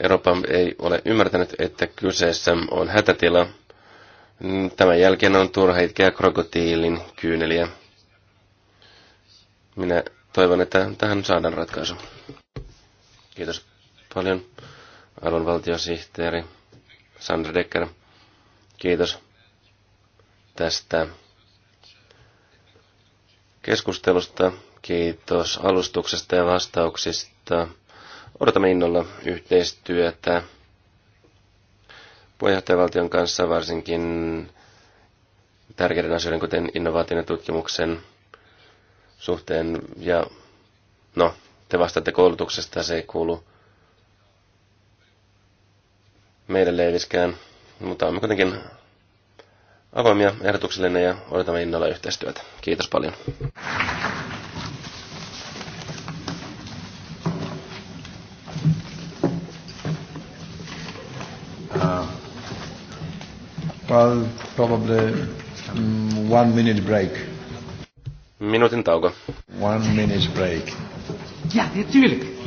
Eurooppa ei ole ymmärtänyt, että kyseessä on hätätila. Tämän jälkeen on turha itkeä krokotiilin kyyneliä. Minä toivon, että tähän saadaan ratkaisu. Kiitos paljon. Alun valtiosihteeri Sandra Decker, kiitos tästä keskustelusta. Kiitos alustuksesta ja vastauksista. Odotamme innolla yhteistyötä puheenjohtajavaltion kanssa varsinkin tärkeiden asioiden, kuten innovaation ja tutkimuksen suhteen. Ja no, te vastaatte koulutuksesta, se ei kuulu meidän leiviskään, mutta olemme kuitenkin avoimia ehdotuksellenne ja odotamme innolla yhteistyötä. Kiitos paljon. Uh, well, probably mm, one minute break. Minuutin tauko. One minute break. Ja, tietysti.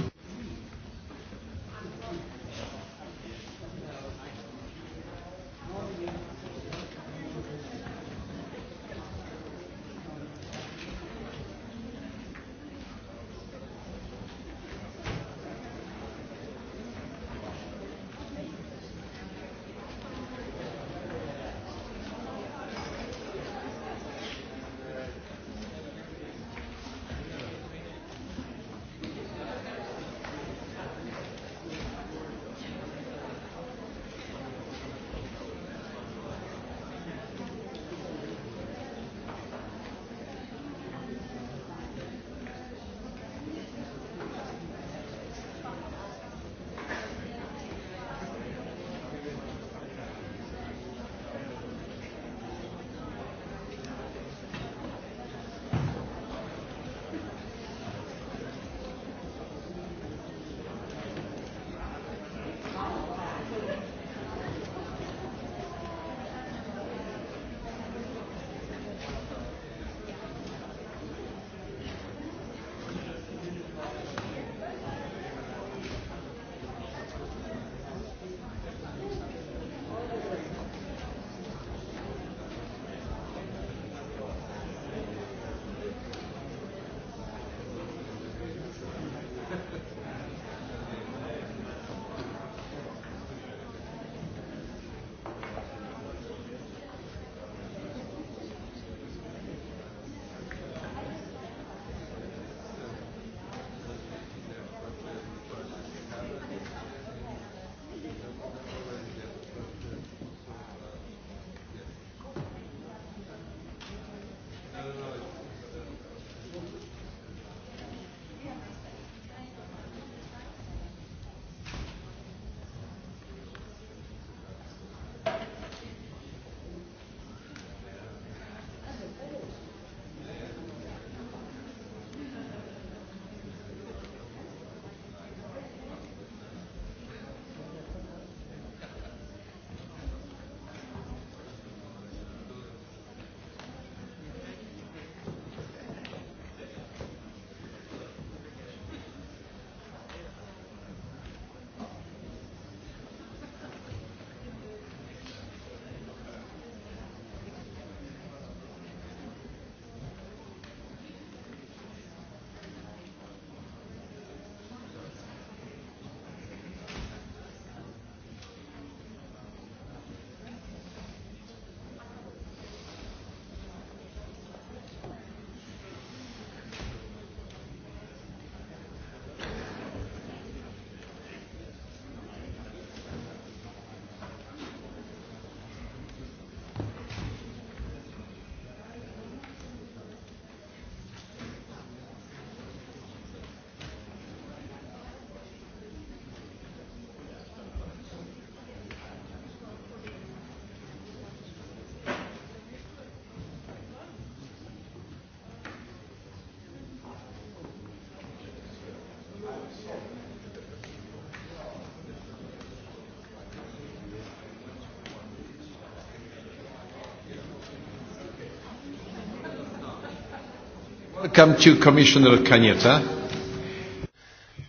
Welcome to Commissioner Kanieta.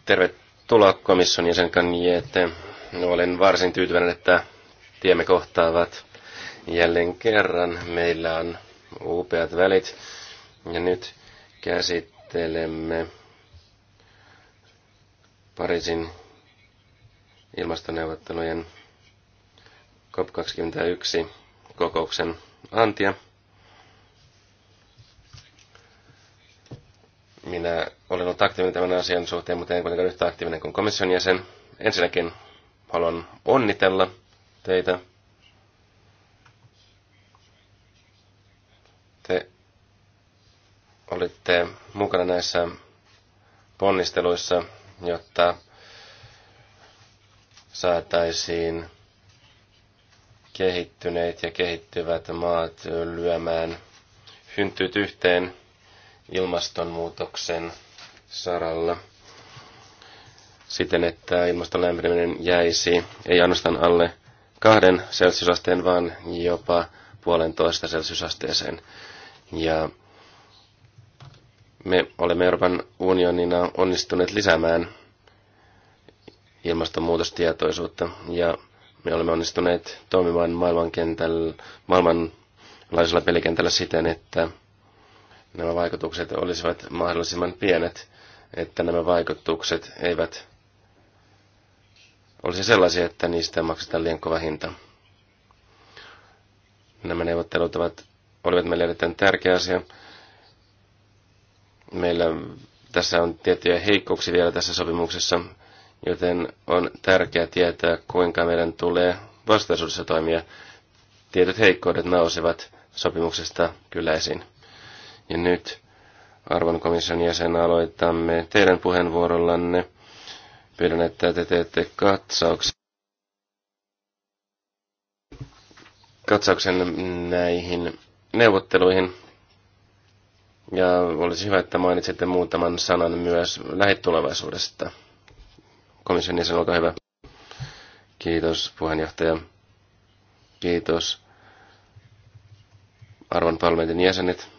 Tervetuloa komission jäsen Kaniete. Olen varsin tyytyväinen, että tiemme kohtaavat jälleen kerran. Meillä on upeat välit ja nyt käsittelemme Pariisin ilmastoneuvottelujen COP21 kokouksen antia. asian suhteen, mutta en kuitenkaan yhtä aktiivinen kuin komission jäsen. Ensinnäkin haluan onnitella teitä. Te olitte mukana näissä ponnisteluissa, jotta saataisiin kehittyneet ja kehittyvät maat lyömään hynttyyt yhteen ilmastonmuutoksen saralla siten, että ilmaston lämpeneminen jäisi ei ainoastaan alle kahden celsiusasteen, vaan jopa puolentoista celsiusasteeseen. Ja me olemme Euroopan unionina onnistuneet lisäämään ilmastonmuutostietoisuutta ja me olemme onnistuneet toimimaan maailmankentällä, maailmanlaisella pelikentällä siten, että nämä vaikutukset olisivat mahdollisimman pienet että nämä vaikutukset eivät olisi sellaisia, että niistä maksetaan liian kova hinta. Nämä neuvottelut ovat, olivat meille erittäin tärkeä asia. Meillä tässä on tiettyjä heikkouksia vielä tässä sopimuksessa, joten on tärkeää tietää, kuinka meidän tulee vastaisuudessa toimia. Tietyt heikkoudet nousevat sopimuksesta kyllä esiin. Ja nyt Arvon komission jäsen, aloitamme teidän puheenvuorollanne. Pyydän, että te teette katsauksen. katsauksen näihin neuvotteluihin. Ja olisi hyvä, että mainitsitte muutaman sanan myös lähitulevaisuudesta. Komission jäsen, olkaa hyvä. Kiitos puheenjohtaja. Kiitos arvon parlamentin jäsenet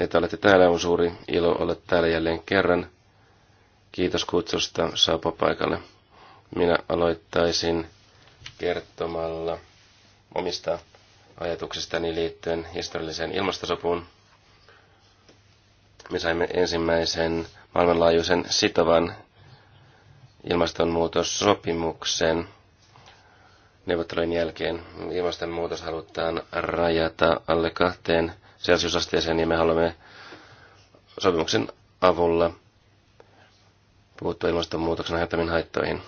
että olette täällä. On suuri ilo olla täällä jälleen kerran. Kiitos kutsusta Saapo paikalle. Minä aloittaisin kertomalla omista ajatuksistani liittyen historialliseen ilmastosopuun. Me saimme ensimmäisen maailmanlaajuisen sitovan ilmastonmuutossopimuksen neuvottelujen jälkeen. Ilmastonmuutos halutaan rajata alle kahteen celsiusasteeseen, niin me haluamme sopimuksen avulla puuttua ilmastonmuutoksen aiheuttamiin haittoihin.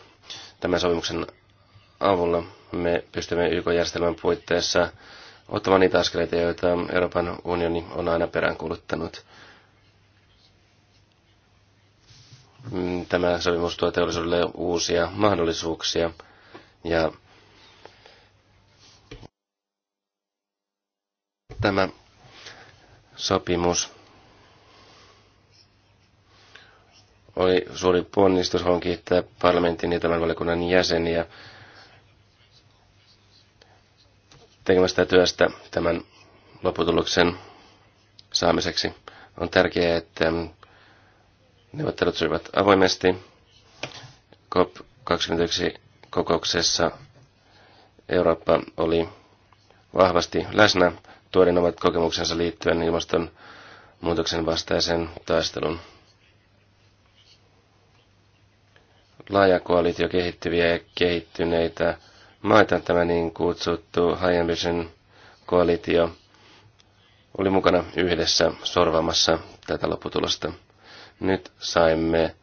Tämän sopimuksen avulla me pystymme YK-järjestelmän puitteissa ottamaan niitä askeleita, joita Euroopan unioni on aina peräänkuluttanut. Tämä sopimus tuo teollisuudelle uusia mahdollisuuksia ja tämä sopimus oli suuri ponnistus. Haluan kiittää parlamentin ja tämän valiokunnan jäseniä tekemästä työstä tämän lopputuloksen saamiseksi. On tärkeää, että neuvottelut sujuvat avoimesti. COP21 kokouksessa Eurooppa oli vahvasti läsnä tuoden omat kokemuksensa liittyen ilmastonmuutoksen vastaiseen taisteluun. Laaja koalitio kehittyviä ja kehittyneitä maita, tämä niin kutsuttu High Ambition koalitio, oli mukana yhdessä sorvamassa tätä lopputulosta. Nyt saimme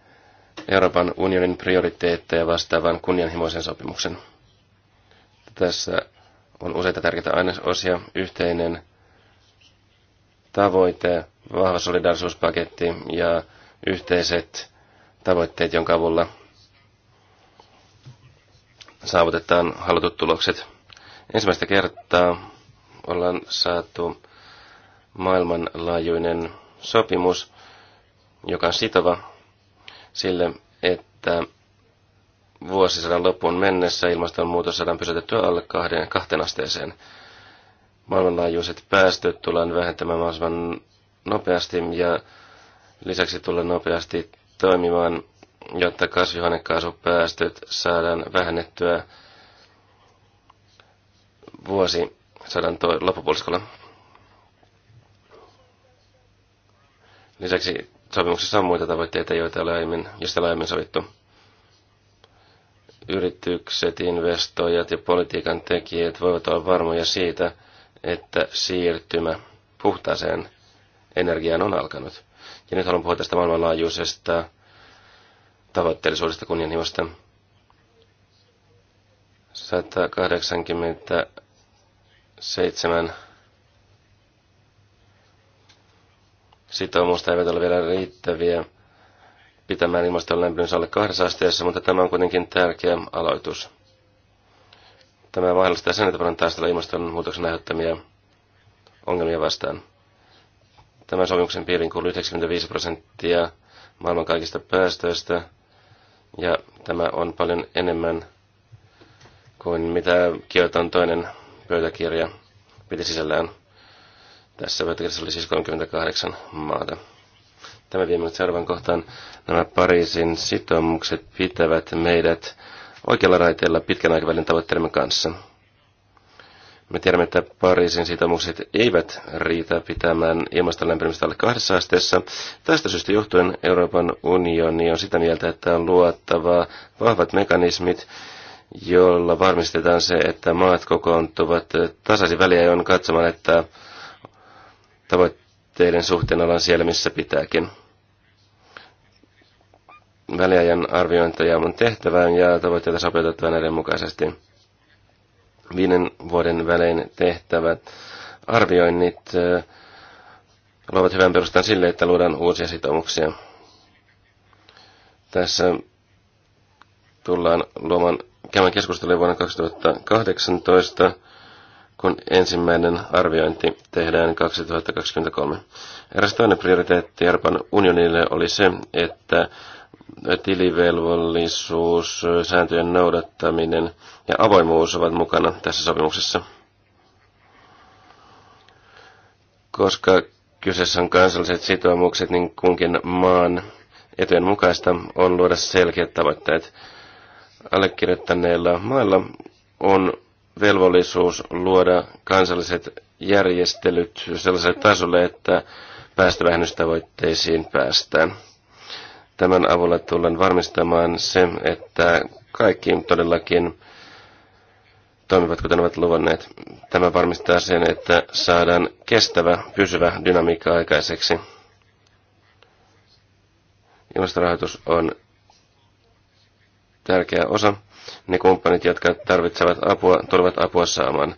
Euroopan unionin prioriteetteja vastaavan kunnianhimoisen sopimuksen. Tässä on useita tärkeitä ainesosia. Yhteinen tavoite, vahva solidarisuuspaketti ja yhteiset tavoitteet, jonka avulla saavutetaan halutut tulokset. Ensimmäistä kertaa ollaan saatu maailmanlaajuinen sopimus, joka on sitova sille, että vuosisadan loppuun mennessä ilmastonmuutos saadaan pysäytettyä alle kahden, kahteen asteeseen. Maailmanlaajuiset päästöt tullaan vähentämään mahdollisimman nopeasti ja lisäksi tullaan nopeasti toimimaan, jotta kasvihuonekaasupäästöt saadaan vähennettyä vuosisadan loppupuoliskolla. Lisäksi sopimuksessa on muita tavoitteita, joita ei ole aiemmin, joista ei ole aiemmin sovittu yritykset, investoijat ja politiikan tekijät voivat olla varmoja siitä, että siirtymä puhtaaseen energiaan on alkanut. Ja nyt haluan puhua tästä maailmanlaajuisesta tavoitteellisuudesta kunnianhimosta. 187 sitoumusta eivät ole vielä riittäviä pitämään ilmaston lämpimässä alle kahdessa asteessa, mutta tämä on kuitenkin tärkeä aloitus. Tämä mahdollistaa sen, että voidaan taistella ilmastonmuutoksen aiheuttamia ongelmia vastaan. Tämän sopimuksen piirin kuuluu 95 prosenttia maailman kaikista päästöistä, ja tämä on paljon enemmän kuin mitä Kioton toinen pöytäkirja piti sisällään. Tässä pöytäkirjassa oli siis 38 maata. Tämä vie minut seuraavan kohtaan. Nämä Pariisin sitoumukset pitävät meidät oikealla raiteella pitkän aikavälin tavoitteemme kanssa. Me tiedämme, että Pariisin sitoumukset eivät riitä pitämään ilmaston lämpenemistä alle kahdessa asteessa. Tästä syystä johtuen Euroopan unioni on sitä mieltä, että on luottava vahvat mekanismit, jolla varmistetaan se, että maat kokoontuvat tasaisin väliä, on katsomaan, että tavoitteet teidän suhteen ollaan siellä, missä pitääkin. Väliajan arviointeja on tehtävä ja tavoitteita sopeutettava näiden mukaisesti. Viiden vuoden välein tehtävät arvioinnit luovat hyvän perustan sille, että luodaan uusia sitoumuksia. Tässä tullaan luomaan käymään keskustelua vuonna 2018 kun ensimmäinen arviointi tehdään 2023. Eräs toinen prioriteetti Euroopan unionille oli se, että tilivelvollisuus, sääntöjen noudattaminen ja avoimuus ovat mukana tässä sopimuksessa. Koska kyseessä on kansalliset sitoumukset, niin kunkin maan etujen mukaista on luoda selkeät tavoitteet. Allekirjoittaneilla mailla on velvollisuus luoda kansalliset järjestelyt sellaiselle tasolle, että päästövähennystavoitteisiin päästään. Tämän avulla tullaan varmistamaan se, että kaikki todellakin toimivat, kuten ovat luvanneet. Tämä varmistaa sen, että saadaan kestävä, pysyvä dynamiikka aikaiseksi. Ilmastorahoitus on tärkeä osa ne kumppanit, jotka tarvitsevat apua, tulevat apua saamaan.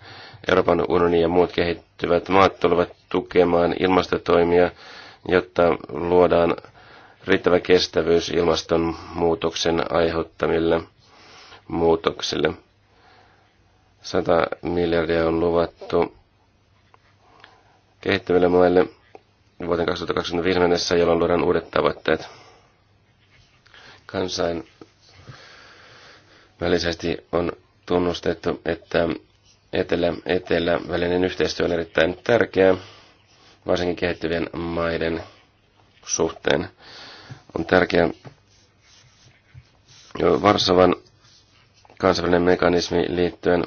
Euroopan unioni ja muut kehittyvät maat tulevat tukemaan ilmastotoimia, jotta luodaan riittävä kestävyys ilmastonmuutoksen aiheuttamille muutoksille. 100 miljardia on luvattu kehittyville maille vuoteen 2025 mennessä, jolloin luodaan uudet tavoitteet. Kansain Välisesti on tunnustettu, että etelä-etelä välinen yhteistyö on erittäin tärkeää, varsinkin kehittyvien maiden suhteen. On tärkeää Varsovan kansainvälinen mekanismi liittyen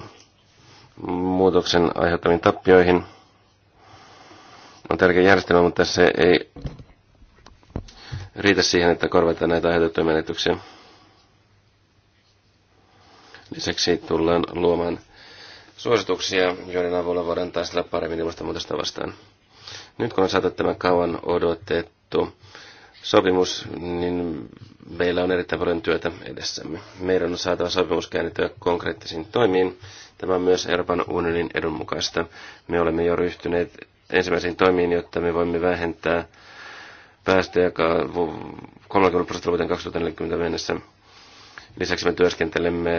muutoksen aiheuttamiin tappioihin. On tärkeä järjestelmä, mutta se ei riitä siihen, että korvataan näitä aiheutettuja menetyksiä. Lisäksi tullaan luomaan suosituksia, joiden avulla voidaan taistella paremmin ilmastonmuutosta vastaan. Nyt kun on saatu tämä kauan odotettu sopimus, niin meillä on erittäin paljon työtä edessämme. Meidän on saatava sopimus käännettyä konkreettisiin toimiin. Tämä on myös Euroopan unionin edun mukaista. Me olemme jo ryhtyneet ensimmäisiin toimiin, jotta me voimme vähentää päästöjä 30 prosenttia vuoteen 2040 mennessä Lisäksi me työskentelemme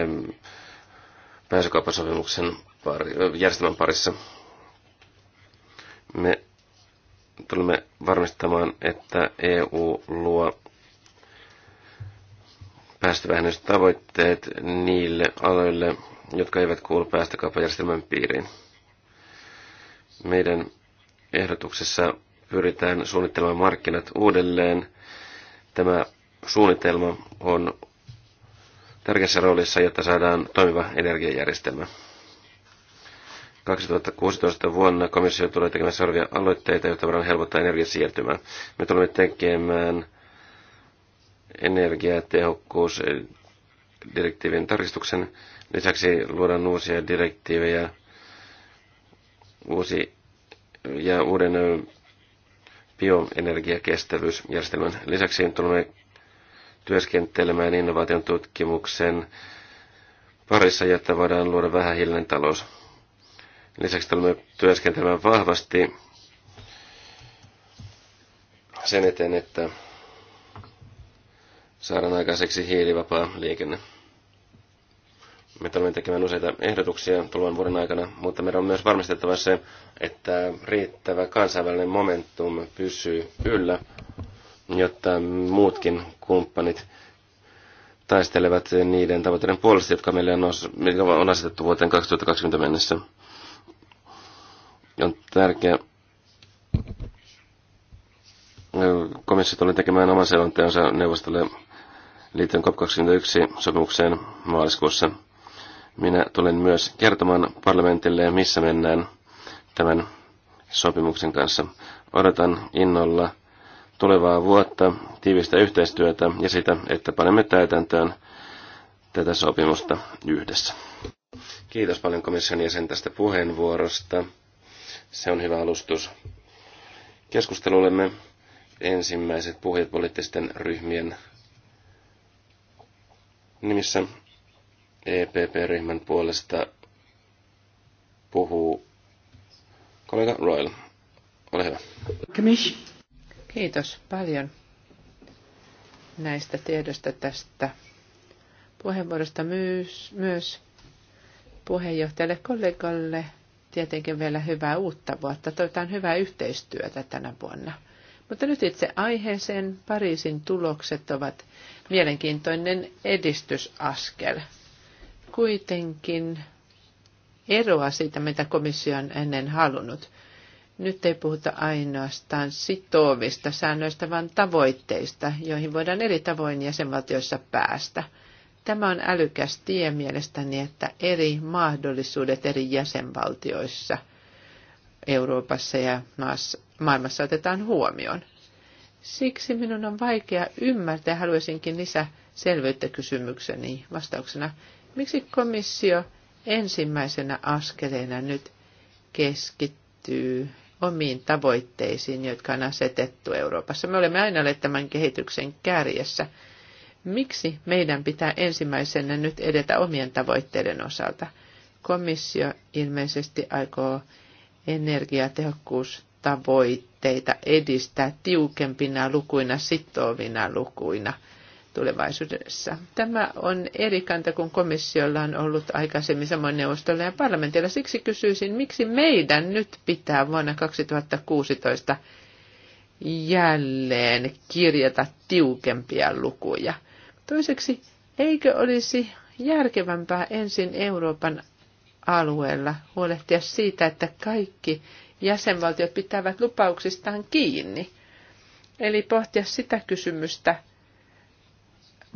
pääsykauppasopimuksen pari, järjestelmän parissa. Me tulemme varmistamaan, että EU luo päästövähennystavoitteet niille aloille, jotka eivät kuulu päästökaupajärjestelmän piiriin. Meidän ehdotuksessa pyritään suunnittelemaan markkinat uudelleen. Tämä suunnitelma on tärkeässä roolissa, jotta saadaan toimiva energiajärjestelmä. 2016 vuonna komissio tulee tekemään seuraavia aloitteita, jotta voidaan helpottaa energiasiirtymää. Me tulemme tekemään energiatehokkuusdirektiivin tarkistuksen. Lisäksi luodaan uusia direktiivejä uusi ja uuden bioenergiakestävyysjärjestelmän lisäksi tulemme työskentelemään innovaation tutkimuksen parissa, jotta voidaan luoda vähähiilinen talous. Lisäksi tulemme työskentelemään vahvasti sen eteen, että saadaan aikaiseksi hiilivapaa liikenne. Me tulemme tekemään useita ehdotuksia tulevan vuoden aikana, mutta meidän on myös varmistettava se, että riittävä kansainvälinen momentum pysyy yllä jotta muutkin kumppanit taistelevat niiden tavoitteiden puolesta, jotka meille on, os, on asetettu vuoteen 2020 mennessä. On tärkeää. Äh, komissio tuli tekemään oman selonteonsa neuvostolle liittyen COP21 sopimukseen maaliskuussa. Minä tulen myös kertomaan parlamentille, missä mennään tämän sopimuksen kanssa. Odotan innolla tulevaa vuotta, tiivistä yhteistyötä ja sitä, että panemme täytäntöön tätä sopimusta yhdessä. Kiitos paljon komission jäsen tästä puheenvuorosta. Se on hyvä alustus keskustelullemme. Ensimmäiset puhujat poliittisten ryhmien nimissä EPP-ryhmän puolesta puhuu kollega Royal. Ole hyvä. Commission. Kiitos paljon näistä tiedosta tästä puheenvuorosta myös, myös puheenjohtajalle kollegalle tietenkin vielä hyvää uutta vuotta. Toivotaan hyvää yhteistyötä tänä vuonna. Mutta nyt itse aiheeseen Pariisin tulokset ovat mielenkiintoinen edistysaskel. Kuitenkin eroa siitä, mitä komissio on ennen halunnut. Nyt ei puhuta ainoastaan sitovista säännöistä, vaan tavoitteista, joihin voidaan eri tavoin jäsenvaltioissa päästä. Tämä on älykäs tie mielestäni, että eri mahdollisuudet eri jäsenvaltioissa Euroopassa ja maassa, maailmassa otetaan huomioon. Siksi minun on vaikea ymmärtää, haluaisinkin lisää selvyyttä kysymykseni vastauksena, miksi komissio ensimmäisenä askeleena nyt keskittyy omiin tavoitteisiin, jotka on asetettu Euroopassa. Me olemme aina olleet tämän kehityksen kärjessä. Miksi meidän pitää ensimmäisenä nyt edetä omien tavoitteiden osalta? Komissio ilmeisesti aikoo energiatehokkuustavoitteita edistää tiukempina lukuina, sitovina lukuina – tulevaisuudessa. Tämä on eri kanta kuin komissiolla on ollut aikaisemmin samoin neuvostolla ja parlamentilla. Siksi kysyisin, miksi meidän nyt pitää vuonna 2016 jälleen kirjata tiukempia lukuja. Toiseksi, eikö olisi järkevämpää ensin Euroopan alueella huolehtia siitä, että kaikki jäsenvaltiot pitävät lupauksistaan kiinni? Eli pohtia sitä kysymystä,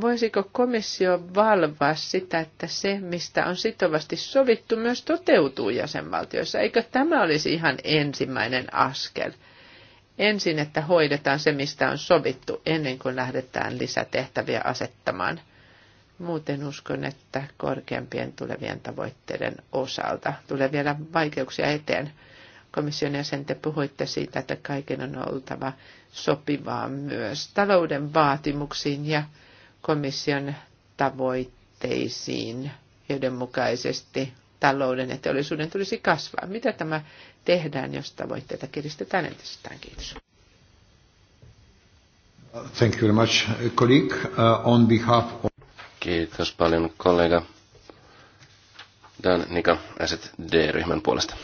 voisiko komissio valvoa sitä, että se, mistä on sitovasti sovittu, myös toteutuu jäsenvaltioissa? Eikö tämä olisi ihan ensimmäinen askel? Ensin, että hoidetaan se, mistä on sovittu, ennen kuin lähdetään lisätehtäviä asettamaan. Muuten uskon, että korkeampien tulevien tavoitteiden osalta tulee vielä vaikeuksia eteen. Komission jäsen, te puhuitte siitä, että kaiken on oltava sopivaa myös talouden vaatimuksiin ja komission tavoitteisiin joidenmukaisesti talouden ja teollisuuden tulisi kasvaa. Mitä tämä tehdään, jos tavoitteita kiristetään entisestään? Kiitos. Thank you very much, colleague. Uh, on behalf of... Kiitos paljon, kollega. Dan Nica, d ryhmän puolesta.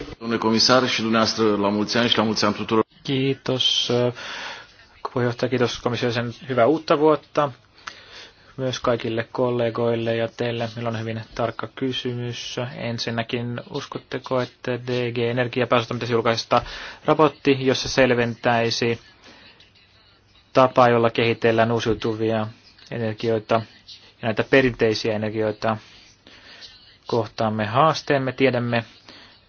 Kiitos uh, puheenjohtaja, kiitos komission hyvää uutta vuotta myös kaikille kollegoille ja teille. Meillä on hyvin tarkka kysymys. Ensinnäkin, uskotteko, että DG Energia pitäisi julkaista raportti, jossa selventäisi tapa, jolla kehitellään uusiutuvia energioita ja näitä perinteisiä energioita kohtaamme haasteemme. Tiedämme,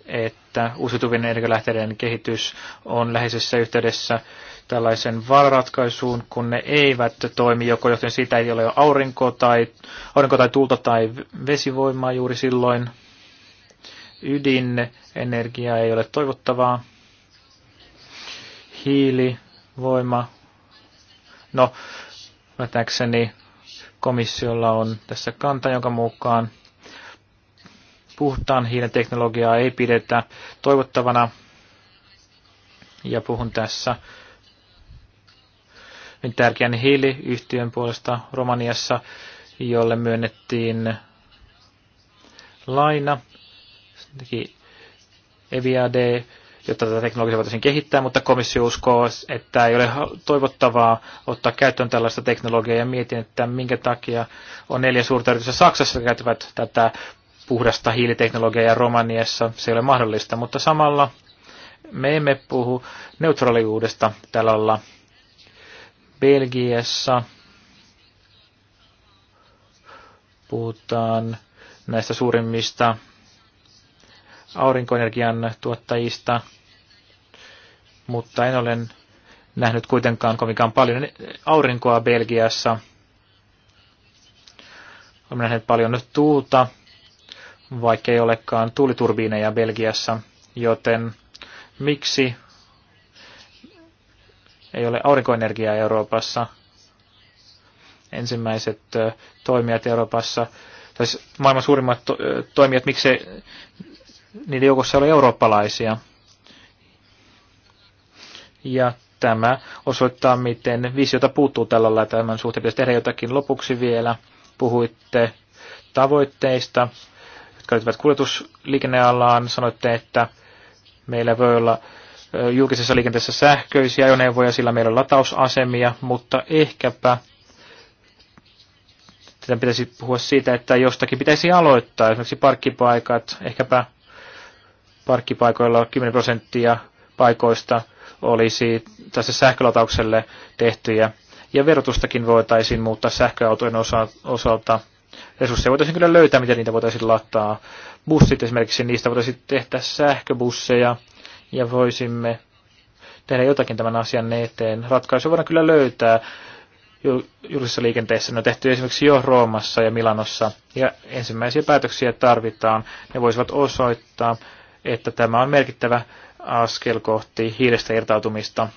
että uusiutuvien energialähteiden kehitys on läheisessä yhteydessä tällaisen valratkaisuun, kun ne eivät toimi, joko joten siitä ei ole aurinko tai, aurinko tai tuulta tai vesivoimaa juuri silloin. Ydinenergia ei ole toivottavaa. Hiilivoima. No, nähdäkseni komissiolla on tässä kanta, jonka mukaan puhtaan hiilen teknologiaa ei pidetä toivottavana. Ja puhun tässä niin tärkeän hiiliyhtiön puolesta Romaniassa, jolle myönnettiin laina, EVAD, jotta tätä teknologiaa voitaisiin kehittää, mutta komissio uskoo, että ei ole toivottavaa ottaa käyttöön tällaista teknologiaa ja mietin, että minkä takia on neljä suurta yritystä Saksassa käyttävät tätä puhdasta hiiliteknologiaa ja Romaniassa se ei ole mahdollista, mutta samalla me emme puhu neutraaliuudesta tällä lailla Belgiassa puhutaan näistä suurimmista aurinkoenergian tuottajista, mutta en ole nähnyt kuitenkaan kovinkaan paljon aurinkoa Belgiassa. Olen nähnyt paljon nyt tuulta, vaikka ei olekaan tuuliturbiineja Belgiassa, joten miksi ei ole aurinkoenergiaa Euroopassa. Ensimmäiset toimijat Euroopassa, tai siis maailman suurimmat to- toimijat, miksi niiden joukossa ole eurooppalaisia. Ja tämä osoittaa, miten visiota puuttuu tällä lailla. Tämän suhteen pitäisi tehdä jotakin lopuksi vielä. Puhuitte tavoitteista, jotka liittyvät kuljetusliikennealaan. Sanoitte, että meillä voi olla julkisessa liikenteessä sähköisiä ajoneuvoja, sillä meillä on latausasemia, mutta ehkäpä tätä pitäisi puhua siitä, että jostakin pitäisi aloittaa, esimerkiksi parkkipaikat, ehkäpä parkkipaikoilla 10 prosenttia paikoista olisi tässä sähkölataukselle tehtyjä. Ja verotustakin voitaisiin muuttaa sähköautojen osalta. Resursseja voitaisiin kyllä löytää, miten niitä voitaisiin lataa. Bussit esimerkiksi, niistä voitaisiin tehdä sähköbusseja, ja voisimme tehdä jotakin tämän asian eteen. Ratkaisu voidaan kyllä löytää julkisessa liikenteessä. Ne on tehty esimerkiksi jo Roomassa ja Milanossa, ja ensimmäisiä päätöksiä tarvitaan. Ne voisivat osoittaa, että tämä on merkittävä askel kohti hiilestä irtautumista.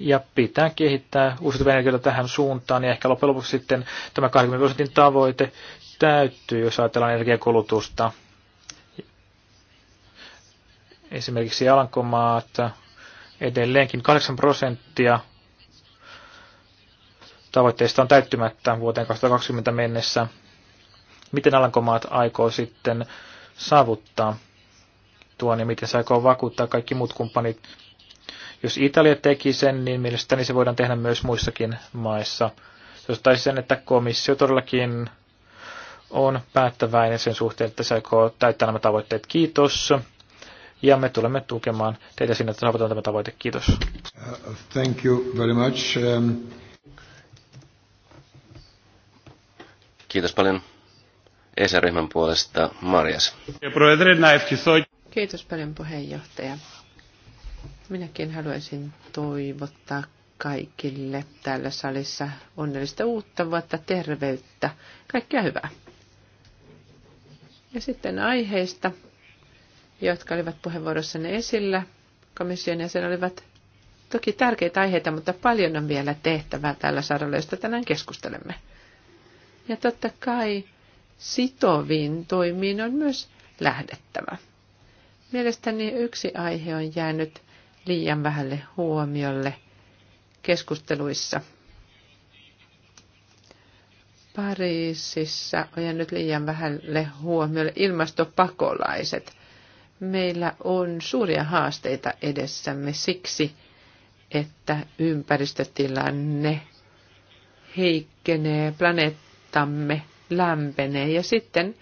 Ja pitää kehittää uusiutuvia energioita tähän suuntaan, ja ehkä loppujen lopuksi sitten tämä 20 prosentin tavoite täyttyy, jos ajatellaan energiakulutusta esimerkiksi Alankomaat edelleenkin 8 prosenttia tavoitteista on täyttymättä vuoteen 2020 mennessä. Miten Alankomaat aikoo sitten saavuttaa tuon ja miten se aikoo vakuuttaa kaikki muut kumppanit? Jos Italia teki sen, niin mielestäni se voidaan tehdä myös muissakin maissa. jos taisi sen, että komissio todellakin on päättäväinen sen suhteen, että se aikoo täyttää nämä tavoitteet. Kiitos ja me tulemme tukemaan teitä sinne että saavutetaan tämä tavoite. Kiitos. Uh, thank you very much. Um... Kiitos paljon ESA-ryhmän puolesta Marjas. Kiitos paljon puheenjohtaja. Minäkin haluaisin toivottaa kaikille täällä salissa onnellista uutta vuotta, terveyttä, kaikkea hyvää. Ja sitten aiheesta, jotka olivat puheenvuorossanne esillä. Komission jäsen olivat toki tärkeitä aiheita, mutta paljon on vielä tehtävää tällä saralla, josta tänään keskustelemme. Ja totta kai sitoviin toimiin on myös lähdettävä. Mielestäni yksi aihe on jäänyt liian vähälle huomiolle keskusteluissa. Pariisissa on jäänyt liian vähälle huomiolle ilmastopakolaiset meillä on suuria haasteita edessämme siksi, että ympäristötilanne heikkenee, planeettamme lämpenee ja sitten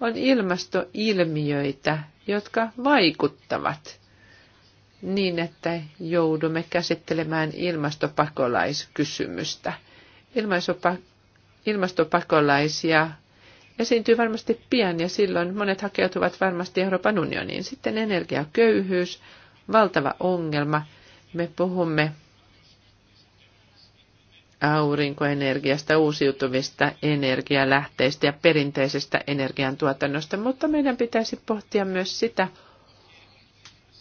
on ilmastoilmiöitä, jotka vaikuttavat niin, että joudumme käsittelemään ilmastopakolaiskysymystä. ilmastopakolaisia esiintyy varmasti pian ja silloin monet hakeutuvat varmasti Euroopan unioniin. Sitten energiaköyhyys, valtava ongelma. Me puhumme aurinkoenergiasta, uusiutuvista energialähteistä ja perinteisestä energiantuotannosta, mutta meidän pitäisi pohtia myös sitä,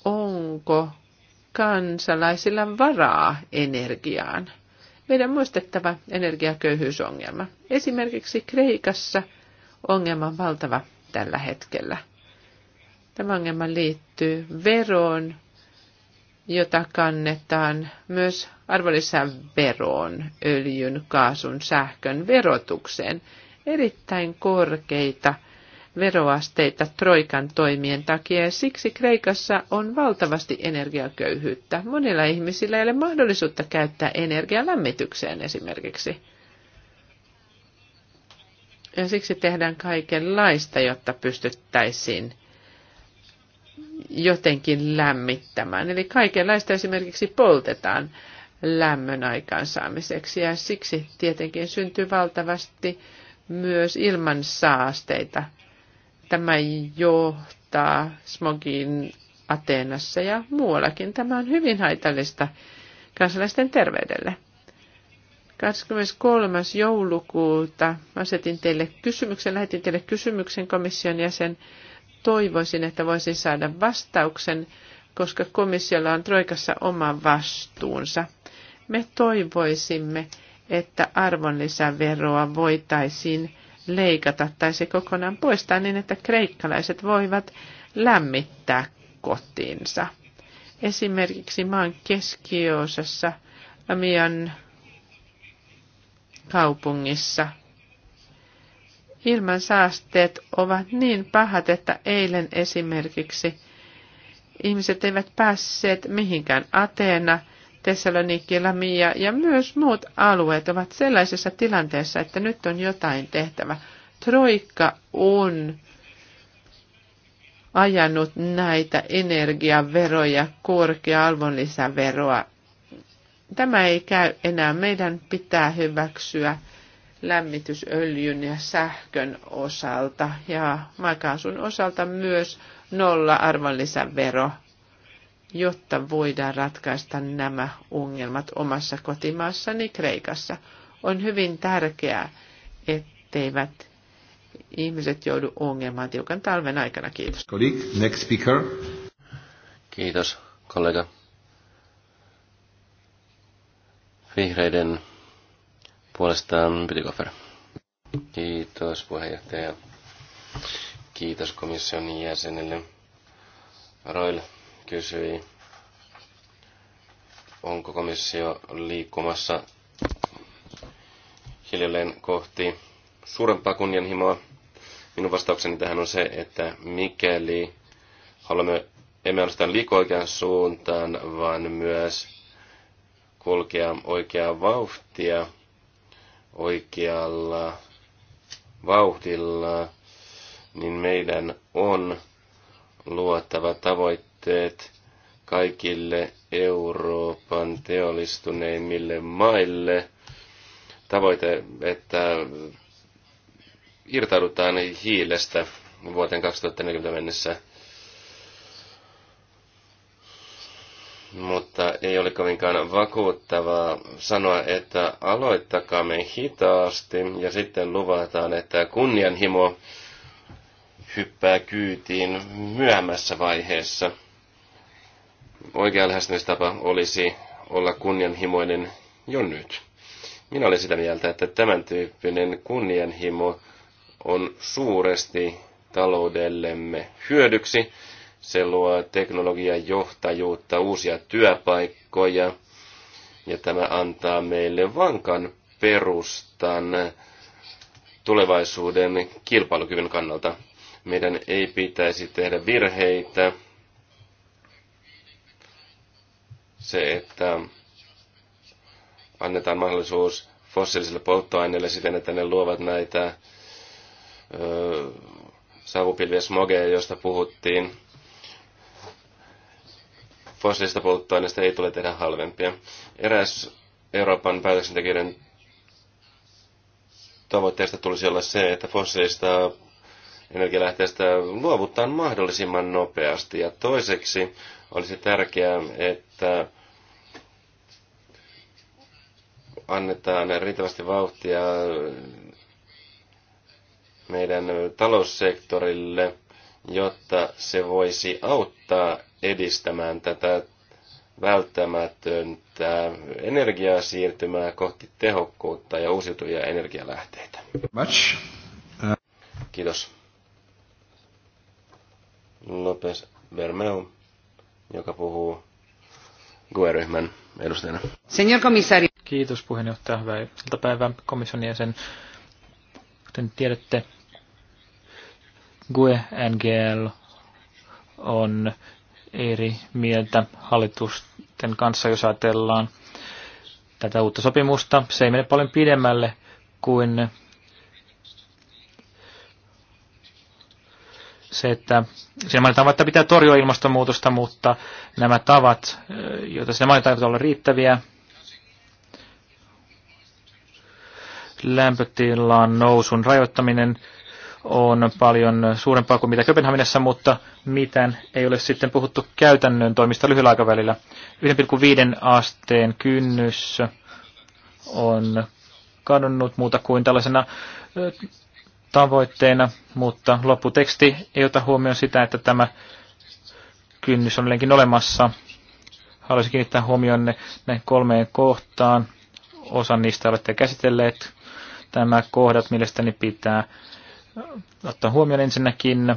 onko kansalaisilla varaa energiaan. Meidän muistettava energiaköyhyysongelma. Esimerkiksi Kreikassa – ongelma on valtava tällä hetkellä. Tämä ongelma liittyy veroon, jota kannetaan myös arvonlisäveroon, öljyn, kaasun, sähkön verotukseen. Erittäin korkeita veroasteita Troikan toimien takia ja siksi Kreikassa on valtavasti energiaköyhyyttä. Monilla ihmisillä ei ole mahdollisuutta käyttää energiaa esimerkiksi. Ja siksi tehdään kaikenlaista, jotta pystyttäisiin jotenkin lämmittämään. Eli kaikenlaista esimerkiksi poltetaan lämmön aikaansaamiseksi ja siksi tietenkin syntyy valtavasti myös ilman saasteita. Tämä johtaa smogiin Ateenassa ja muuallakin. Tämä on hyvin haitallista kansalaisten terveydelle. 23. joulukuuta asetin teille kysymyksen, lähetin teille kysymyksen komission jäsen. Toivoisin, että voisin saada vastauksen, koska komissiolla on Troikassa oma vastuunsa. Me toivoisimme, että arvonlisäveroa voitaisiin leikata tai se kokonaan poistaa niin, että kreikkalaiset voivat lämmittää kotinsa. Esimerkiksi maan keskiosassa Amian kaupungissa. Ilman saasteet ovat niin pahat, että eilen esimerkiksi ihmiset eivät päässeet mihinkään. Ateena, Thessaloniki, Lamia ja myös muut alueet ovat sellaisessa tilanteessa, että nyt on jotain tehtävä. Troikka on ajanut näitä energiaveroja, korkea alvonlisäveroa Tämä ei käy enää. Meidän pitää hyväksyä lämmitysöljyn ja sähkön osalta ja maakaasun osalta myös nolla arvonlisävero, jotta voidaan ratkaista nämä ongelmat omassa kotimaassani Kreikassa. On hyvin tärkeää, etteivät ihmiset joudu ongelmaan tiukan talven aikana. Kiitos. Next speaker. Kiitos, kollega. Vihreiden puolestaan Pytikofer. Kiitos puheenjohtaja. Kiitos komission jäsenelle. Roil kysyi, onko komissio liikkumassa hiljalleen kohti suurempaa kunnianhimoa. Minun vastaukseni tähän on se, että mikäli haluamme, emme ainoastaan liiku oikeaan suuntaan, vaan myös kulkea oikeaa vauhtia, oikealla vauhdilla, niin meidän on luottava tavoitteet kaikille Euroopan teollistuneimmille maille. Tavoite, että irtaudutaan hiilestä vuoteen 2040 mennessä. mutta ei ole kovinkaan vakuuttavaa sanoa, että aloittakaamme hitaasti ja sitten luvataan, että kunnianhimo hyppää kyytiin myöhemmässä vaiheessa. Oikea lähestymistapa olisi olla kunnianhimoinen jo nyt. Minä olen sitä mieltä, että tämän tyyppinen kunnianhimo on suuresti taloudellemme hyödyksi se luo teknologian johtajuutta, uusia työpaikkoja ja tämä antaa meille vankan perustan tulevaisuuden kilpailukyvyn kannalta. Meidän ei pitäisi tehdä virheitä. Se, että annetaan mahdollisuus fossiilisille polttoaineille siten, että ne luovat näitä ö, savupilviä smogeja, joista puhuttiin fossiilista polttoaineista ei tule tehdä halvempia. Eräs Euroopan päätöksentekijöiden tavoitteesta tulisi olla se, että fossiilista energialähteistä luovuttaan mahdollisimman nopeasti. Ja toiseksi olisi tärkeää, että annetaan riittävästi vauhtia meidän taloussektorille, jotta se voisi auttaa edistämään tätä välttämätöntä energiaa siirtymää kohti tehokkuutta ja uusiutuvia energialähteitä. Much. Kiitos. Lopes Bermeu, joka puhuu GUE-ryhmän edustajana. Senior komissari. Kiitos puheenjohtaja. Hyvää iltapäivää komission jäsen. Kuten tiedätte, GUE NGL on eri mieltä hallitusten kanssa, jos ajatellaan tätä uutta sopimusta. Se ei mene paljon pidemmälle kuin se, että siinä mainitaan, että pitää torjua ilmastonmuutosta, mutta nämä tavat, joita siinä mainitaan, eivät ole riittäviä. Lämpötilan nousun rajoittaminen, on paljon suurempaa kuin mitä Köpenhaminassa, mutta mitään ei ole sitten puhuttu käytännön toimista lyhyellä aikavälillä. 1,5 asteen kynnys on kadonnut muuta kuin tällaisena tavoitteena, mutta lopputeksti ei ota huomioon sitä, että tämä kynnys on edelleenkin olemassa. Haluaisin kiinnittää huomioon ne kolmeen kohtaan. Osa niistä olette käsitelleet. Tämä kohdat mielestäni pitää ottaa huomioon ensinnäkin,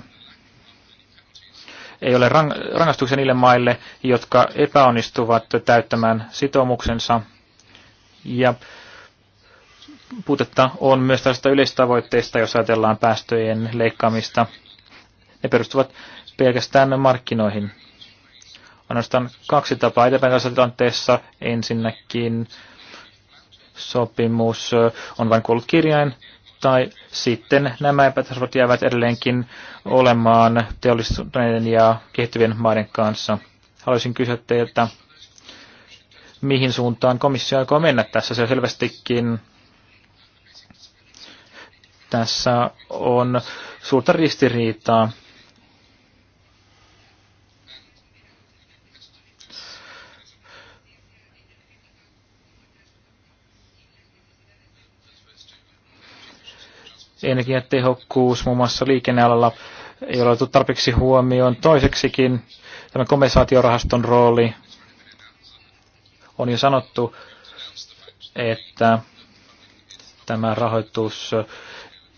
ei ole rang- rangaistuksia niille maille, jotka epäonnistuvat täyttämään sitoumuksensa. Ja puutetta on myös tästä yleistavoitteista, jos ajatellaan päästöjen leikkaamista. Ne perustuvat pelkästään markkinoihin. On ainoastaan kaksi tapaa eteenpäin tässä tilanteessa. Ensinnäkin sopimus on vain kuollut kirjain, tai sitten nämä epätasot jäävät edelleenkin olemaan teollistuneiden ja kehittyvien maiden kanssa. Haluaisin kysyä teiltä, mihin suuntaan komissio aikoo mennä tässä. Se on selvästikin tässä on suurta ristiriitaa energiatehokkuus muun muassa liikennealalla ei ole otettu tarpeeksi huomioon. Toiseksikin tämä kompensaatiorahaston rooli on jo sanottu, että tämä rahoitus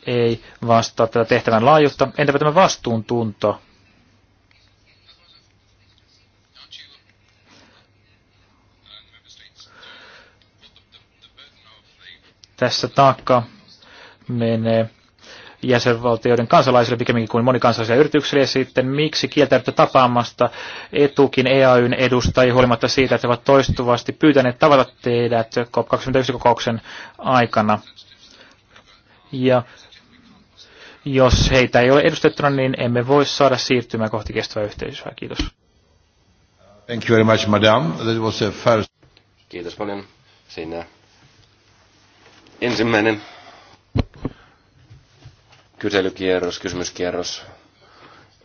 ei vastaa tätä tehtävän laajuutta. Entäpä tämä vastuuntunto? Tässä taakka menee jäsenvaltioiden kansalaisille pikemminkin kuin monikansallisille yrityksille, ja sitten miksi kieltäytyy tapaamasta etukin EAYn edustajia huolimatta siitä, että he ovat toistuvasti pyytäneet tavata teidät COP21-kokouksen aikana. Ja jos heitä ei ole edustettuna, niin emme voi saada siirtymään kohti kestävää yhteisöä. Kiitos. Thank you very much, madam. That was the first... Kiitos paljon. Siinä ensimmäinen kyselykierros, kysymyskierros.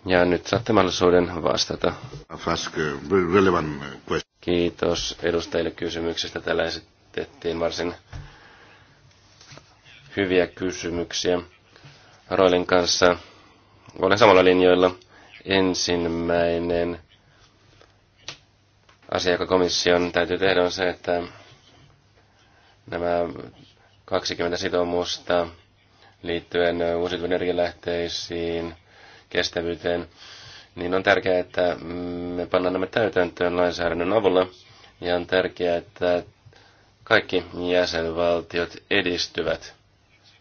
Ja nyt saatte mahdollisuuden vastata. Uh, Kiitos edustajille kysymyksestä. Täällä esitettiin varsin hyviä kysymyksiä. Roilin kanssa olen samalla linjoilla. Ensimmäinen asia, joka komission täytyy tehdä, on se, että nämä 20 sitoumusta liittyen uusiutuvien energialähteisiin, kestävyyteen, niin on tärkeää, että mm, me pannaan nämä täytäntöön lainsäädännön avulla. Ja on tärkeää, että kaikki jäsenvaltiot edistyvät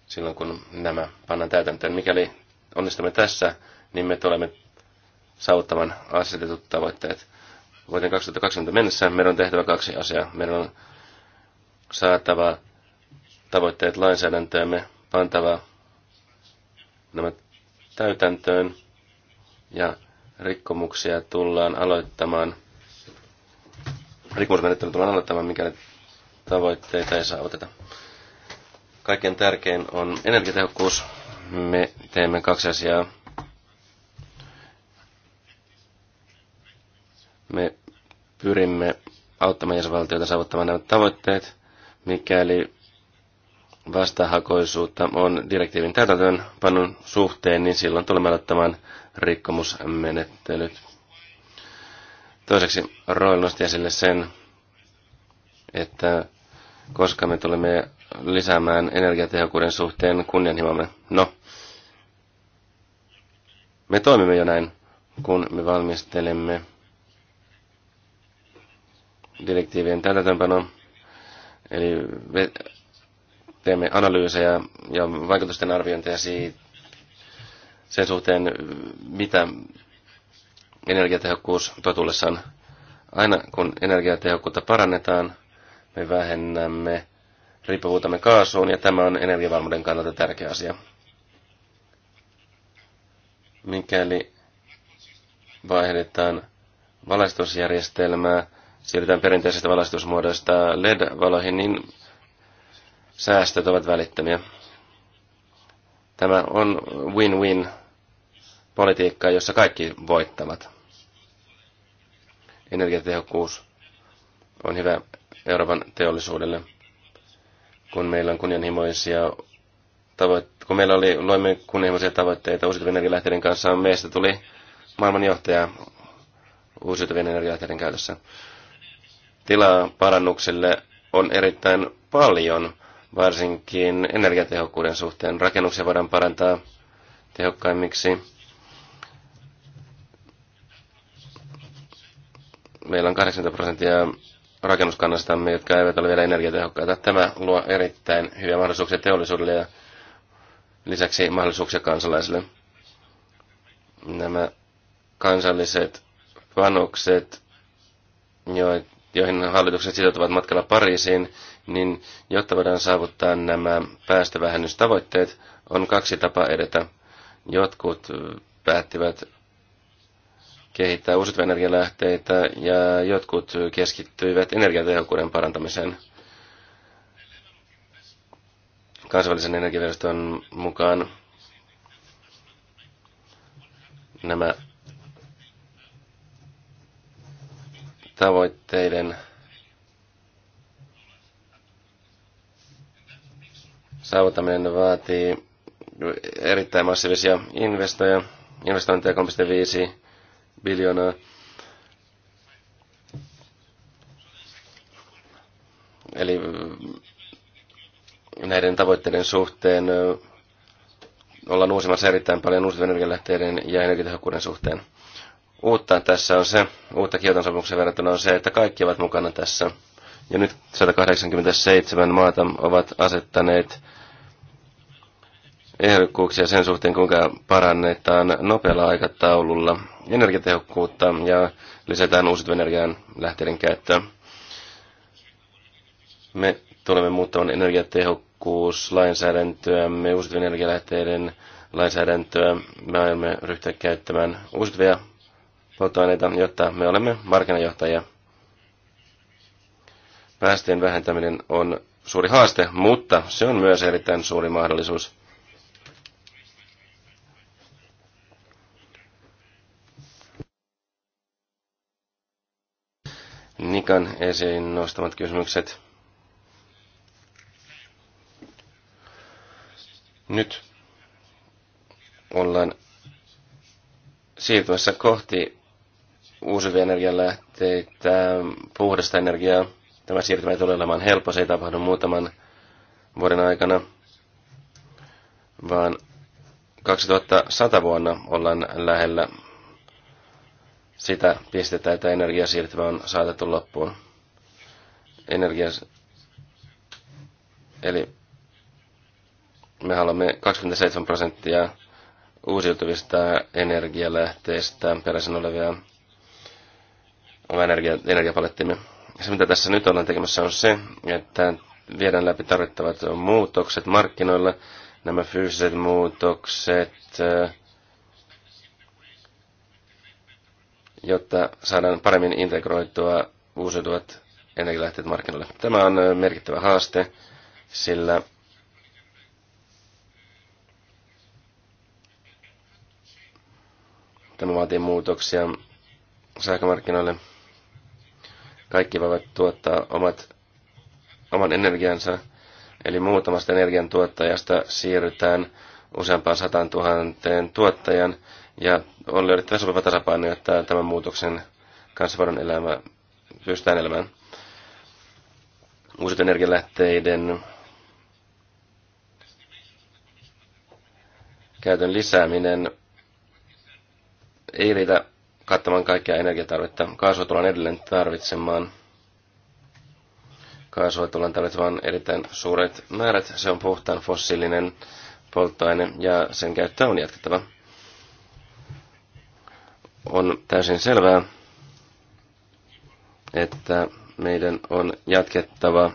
silloin, kun nämä pannaan täytäntöön. Mikäli onnistumme tässä, niin me tulemme saavuttamaan asetetut tavoitteet. Vuoteen 2020 mennessä meidän on tehtävä kaksi asiaa. Meidän on saatava tavoitteet lainsäädäntöömme pantava nämä täytäntöön ja rikkomuksia tullaan aloittamaan, rikkomusmenettely tullaan aloittamaan, mikäli tavoitteita ei saavuteta. Kaikkein tärkein on energiatehokkuus. Me teemme kaksi asiaa. Me pyrimme auttamaan jäsenvaltioita saavuttamaan nämä tavoitteet, mikäli vastahakoisuutta on direktiivin täytäntöönpanon suhteen, niin silloin tulemme aloittamaan rikkomusmenettelyt. Toiseksi Roil nosti esille sen, että koska me tulemme lisäämään energiatehokkuuden suhteen kunnianhimomme. No, me toimimme jo näin, kun me valmistelemme direktiivien täytäntöönpanoa. Eli teemme analyysejä ja vaikutusten arviointeja siitä, sen suhteen, mitä energiatehokkuus tuo Aina kun energiatehokkuutta parannetaan, me vähennämme riippuvuutamme kaasuun, ja tämä on energiavarmuuden kannalta tärkeä asia. Mikäli vaihdetaan valaistusjärjestelmää, siirrytään perinteisestä valaistusmuodosta LED-valoihin, niin säästöt ovat välittömiä. Tämä on win-win politiikkaa, jossa kaikki voittavat. Energiatehokkuus on hyvä Euroopan teollisuudelle, kun meillä on kunnianhimoisia tavoitteita. Kun meillä oli, loimme kunnianhimoisia tavoitteita uusiutuvien energialähteiden kanssa, meistä tuli maailmanjohtaja uusiutuvien energialähteiden käytössä. Tilaa parannuksille on erittäin paljon varsinkin energiatehokkuuden suhteen. Rakennuksia voidaan parantaa tehokkaimmiksi. Meillä on 80 prosenttia rakennuskannastamme, jotka eivät ole vielä energiatehokkaita. Tämä luo erittäin hyviä mahdollisuuksia teollisuudelle ja lisäksi mahdollisuuksia kansalaisille. Nämä kansalliset panokset, joihin hallitukset sitoutuvat matkalla Pariisiin, niin jotta voidaan saavuttaa nämä päästövähennystavoitteet, on kaksi tapaa edetä. Jotkut päättivät kehittää uusiutuvia energialähteitä ja jotkut keskittyivät energiatehokkuuden parantamiseen. Kansainvälisen energiaviraston mukaan nämä tavoitteiden saavuttaminen vaatii erittäin massiivisia investoja, investointeja 3,5 biljoonaa. Eli mm, näiden tavoitteiden suhteen ollaan uusimassa erittäin paljon uusien energialähteiden ja energiatehokkuuden suhteen. Uutta tässä on se, uutta Kioton sopimuksen verrattuna on se, että kaikki ovat mukana tässä – ja nyt 187 maata ovat asettaneet ehdokkuuksia sen suhteen, kuinka parannetaan nopealla aikataululla energiatehokkuutta ja lisätään uusiutuvan energian lähteiden käyttöä. Me tulemme muuttamaan me uusiutuvien energialähteiden lainsäädäntöä. Me aiomme ryhtyä käyttämään uusiutuvia polttoaineita, jotta me olemme markkinajohtajia Päästöjen vähentäminen on suuri haaste, mutta se on myös erittäin suuri mahdollisuus. Nikan esiin nostamat kysymykset. Nyt ollaan siirtymässä kohti uusiutuvia energialähteitä, puhdasta energiaa, Tämä siirtymä tulee olemaan helppo, se ei tapahdu muutaman vuoden aikana, vaan 2100 vuonna ollaan lähellä sitä pistettä, että energiasiirtymä on saatettu loppuun. Energias... Eli me haluamme 27 prosenttia uusiutuvista energialähteistä peräisin olevia energia, energiapalettimme. Se, mitä tässä nyt ollaan tekemässä, on se, että viedään läpi tarvittavat muutokset markkinoilla. Nämä fyysiset muutokset, eh, jotta saadaan paremmin integroitua uusiutuvat energialähteet markkinoille. Tämä on eh, merkittävä haaste, sillä tämä vaatii muutoksia sähkömarkkinoille. Kaikki voivat tuottaa omat, oman energiansa, eli muutamasta energiantuottajasta siirrytään useampaan sataan tuhanteen tuottajan, ja on löydettävä sopiva tasapaino, että tämän muutoksen kanssa voidaan elämä, pystytään elämään. Uusit energialähteiden käytön lisääminen ei riitä kattamaan kaikkia energiatarvetta. Kaasua tullaan edelleen tarvitsemaan. Kaasua tullaan tarvitsemaan erittäin suuret määrät. Se on puhtaan fossiilinen polttoaine ja sen käyttöä on jatkettava. On täysin selvää, että meidän on jatkettava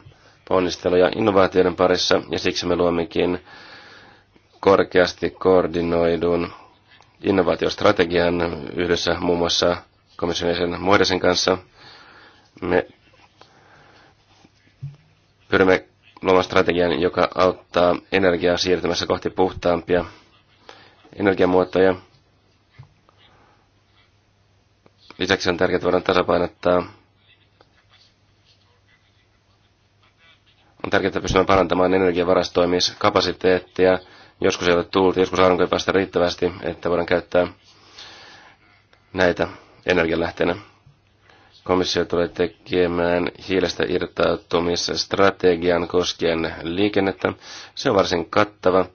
ponnisteluja innovaatioiden parissa ja siksi me luommekin korkeasti koordinoidun innovaatiostrategian yhdessä muun muassa komission jäsen kanssa. Me pyrimme luomaan strategian, joka auttaa energiaa siirtymässä kohti puhtaampia energiamuotoja. Lisäksi on tärkeää voidaan tasapainottaa on tärkeää pystyä parantamaan energiavarastoimiskapasiteettia Joskus ei ole tuulta, joskus aurinko ei päästä riittävästi, että voidaan käyttää näitä energialähteenä. Komissio tulee tekemään hiilestä irtautumisstrategian koskien liikennettä. Se on varsin kattava.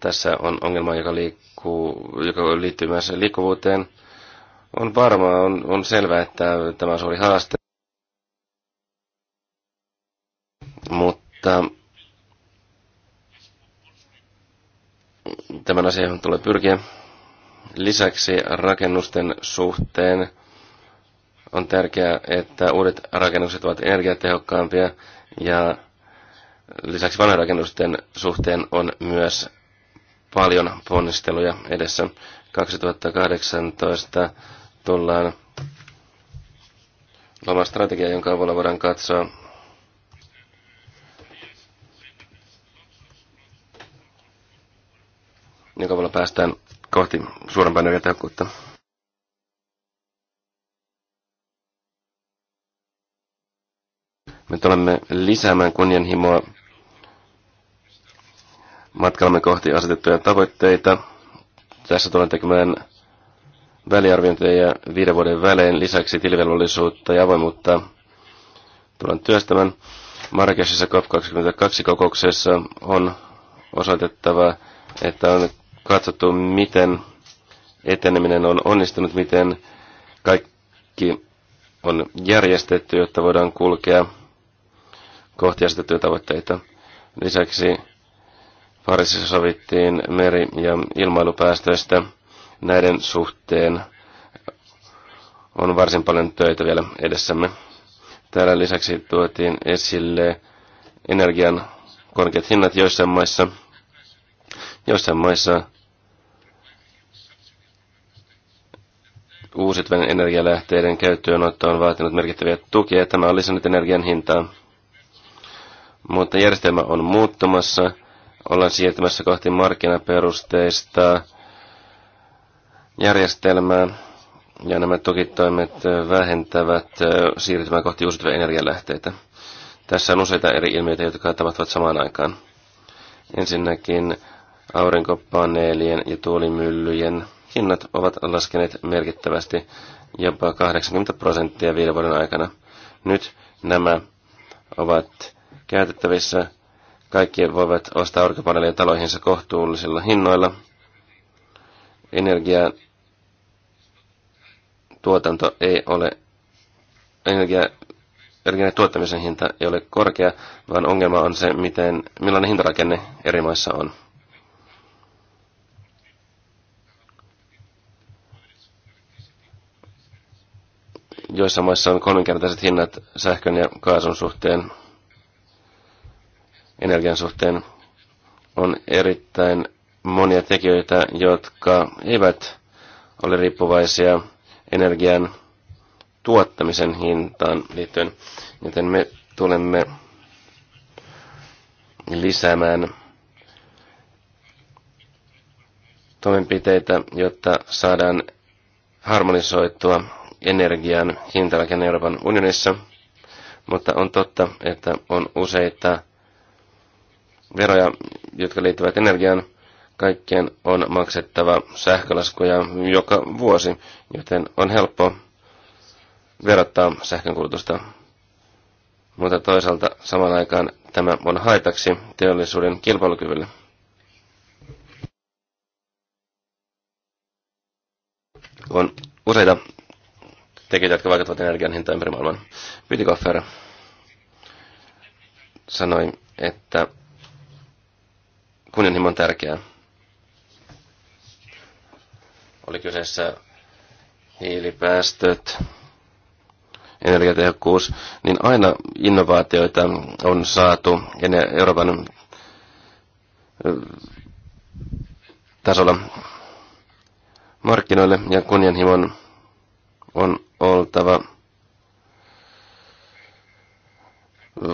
Tässä on ongelma, joka, liikkuu, joka liittyy myös liikkuvuuteen. On varmaa, on, on selvää, että tämä on suuri haaste. Mutta tämän asian tulee pyrkiä. Lisäksi rakennusten suhteen on tärkeää, että uudet rakennukset ovat energiatehokkaampia ja lisäksi vanhojen rakennusten suhteen on myös paljon ponnisteluja edessä. 2018 tullaan strategia, jonka avulla voidaan katsoa, niin kauan päästään kohti suurempaa energiatehokkuutta. Me tulemme lisäämään kunnianhimoa matkallamme kohti asetettuja tavoitteita. Tässä tulen tekemään väliarviointeja viiden vuoden välein lisäksi tilivelvollisuutta ja avoimuutta tulen työstämään. Marrakeshissa COP22 kokouksessa on osoitettava, että on katsottu, miten eteneminen on onnistunut, miten kaikki on järjestetty, jotta voidaan kulkea kohti asetettuja tavoitteita. Lisäksi Pariisissa sovittiin meri- ja ilmailupäästöistä. Näiden suhteen on varsin paljon töitä vielä edessämme. Täällä lisäksi tuotiin esille energian korkeat hinnat joissain maissa. Joissain maissa uusiutuvien energialähteiden käyttöönotto on vaatinut merkittäviä tukia ja tämä on lisännyt energian hintaa. Mutta järjestelmä on muuttumassa. Ollaan siirtymässä kohti markkinaperusteista järjestelmää. Ja nämä tukitoimet vähentävät siirtymää kohti uusiutuvia energialähteitä. Tässä on useita eri ilmiöitä, jotka tapahtuvat samaan aikaan. Ensinnäkin aurinkopaneelien ja tuulimyllyjen hinnat ovat laskeneet merkittävästi jopa 80 prosenttia viiden vuoden aikana. Nyt nämä ovat käytettävissä. Kaikki voivat ostaa aurinkopaneeleja taloihinsa kohtuullisilla hinnoilla. Energia tuotanto ei ole, energia, energian tuottamisen hinta ei ole korkea, vaan ongelma on se, miten, millainen hintarakenne eri maissa on. Joissain maissa on kolminkertaiset hinnat sähkön ja kaasun suhteen, energian suhteen. On erittäin monia tekijöitä, jotka eivät ole riippuvaisia energian tuottamisen hintaan liittyen, joten me tulemme lisäämään toimenpiteitä, jotta saadaan harmonisoitua energian hintarakenne Euroopan unionissa, mutta on totta, että on useita veroja, jotka liittyvät energiaan. Kaikkien on maksettava sähkölaskuja joka vuosi, joten on helppo verottaa sähkönkulutusta. Mutta toisaalta samaan aikaan tämä on haitaksi teollisuuden kilpailukyvylle. On useita tekijöitä, jotka vaikuttavat energian hintaan ympäri maailman. Pytikoffer sanoi, että kunnianhimo on tärkeää. Oli kyseessä hiilipäästöt, energiatehokkuus, niin aina innovaatioita on saatu Euroopan tasolla markkinoille ja kunnianhimon on oltava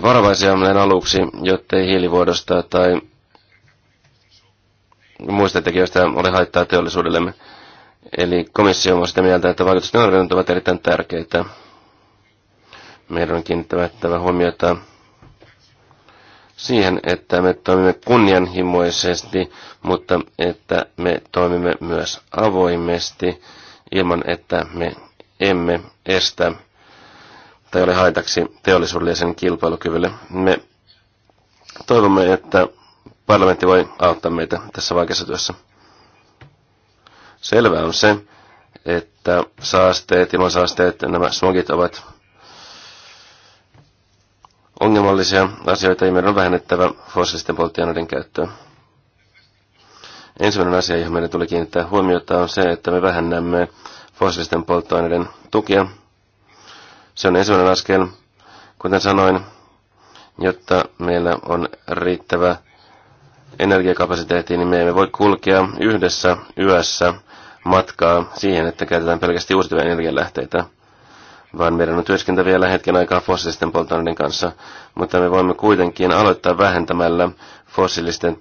varovaisia aluksi, jottei hiilivuodosta tai muista tekijöistä ole haittaa teollisuudellemme. Eli komissio on sitä mieltä, että vaikutusten arvioinnit ovat erittäin tärkeitä. Meidän on kiinnittävä huomiota siihen, että me toimimme kunnianhimoisesti, mutta että me toimimme myös avoimesti ilman, että me emme estä tai ole haitaksi teollisuudelle ja sen kilpailukyvylle. Me toivomme, että parlamentti voi auttaa meitä tässä vaikeassa työssä. Selvää on se, että saasteet, ilmansaasteet, nämä smogit ovat ongelmallisia asioita ja meidän on vähennettävä fossiilisten polttoaineiden käyttöä. Ensimmäinen asia, johon meidän tuli kiinnittää huomiota, on se, että me vähennämme fossiilisten polttoaineiden tukia. Se on ensimmäinen askel, kuten sanoin, jotta meillä on riittävä energiakapasiteetti, niin me emme voi kulkea yhdessä yössä matkaa siihen, että käytetään pelkästään uusiutuvia energialähteitä, vaan meidän on työskentä vielä hetken aikaa fossiilisten polttoaineiden kanssa, mutta me voimme kuitenkin aloittaa vähentämällä fossiilisten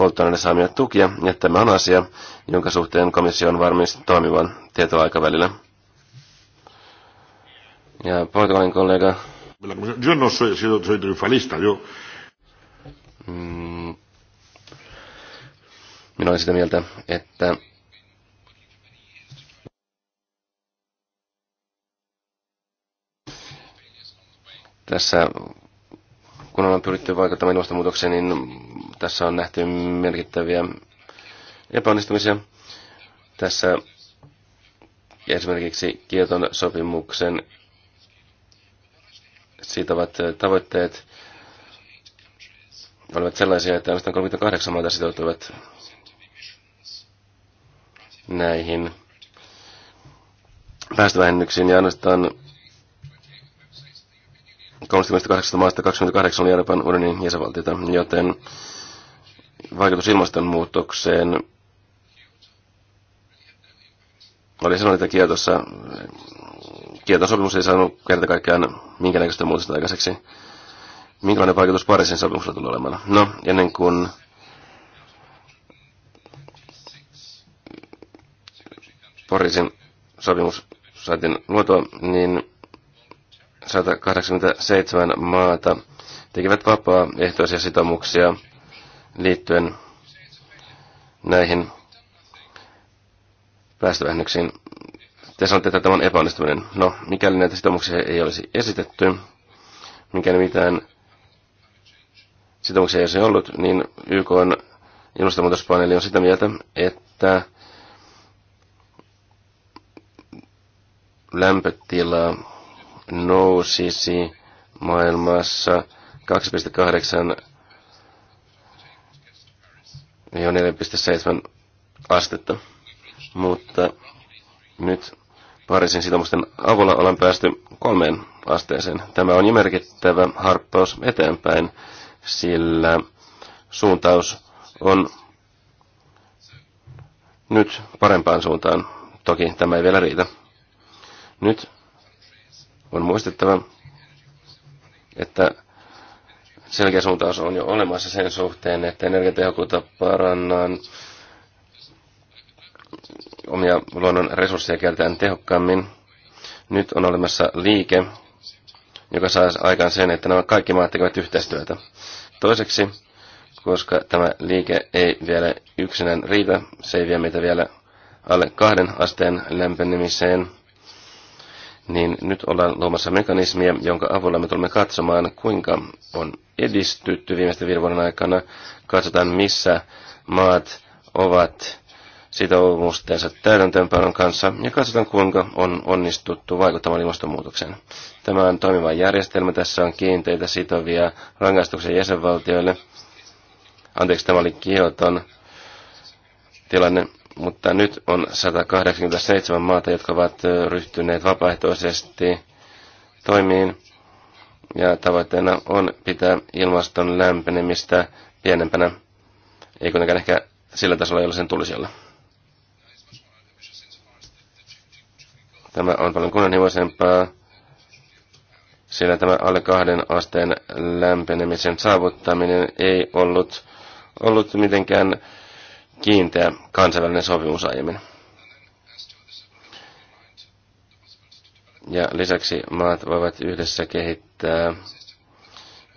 polttoaineen saamia tukia, ja tämä on asia, jonka suhteen komissio on varmasti toimivan tietoaikavälillä. Ja portugalin kollega... Yo no soy, soy, soy triunfalista, yo... minä olen sitä mieltä, että tässä kun ollaan pyritty vaikuttamaan ilmastonmuutokseen, niin tässä on nähty merkittäviä epäonnistumisia. Tässä esimerkiksi Kioton sopimuksen sitovat tavoitteet olivat sellaisia, että ainoastaan 38 maata sitoutuivat näihin päästövähennyksiin ja ainoastaan 38 maasta 28 oli Euroopan unionin jäsenvaltiota, joten vaikutus ilmastonmuutokseen oli sanonut, että kietossa, kietosopimus ei saanut kerta kaikkiaan minkäännäköistä muutosta aikaiseksi. Minkälainen vaikutus Pariisin sopimuksella tulee olemaan? No, ennen kuin Pariisin sopimus saatiin luotua, niin 187 maata tekevät vapaaehtoisia sitoumuksia liittyen näihin päästövähennyksiin. Te sanotte, että tämä on epäonnistuminen. No, mikäli näitä sitoumuksia ei olisi esitetty, mikäli mitään sitoumuksia ei olisi ollut, niin YK on ilmastonmuutospaneeli on sitä mieltä, että lämpötilaa nousisi maailmassa 2,8 jo 4,7 astetta. Mutta nyt Pariisin sitomusten avulla olen päästy kolmeen asteeseen. Tämä on jo merkittävä harppaus eteenpäin, sillä suuntaus on nyt parempaan suuntaan. Toki tämä ei vielä riitä. Nyt on muistettava, että selkeä suuntaus on jo olemassa sen suhteen, että energiatehokkuutta parannaan omia luonnon resursseja käytetään tehokkaammin. Nyt on olemassa liike, joka saa aikaan sen, että nämä kaikki maat tekevät yhteistyötä. Toiseksi, koska tämä liike ei vielä yksinään riitä, se ei vie meitä vielä alle kahden asteen lämpenemiseen – niin nyt ollaan luomassa mekanismia, jonka avulla me tulemme katsomaan, kuinka on edistytty viimeisten viiden vuoden aikana. Katsotaan, missä maat ovat sitoumustensa täytäntöönpanon kanssa ja katsotaan, kuinka on onnistuttu vaikuttamaan ilmastonmuutokseen. Tämä on toimiva järjestelmä. Tässä on kiinteitä sitovia rangaistuksia jäsenvaltioille. Anteeksi, tämä oli Kioton tilanne. Mutta nyt on 187 maata, jotka ovat ryhtyneet vapaaehtoisesti toimiin. Ja tavoitteena on pitää ilmaston lämpenemistä pienempänä, ei kuitenkaan ehkä sillä tasolla, jolla sen tulisi olla. Tämä on paljon kunnianhimoisempaa, sillä tämä alle kahden asteen lämpenemisen saavuttaminen ei ollut, ollut mitenkään kiinteä kansainvälinen sopimus aiemmin. Ja lisäksi maat voivat yhdessä kehittää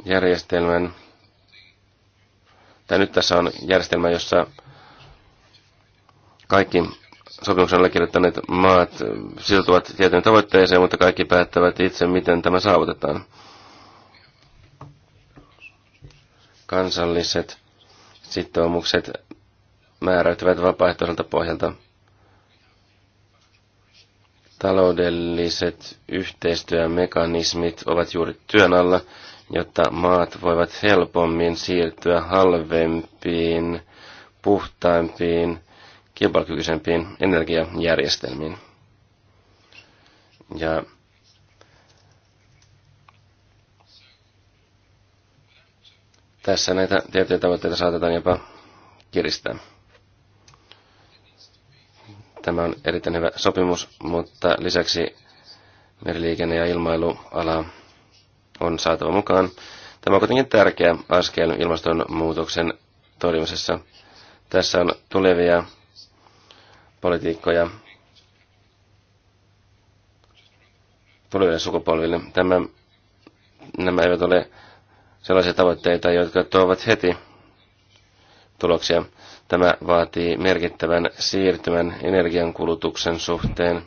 järjestelmän, tai nyt tässä on järjestelmä, jossa kaikki sopimuksen allekirjoittaneet maat sitoutuvat tietyn tavoitteeseen, mutta kaikki päättävät itse, miten tämä saavutetaan. Kansalliset sitoumukset määräytyvät vapaaehtoiselta pohjalta. Taloudelliset yhteistyömekanismit ovat juuri työn alla, jotta maat voivat helpommin siirtyä halvempiin, puhtaimpiin, kilpailukykyisempiin energiajärjestelmiin. Ja tässä näitä tiettyjä tavoitteita saatetaan jopa kiristää. Tämä on erittäin hyvä sopimus, mutta lisäksi meriliikenne- ja ilmailuala on saatava mukaan. Tämä on kuitenkin tärkeä askel ilmastonmuutoksen torjumisessa. Tässä on tulevia politiikkoja tuleville sukupolville. Tämä, nämä eivät ole sellaisia tavoitteita, jotka tuovat heti tuloksia. Tämä vaatii merkittävän siirtymän energiankulutuksen suhteen.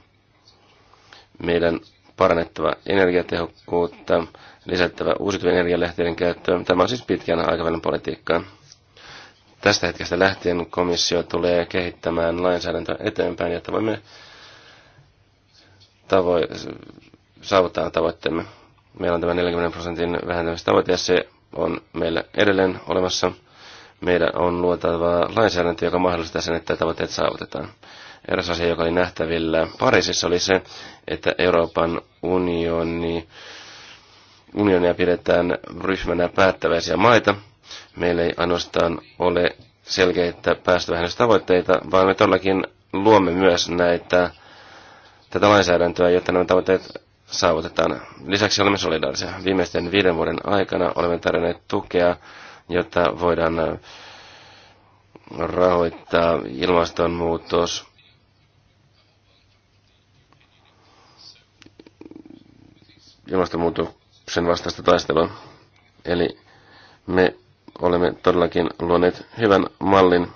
Meidän parannettava energiatehokkuutta, lisättävä uusiutuvien energialähteiden käyttöä. Tämä on siis pitkän aikavälin politiikkaa. Tästä hetkestä lähtien komissio tulee kehittämään lainsäädäntöä eteenpäin, jotta voimme tavo- saavuttaa tavoitteemme. Meillä on tämä 40 prosentin vähentämistavoite ja se on meillä edelleen olemassa – meidän on luotava lainsäädäntö, joka mahdollistaa sen, että tavoitteet saavutetaan. Eräs asia, joka oli nähtävillä Pariisissa, oli se, että Euroopan unioni, unionia pidetään ryhmänä päättäväisiä maita. Meillä ei ainoastaan ole selkeitä päästövähennystavoitteita, vaan me todellakin luomme myös näitä, tätä lainsäädäntöä, jotta nämä tavoitteet saavutetaan. Lisäksi olemme solidaarisia. Viimeisten viiden vuoden aikana olemme tarjonneet tukea jotta voidaan rahoittaa ilmastonmuutos. ilmastonmuutoksen vastaista taistelua. Eli me olemme todellakin luoneet hyvän mallin,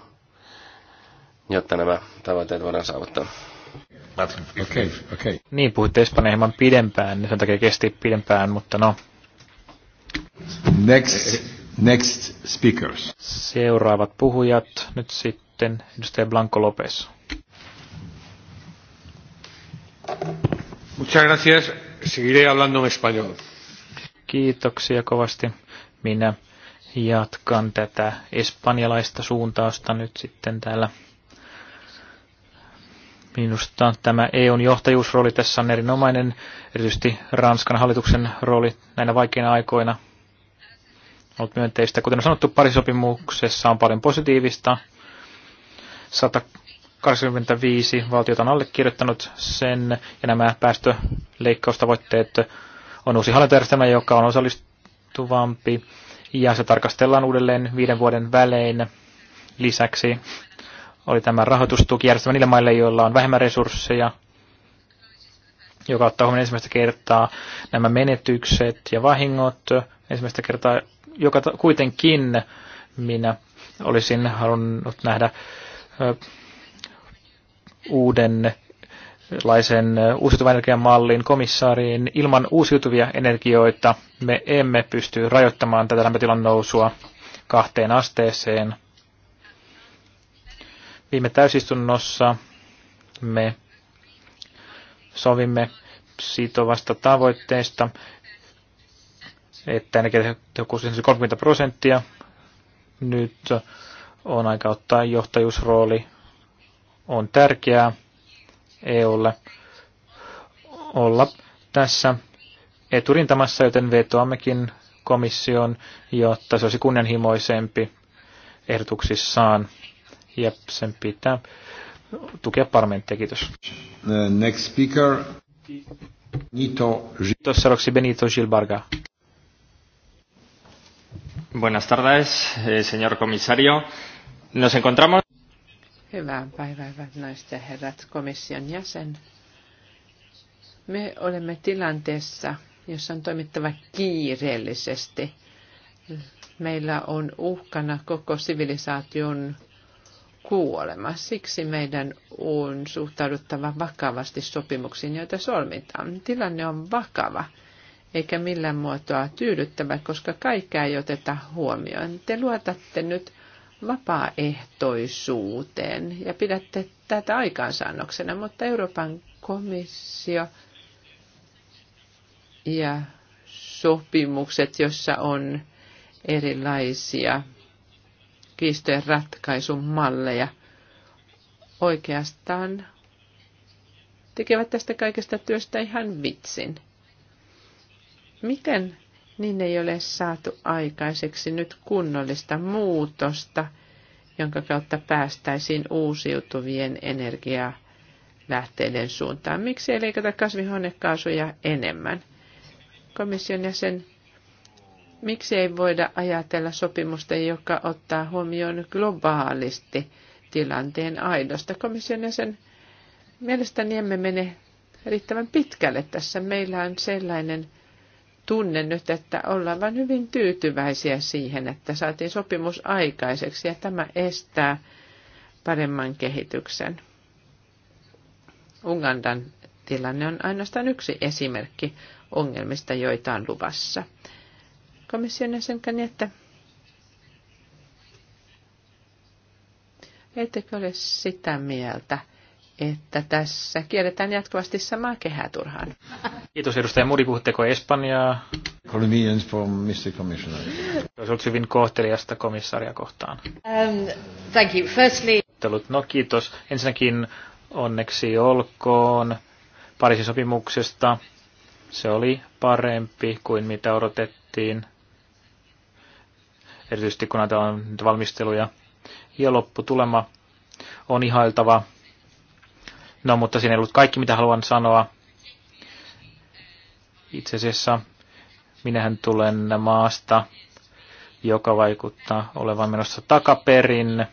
jotta nämä tavoitteet voidaan saavuttaa. Okay, okay. Niin, puhutte Espanjan hieman pidempään, sen takia kesti pidempään, mutta no. Next Next speakers. Seuraavat puhujat. Nyt sitten edustaja Blanco Lopez. Muchas gracias. Seguiré hablando en español. Kiitoksia kovasti. Minä jatkan tätä espanjalaista suuntausta nyt sitten täällä. Minusta tämä EUn johtajuusrooli tässä on erinomainen, erityisesti Ranskan hallituksen rooli näinä vaikeina aikoina – ollut myönteistä. Kuten on sanottu, parisopimuksessa on paljon positiivista. 185 valtiota on allekirjoittanut sen, ja nämä päästöleikkaustavoitteet on uusi hallintojärjestelmä, joka on osallistuvampi, ja se tarkastellaan uudelleen viiden vuoden välein. Lisäksi oli tämä rahoitustukijärjestelmä niille maille, joilla on vähemmän resursseja, joka ottaa huomioon ensimmäistä kertaa nämä menetykset ja vahingot ensimmäistä kertaa joka kuitenkin minä olisin halunnut nähdä uuden laisen uusiutuvan energian mallin komissaariin. Ilman uusiutuvia energioita me emme pysty rajoittamaan tätä lämpötilan nousua kahteen asteeseen. Viime täysistunnossa me sovimme sitovasta tavoitteesta että energiatehokkuus on 30 prosenttia. Nyt on aika ottaa johtajuusrooli. On tärkeää EUlle olla tässä eturintamassa, joten vetoammekin komission, jotta se olisi kunnianhimoisempi ehdotuksissaan. Ja sen pitää tukea parlamenttia. Kiitos. The next speaker. Nito. Kiitos Benito Gilbarga. Buenas tardes, eh, señor comisario. Nos encontramos... Hyvää päivää, hyvät naiset ja herrat, komission jäsen. Me olemme tilanteessa, jossa on toimittava kiireellisesti. Meillä on uhkana koko sivilisaation kuolema. Siksi meidän on suhtauduttava vakavasti sopimuksiin, joita solmitaan. Tilanne on vakava eikä millään muotoa tyydyttävä, koska kaikkea ei oteta huomioon. Te luotatte nyt vapaaehtoisuuteen ja pidätte tätä aikaansaannoksena, mutta Euroopan komissio ja sopimukset, jossa on erilaisia kiistojen ratkaisun malleja, oikeastaan tekevät tästä kaikesta työstä ihan vitsin. Miten niin ei ole saatu aikaiseksi nyt kunnollista muutosta, jonka kautta päästäisiin uusiutuvien energialähteiden suuntaan? Miksi ei leikata kasvihuonekaasuja enemmän? Komission jäsen, miksi ei voida ajatella sopimusta, joka ottaa huomioon globaalisti tilanteen aidosta? Komission jäsen, mielestäni emme mene riittävän pitkälle tässä. Meillä on sellainen tunne nyt, että ollaan vain hyvin tyytyväisiä siihen, että saatiin sopimus aikaiseksi ja tämä estää paremman kehityksen. Ugandan tilanne on ainoastaan yksi esimerkki ongelmista, joita on luvassa. Komission jäsenkäni, että ettekö ole sitä mieltä, että tässä kierretään jatkuvasti samaa kehää turhaan. Kiitos edustaja Muri, puhutteko Espanjaa? Convenience from Mr. Commissioner. Olisi ollut hyvin kohteliasta komissaria kohtaan. Um, thank you. Firstly... No kiitos. Ensinnäkin onneksi olkoon Pariisin sopimuksesta. Se oli parempi kuin mitä odotettiin. Erityisesti kun näitä on valmisteluja. Ja lopputulema on ihailtava No, mutta siinä ei ollut kaikki, mitä haluan sanoa. Itse asiassa minähän tulen maasta, joka vaikuttaa olevan menossa takaperin,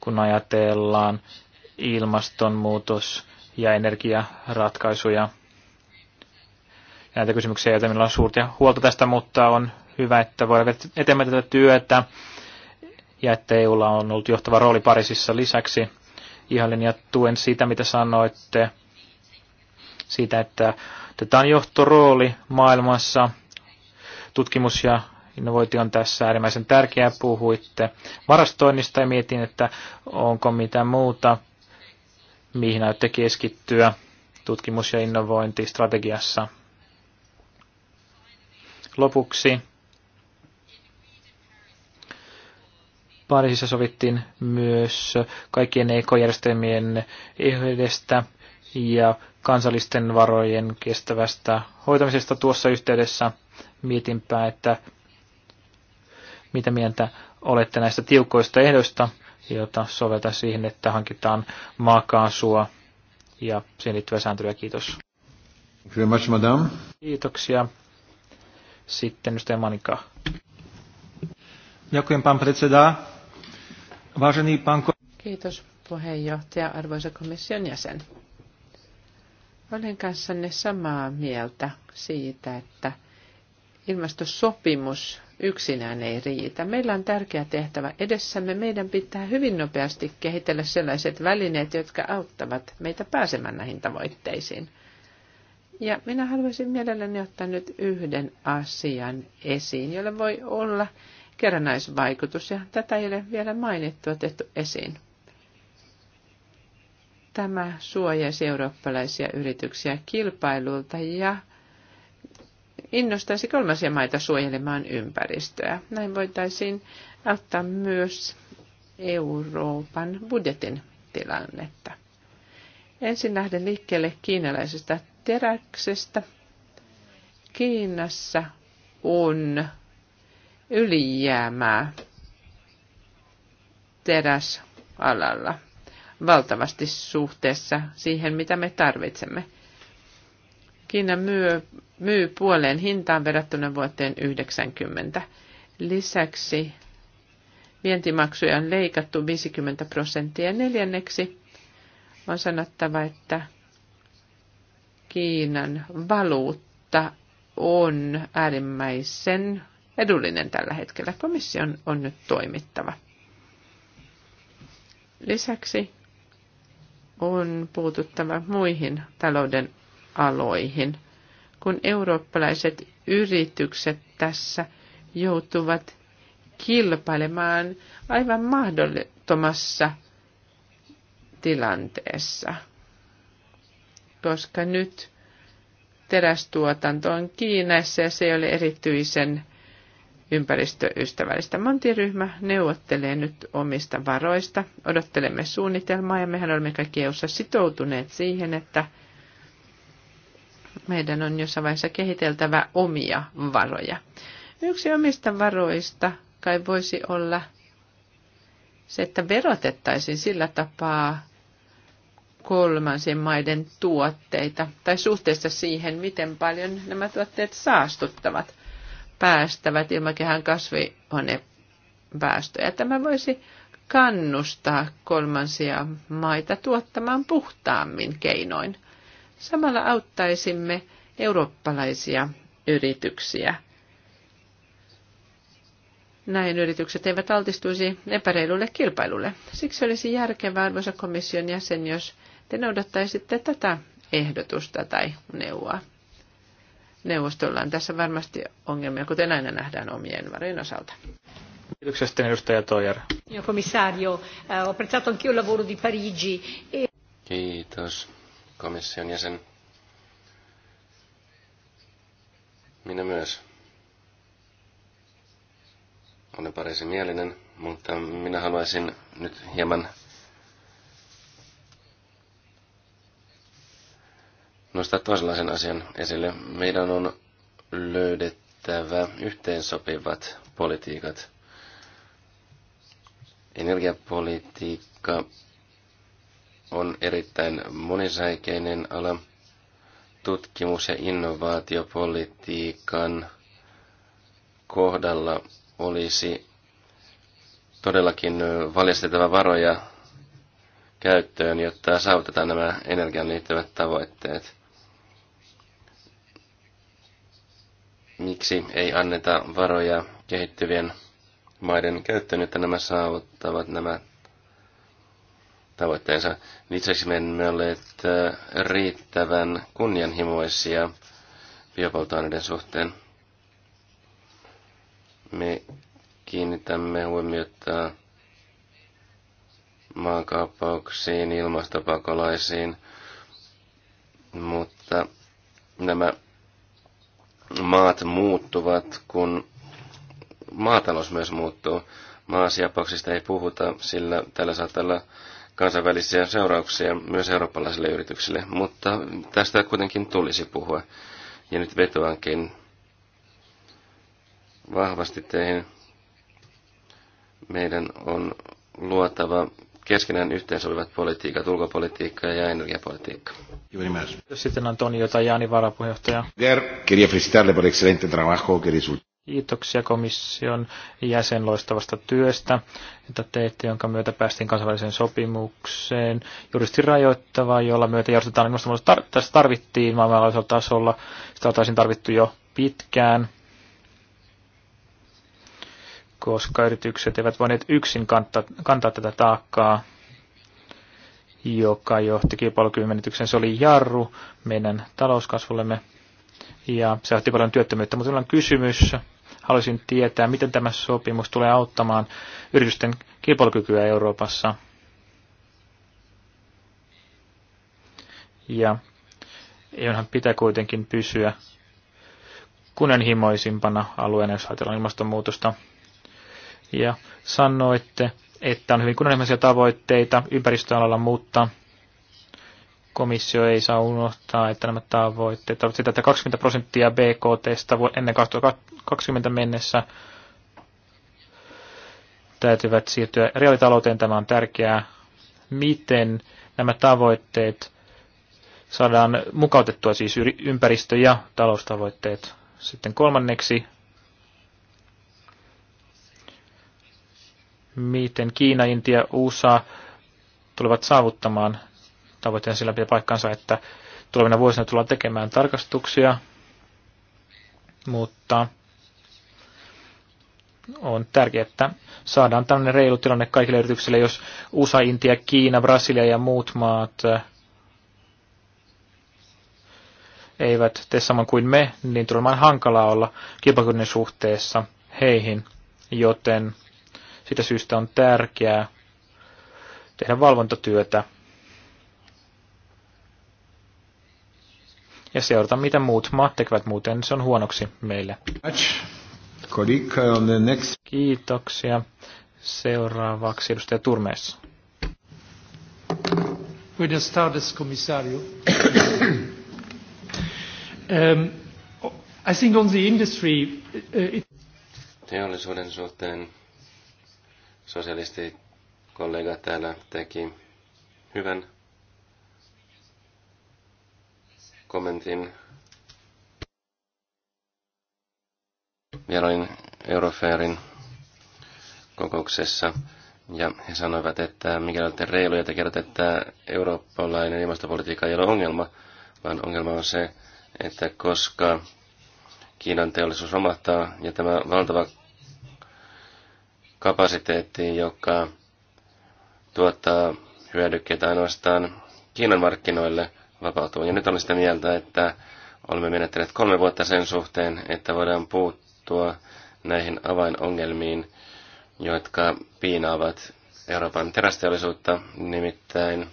kun ajatellaan ilmastonmuutos- ja energiaratkaisuja. Näitä kysymyksiä, joita minulla on suurta huolta tästä, mutta on hyvä, että voidaan eteenpäin tätä työtä ja että EUlla on ollut johtava rooli Pariisissa lisäksi ihailen ja tuen sitä, mitä sanoitte siitä, että tätä on johtorooli maailmassa. Tutkimus ja innovointi on tässä äärimmäisen tärkeää. Puhuitte varastoinnista ja mietin, että onko mitä muuta, mihin näytte keskittyä tutkimus- ja innovointistrategiassa. Lopuksi Pariisissa sovittiin myös kaikkien ekojärjestelmien ehdestä ja kansallisten varojen kestävästä hoitamisesta tuossa yhteydessä. Mietinpä, että mitä mieltä olette näistä tiukoista ehdoista, joita soveta siihen, että hankitaan maakaasua ja siihen liittyvää sääntelyä. Kiitos. Much, Kiitoksia. Sitten ystävä Manika. Dziękuję panu predseda. Kiitos puheenjohtaja, arvoisa komission jäsen. Olen kanssanne samaa mieltä siitä, että ilmastosopimus yksinään ei riitä. Meillä on tärkeä tehtävä edessämme. Meidän pitää hyvin nopeasti kehitellä sellaiset välineet, jotka auttavat meitä pääsemään näihin tavoitteisiin. Ja minä haluaisin mielelläni ottaa nyt yhden asian esiin, jolle voi olla kerrannaisvaikutus, ja tätä ei ole vielä mainittu otettu esiin. Tämä suojaisi eurooppalaisia yrityksiä kilpailulta ja innostaisi kolmansia maita suojelemaan ympäristöä. Näin voitaisiin auttaa myös Euroopan budjetin tilannetta. Ensin lähden liikkeelle kiinalaisesta teräksestä. Kiinassa on ylijäämää teräsalalla valtavasti suhteessa siihen, mitä me tarvitsemme. Kiina myy, myy puoleen hintaan verrattuna vuoteen 90. Lisäksi vientimaksuja on leikattu 50 prosenttia. Neljänneksi on sanottava, että Kiinan valuutta on äärimmäisen edullinen tällä hetkellä. Komission on nyt toimittava. Lisäksi on puututtava muihin talouden aloihin, kun eurooppalaiset yritykset tässä joutuvat kilpailemaan aivan mahdottomassa tilanteessa, koska nyt terästuotanto on Kiinassa ja se ei ole erityisen ympäristöystävällistä. Montiryhmä neuvottelee nyt omista varoista. Odottelemme suunnitelmaa ja mehän olemme kaikki eu sitoutuneet siihen, että meidän on jossain vaiheessa kehiteltävä omia varoja. Yksi omista varoista kai voisi olla se, että verotettaisiin sillä tapaa kolmansien maiden tuotteita tai suhteessa siihen, miten paljon nämä tuotteet saastuttavat – päästävät ilmakehän kasvihuonepäästöjä. Tämä voisi kannustaa kolmansia maita tuottamaan puhtaammin keinoin. Samalla auttaisimme eurooppalaisia yrityksiä. Näin yritykset eivät altistuisi epäreilulle kilpailulle. Siksi olisi järkevää, arvoisa komission jäsen, jos te noudattaisitte tätä ehdotusta tai neuvoa neuvostolla on tässä varmasti ongelmia, kuten aina nähdään omien varojen osalta. Kiitoksia sitten edustaja Toijar. Komissario, eh, ho apprezzato anch'io il lavoro di Parigi. E- Kiitos komission jäsen. Minä myös. Olen Pariisin mielinen, mutta minä haluaisin nyt hieman nostaa toisenlaisen asian esille. Meidän on löydettävä yhteensopivat politiikat. Energiapolitiikka on erittäin monisäikeinen ala. Tutkimus- ja innovaatiopolitiikan kohdalla olisi todellakin valjastettava varoja käyttöön, jotta saavutetaan nämä energian liittyvät tavoitteet. miksi ei anneta varoja kehittyvien maiden käyttöön, että nämä saavuttavat nämä tavoitteensa. Lisäksi me emme olleet riittävän kunnianhimoisia biopolttoaineiden suhteen. Me kiinnitämme huomiota maankaappauksiin, ilmastopakolaisiin, mutta nämä maat muuttuvat, kun maatalous myös muuttuu. Maasiapauksista ei puhuta, sillä tällä saattaa olla kansainvälisiä seurauksia myös eurooppalaisille yrityksille, mutta tästä kuitenkin tulisi puhua. Ja nyt vetoankin vahvasti teihin. Meidän on luotava keskenään yhteensopivat politiikat, ulkopolitiikka ja energiapolitiikka. Sitten Antonio Tajani, varapuheenjohtaja. Kiitoksia komission jäsen loistavasta työstä, jota teette, jonka myötä päästiin kansainväliseen sopimukseen. Juristi rajoittavaa, jolla myötä järjestetään ilmastonmuutosta tarvittiin maailmanlaajuisella tasolla. Sitä oltaisiin tarvittu jo pitkään koska yritykset eivät voineet yksin kantaa, kantaa tätä taakkaa, joka johti kilpailukyvymenetykseen. Se oli jarru meidän talouskasvullemme ja se johti paljon työttömyyttä. Mutta on kysymys. Haluaisin tietää, miten tämä sopimus tulee auttamaan yritysten kilpailukykyä Euroopassa. Ja jonhan pitää kuitenkin pysyä kunnianhimoisimpana alueena, jos ajatellaan ilmastonmuutosta ja sanoitte, että on hyvin kunnianhimoisia tavoitteita ympäristöalalla, mutta komissio ei saa unohtaa, että nämä tavoitteet ovat sitä, että 20 prosenttia BKTstä ennen 2020 mennessä täytyvät siirtyä reaalitalouteen. Tämä on tärkeää. Miten nämä tavoitteet saadaan mukautettua siis ympäristö- ja taloustavoitteet? Sitten kolmanneksi miten Kiina, Intia, USA tulevat saavuttamaan tavoitteen sillä pitää paikkansa, että tulevina vuosina tullaan tekemään tarkastuksia, mutta on tärkeää, että saadaan tämmöinen reilu tilanne kaikille yrityksille, jos USA, Intia, Kiina, Brasilia ja muut maat äh, eivät tee saman kuin me, niin tulemaan hankalaa olla kilpailukyvyn suhteessa heihin, joten sitä syystä on tärkeää tehdä valvontatyötä ja seurata, mitä muut maat tekevät, muuten se on huonoksi meille. Kiitoksia. Seuraavaksi edustaja Turmees. Buenas tardes, komissario. um, I think on the industry... Uh, it... Teollisuuden suhteen sosialistikollega täällä teki hyvän kommentin. Vierailin Eurofairin kokouksessa ja he sanoivat, että mikä olette reiluja, että kertoo, että eurooppalainen ilmastopolitiikka ei ole ongelma, vaan ongelma on se, että koska Kiinan teollisuus romahtaa ja tämä valtava kapasiteettiin, joka tuottaa hyödykkeitä ainoastaan Kiinan markkinoille vapautuu. Ja nyt olen sitä mieltä, että olemme menettäneet kolme vuotta sen suhteen, että voidaan puuttua näihin avainongelmiin, jotka piinaavat Euroopan terästeollisuutta, nimittäin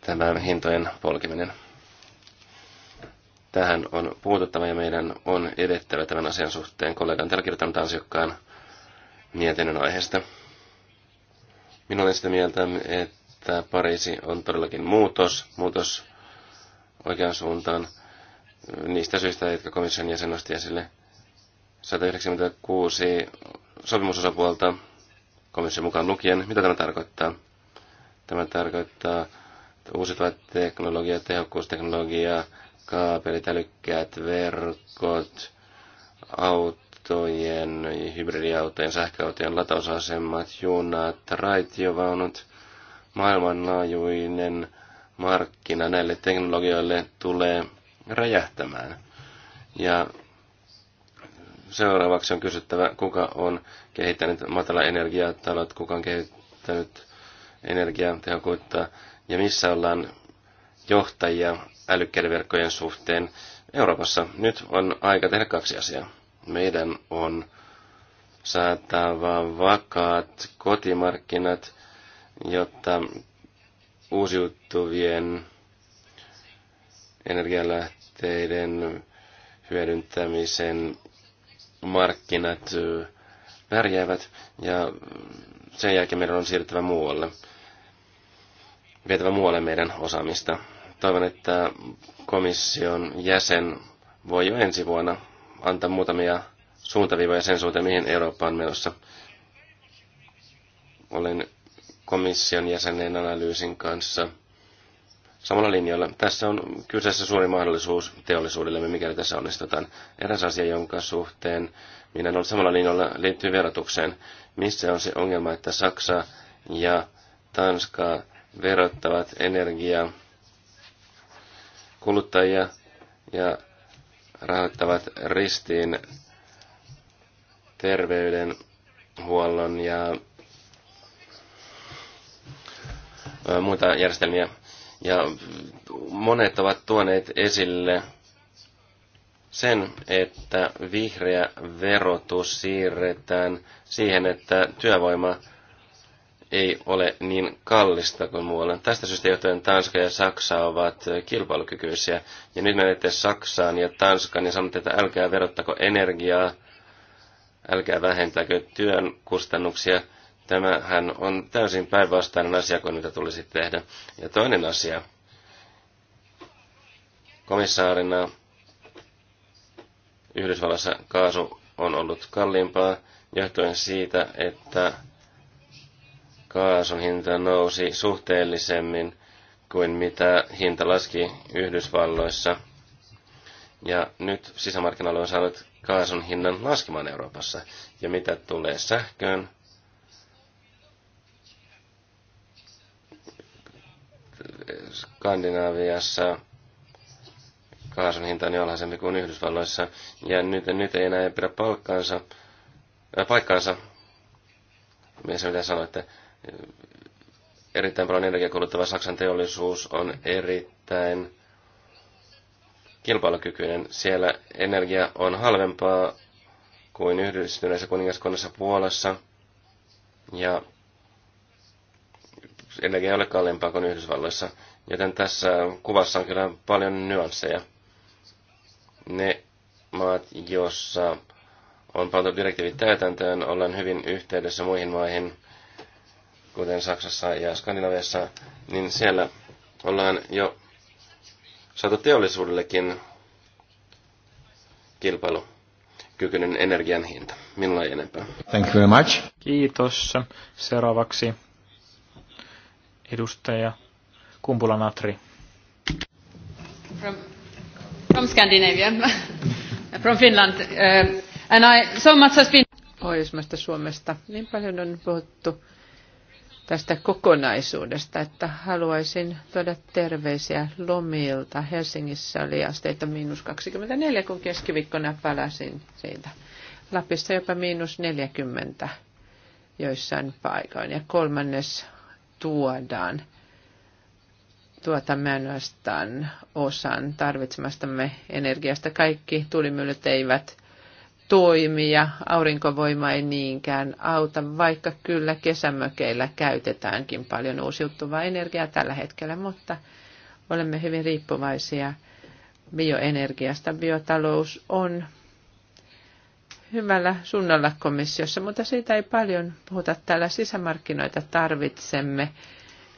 tämä hintojen polkiminen. Tähän on puututtava ja meidän on edettävä tämän asian suhteen. Kollega on täällä kirjoittanut ansiokkaan mietinnön aiheesta. Minä olen sitä mieltä, että Pariisi on todellakin muutos, muutos oikeaan suuntaan niistä syistä, jotka komission jäsen nosti esille. 196 sopimusosapuolta komission mukaan lukien. Mitä tämä tarkoittaa? Tämä tarkoittaa uusiutuvat teknologiat, tehokkuusteknologiaa, kaapelit, älykkäät verkot, autojen, hybridiautojen, sähköautojen latausasemat, junat, raitiovaunut, maailmanlaajuinen markkina näille teknologioille tulee räjähtämään. Ja seuraavaksi on kysyttävä, kuka on kehittänyt matala energiatalot, kuka on kehittänyt energiatehokkuutta ja missä ollaan johtajia älykkäiden verkkojen suhteen Euroopassa. Nyt on aika tehdä kaksi asiaa. Meidän on saatava vakaat kotimarkkinat, jotta uusiutuvien energialähteiden hyödyntämisen markkinat pärjäävät ja sen jälkeen meidän on siirryttävä muualle, vietävä muualle meidän osaamista. Toivon, että komission jäsen voi jo ensi vuonna antaa muutamia suuntaviivoja sen suhteen, mihin Eurooppa on menossa. Olen komission jäsenen analyysin kanssa samalla linjalla. Tässä on kyseessä suuri mahdollisuus teollisuudellemme, mikäli tässä onnistutaan. Eräs asia, jonka suhteen minä en samalla linjalla, liittyy verotukseen. Missä on se ongelma, että Saksa ja Tanska verottavat energiaa kuluttajia ja rahoittavat ristiin terveydenhuollon ja muita järjestelmiä. Ja monet ovat tuoneet esille sen, että vihreä verotus siirretään siihen, että työvoima ei ole niin kallista kuin muualla. Tästä syystä johtuen Tanska ja Saksa ovat kilpailukykyisiä. Ja nyt menette Saksaan ja Tanskaan ja sanotte, että älkää verottako energiaa, älkää vähentäkö työn kustannuksia. Tämähän on täysin päinvastainen asia kuin mitä tulisi tehdä. Ja toinen asia. Komissaarina Yhdysvallassa kaasu on ollut kalliimpaa johtuen siitä, että kaasun hinta nousi suhteellisemmin kuin mitä hinta laski Yhdysvalloissa. Ja nyt sisämarkkinoilla on saanut kaasun hinnan laskemaan Euroopassa. Ja mitä tulee sähköön, Skandinaaviassa kaasun hinta on jo alhaisempi kuin Yhdysvalloissa. Ja nyt, nyt ei enää pidä palkkaansa, äh, paikkaansa, mitä sanoitte, erittäin paljon energiaa kuluttava Saksan teollisuus on erittäin kilpailukykyinen. Siellä energia on halvempaa kuin yhdistyneessä kuningaskunnassa Puolassa ja energia ei ole kalliimpaa kuin Yhdysvalloissa. Joten tässä kuvassa on kyllä paljon nyansseja. Ne maat, joissa on pantu direktiivit täytäntöön, ollaan hyvin yhteydessä muihin maihin – kuten Saksassa ja Skandinaviassa, niin siellä ollaan jo saatu teollisuudellekin kilpailu kykyinen energian hinta. Minulla ei enempää. Thank you very much. Kiitos. Seuraavaksi edustaja Kumpula Natri. From, from Scandinavia, from Finland. Uh, and I, so much has been... Pohjoismaista Suomesta. Niin paljon on puhuttu tästä kokonaisuudesta, että haluaisin tuoda terveisiä lomilta. Helsingissä oli asteita miinus 24, kun keskiviikkona palasin siitä. Lapissa jopa miinus 40 joissain paikoin. Ja kolmannes tuodaan. Tuotamme ainoastaan osan tarvitsemastamme energiasta. Kaikki tulimyllyt eivät toimia, aurinkovoima ei niinkään auta, vaikka kyllä kesämökeillä käytetäänkin paljon uusiutuvaa energiaa tällä hetkellä, mutta olemme hyvin riippuvaisia bioenergiasta. Biotalous on hyvällä suunnalla komissiossa, mutta siitä ei paljon puhuta. Täällä sisämarkkinoita tarvitsemme,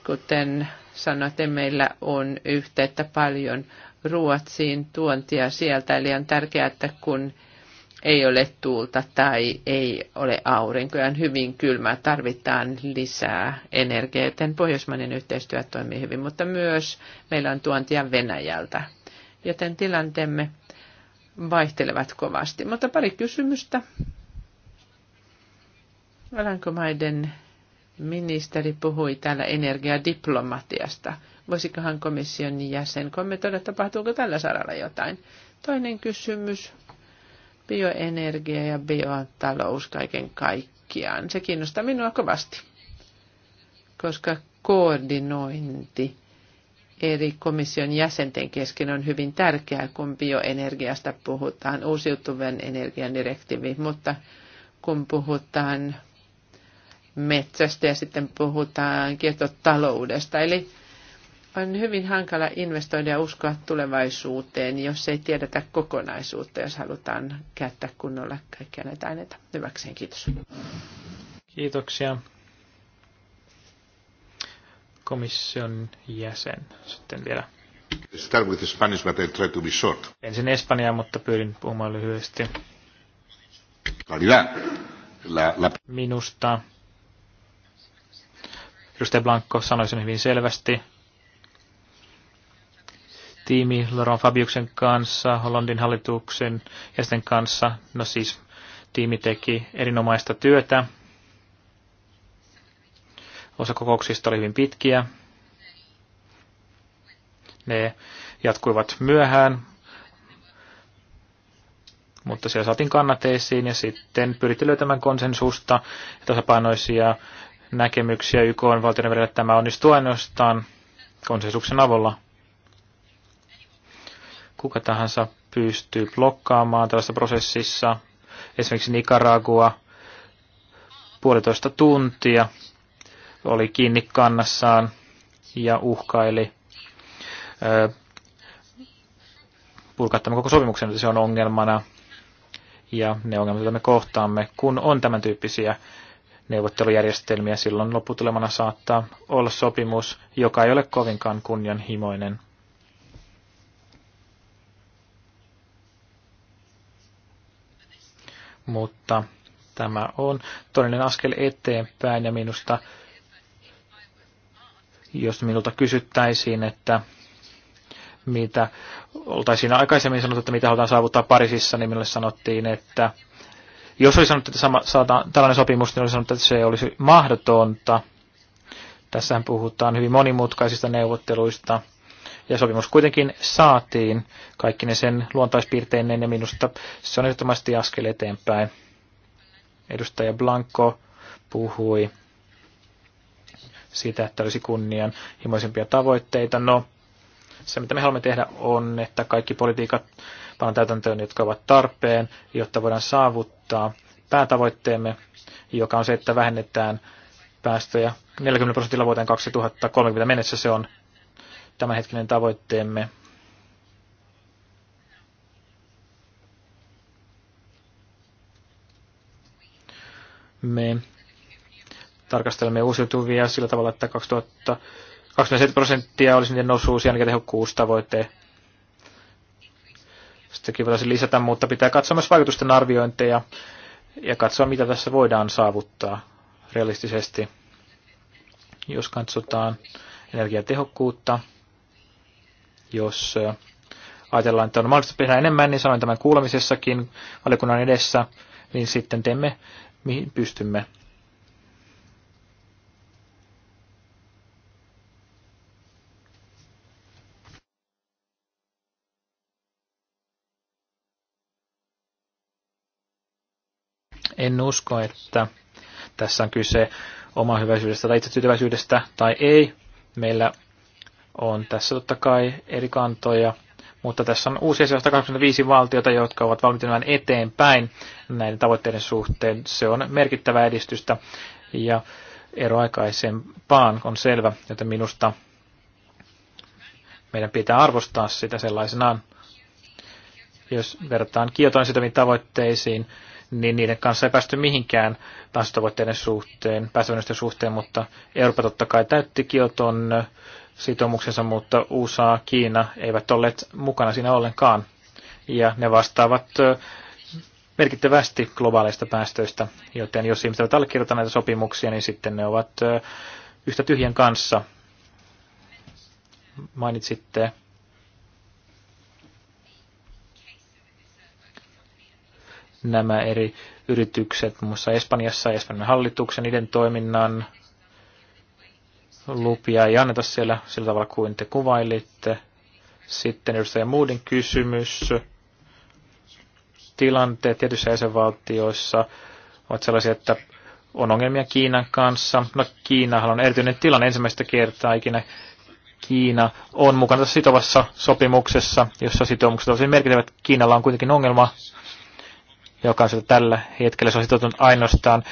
kuten sanoitte, meillä on yhteyttä paljon Ruotsiin tuontia sieltä, eli on tärkeää, että kun ei ole tuulta tai ei ole aurinkoja, on hyvin kylmää, tarvitaan lisää energiaa, joten pohjoismainen yhteistyö toimii hyvin, mutta myös meillä on tuontia Venäjältä, joten tilanteemme vaihtelevat kovasti. Mutta pari kysymystä. Alankomaiden ministeri puhui täällä energiadiplomatiasta. Voisikohan komission jäsen kommentoida, tapahtuuko tällä saralla jotain? Toinen kysymys bioenergia ja biotalous kaiken kaikkiaan. Se kiinnostaa minua kovasti, koska koordinointi eri komission jäsenten kesken on hyvin tärkeää, kun bioenergiasta puhutaan, uusiutuvan energian direktiivi, mutta kun puhutaan metsästä ja sitten puhutaan kiertotaloudesta. Eli on hyvin hankala investoida ja uskoa tulevaisuuteen, jos ei tiedetä kokonaisuutta, jos halutaan käyttää kunnolla kaikkia näitä aineita hyväkseen. Kiitos. Kiitoksia. Komission jäsen sitten vielä. Start with Spanish, but I try to be short. Ensin Espanjaa, mutta pyrin puhumaan lyhyesti. Minusta. Juste Blanco sanoi sen hyvin selvästi tiimi Laurent Fabiuksen kanssa, Hollandin hallituksen jäsen kanssa. No siis tiimi teki erinomaista työtä. Osa kokouksista oli hyvin pitkiä. Ne jatkuivat myöhään, mutta siellä saatiin kannateisiin ja sitten pyrittiin löytämään konsensusta ja tasapainoisia näkemyksiä YK on valtioiden välillä. Tämä onnistuu ainoastaan konsensuksen avulla kuka tahansa pystyy blokkaamaan tällaisessa prosessissa. Esimerkiksi Nicaragua puolitoista tuntia oli kiinni kannassaan ja uhkaili ö, purkattamaan koko sopimuksen, että se on ongelmana. Ja ne ongelmat, joita me kohtaamme, kun on tämän tyyppisiä neuvottelujärjestelmiä, silloin lopputulemana saattaa olla sopimus, joka ei ole kovinkaan kunnianhimoinen. mutta tämä on todellinen askel eteenpäin ja minusta, jos minulta kysyttäisiin, että mitä oltaisiin aikaisemmin sanottu, että mitä halutaan saavuttaa Pariisissa, niin minulle sanottiin, että jos olisi sanottu, että sama, saadaan tällainen sopimus, niin olisi sanottu, että se olisi mahdotonta. Tässähän puhutaan hyvin monimutkaisista neuvotteluista, ja sopimus kuitenkin saatiin kaikki ne sen luontaispiirteineen ja minusta se on ehdottomasti askel eteenpäin. Edustaja Blanco puhui siitä, että olisi kunnianhimoisempia tavoitteita. No, se mitä me haluamme tehdä on, että kaikki politiikat pannaan täytäntöön, jotka ovat tarpeen, jotta voidaan saavuttaa päätavoitteemme, joka on se, että vähennetään päästöjä 40 prosentilla vuoteen 2030 mennessä. Se on tämänhetkinen tavoitteemme. Me tarkastelemme uusiutuvia sillä tavalla, että 2000, 27 prosenttia olisi niiden nousu uusi ainakin tehokkuustavoite. Sitäkin voitaisiin lisätä, mutta pitää katsoa myös vaikutusten arviointeja ja katsoa, mitä tässä voidaan saavuttaa realistisesti. Jos katsotaan energiatehokkuutta, jos ajatellaan, että on mahdollista tehdä enemmän, niin sanoin tämän kuulemisessakin valiokunnan edessä, niin sitten teemme, mihin pystymme. En usko, että tässä on kyse oma hyväisyydestä tai itsetyytyväisyydestä tai ei. Meillä on tässä totta kai eri kantoja, mutta tässä on uusia 125 valtiota, jotka ovat valmiityneet eteenpäin näiden tavoitteiden suhteen. Se on merkittävää edistystä ja eroaikaisempaan on selvä, joten minusta meidän pitää arvostaa sitä sellaisenaan. Jos verrataan Kioton sitoviin tavoitteisiin, niin niiden kanssa ei päästy mihinkään päästötavoitteiden suhteen, päästövähennysten suhteen, mutta Eurooppa totta kai täytti Kioton sitoumuksensa, mutta USA, Kiina eivät olleet mukana siinä ollenkaan. Ja ne vastaavat merkittävästi globaaleista päästöistä, joten jos ihmiset eivät allekirjoita näitä sopimuksia, niin sitten ne ovat yhtä tyhjän kanssa. Mainitsitte nämä eri yritykset, muun muassa Espanjassa, Espanjan hallituksen, niiden toiminnan, lupia ei anneta siellä sillä tavalla kuin te kuvailitte. Sitten edustaja Moodin kysymys. Tilanteet tietyissä jäsenvaltioissa ovat sellaisia, että on ongelmia Kiinan kanssa. No Kiinahan on erityinen tilanne ensimmäistä kertaa ikinä. Kiina on mukana tässä sitovassa sopimuksessa, jossa sitoumukset ovat merkittävät. Kiinalla on kuitenkin ongelma, joka on tällä hetkellä se on sitoutunut ainoastaan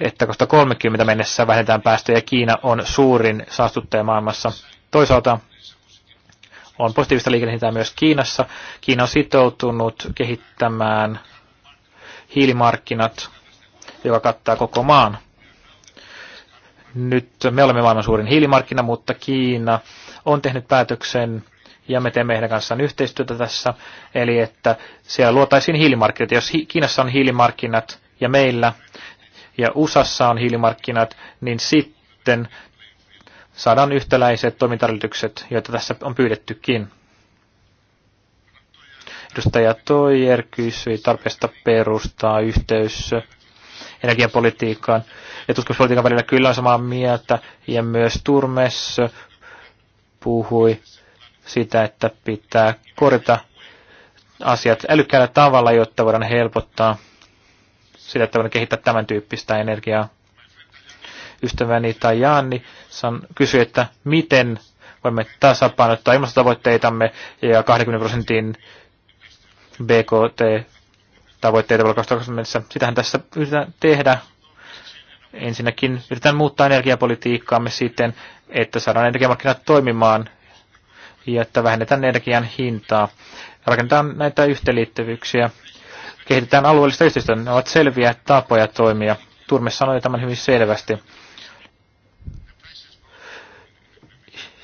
että kohta 30 mennessä vähennetään päästöjä. Kiina on suurin saastuttaja maailmassa. Toisaalta on positiivista liikennettä myös Kiinassa. Kiina on sitoutunut kehittämään hiilimarkkinat, joka kattaa koko maan. Nyt me olemme maailman suurin hiilimarkkina, mutta Kiina on tehnyt päätöksen ja me teemme heidän kanssaan yhteistyötä tässä, eli että siellä luotaisiin hiilimarkkinat. Jos Kiinassa on hiilimarkkinat ja meillä, ja USAssa on hiilimarkkinat, niin sitten saadaan yhtäläiset toimintaedellytykset, joita tässä on pyydettykin. Edustaja Toijer kysyi tarpeesta perustaa yhteys energiapolitiikkaan ja tutkimuspolitiikan välillä kyllä on samaa mieltä, ja myös Turmes puhui sitä, että pitää korjata asiat älykkäällä tavalla, jotta voidaan helpottaa sitä, että voidaan kehittää tämän tyyppistä energiaa. Ystäväni tai Jaanni kysyi, että miten voimme tasapainottaa ilmastotavoitteitamme ja 20 prosentin BKT-tavoitteita vuonna 2020. Sitähän tässä yritetään tehdä. Ensinnäkin yritetään muuttaa energiapolitiikkaamme siten, että saadaan energiamarkkinat toimimaan ja että vähennetään energian hintaa. Rakennetaan näitä yhteenliittyvyyksiä kehitetään alueellista yhteistyötä. Ne ovat selviä tapoja toimia. Turme sanoi tämän hyvin selvästi.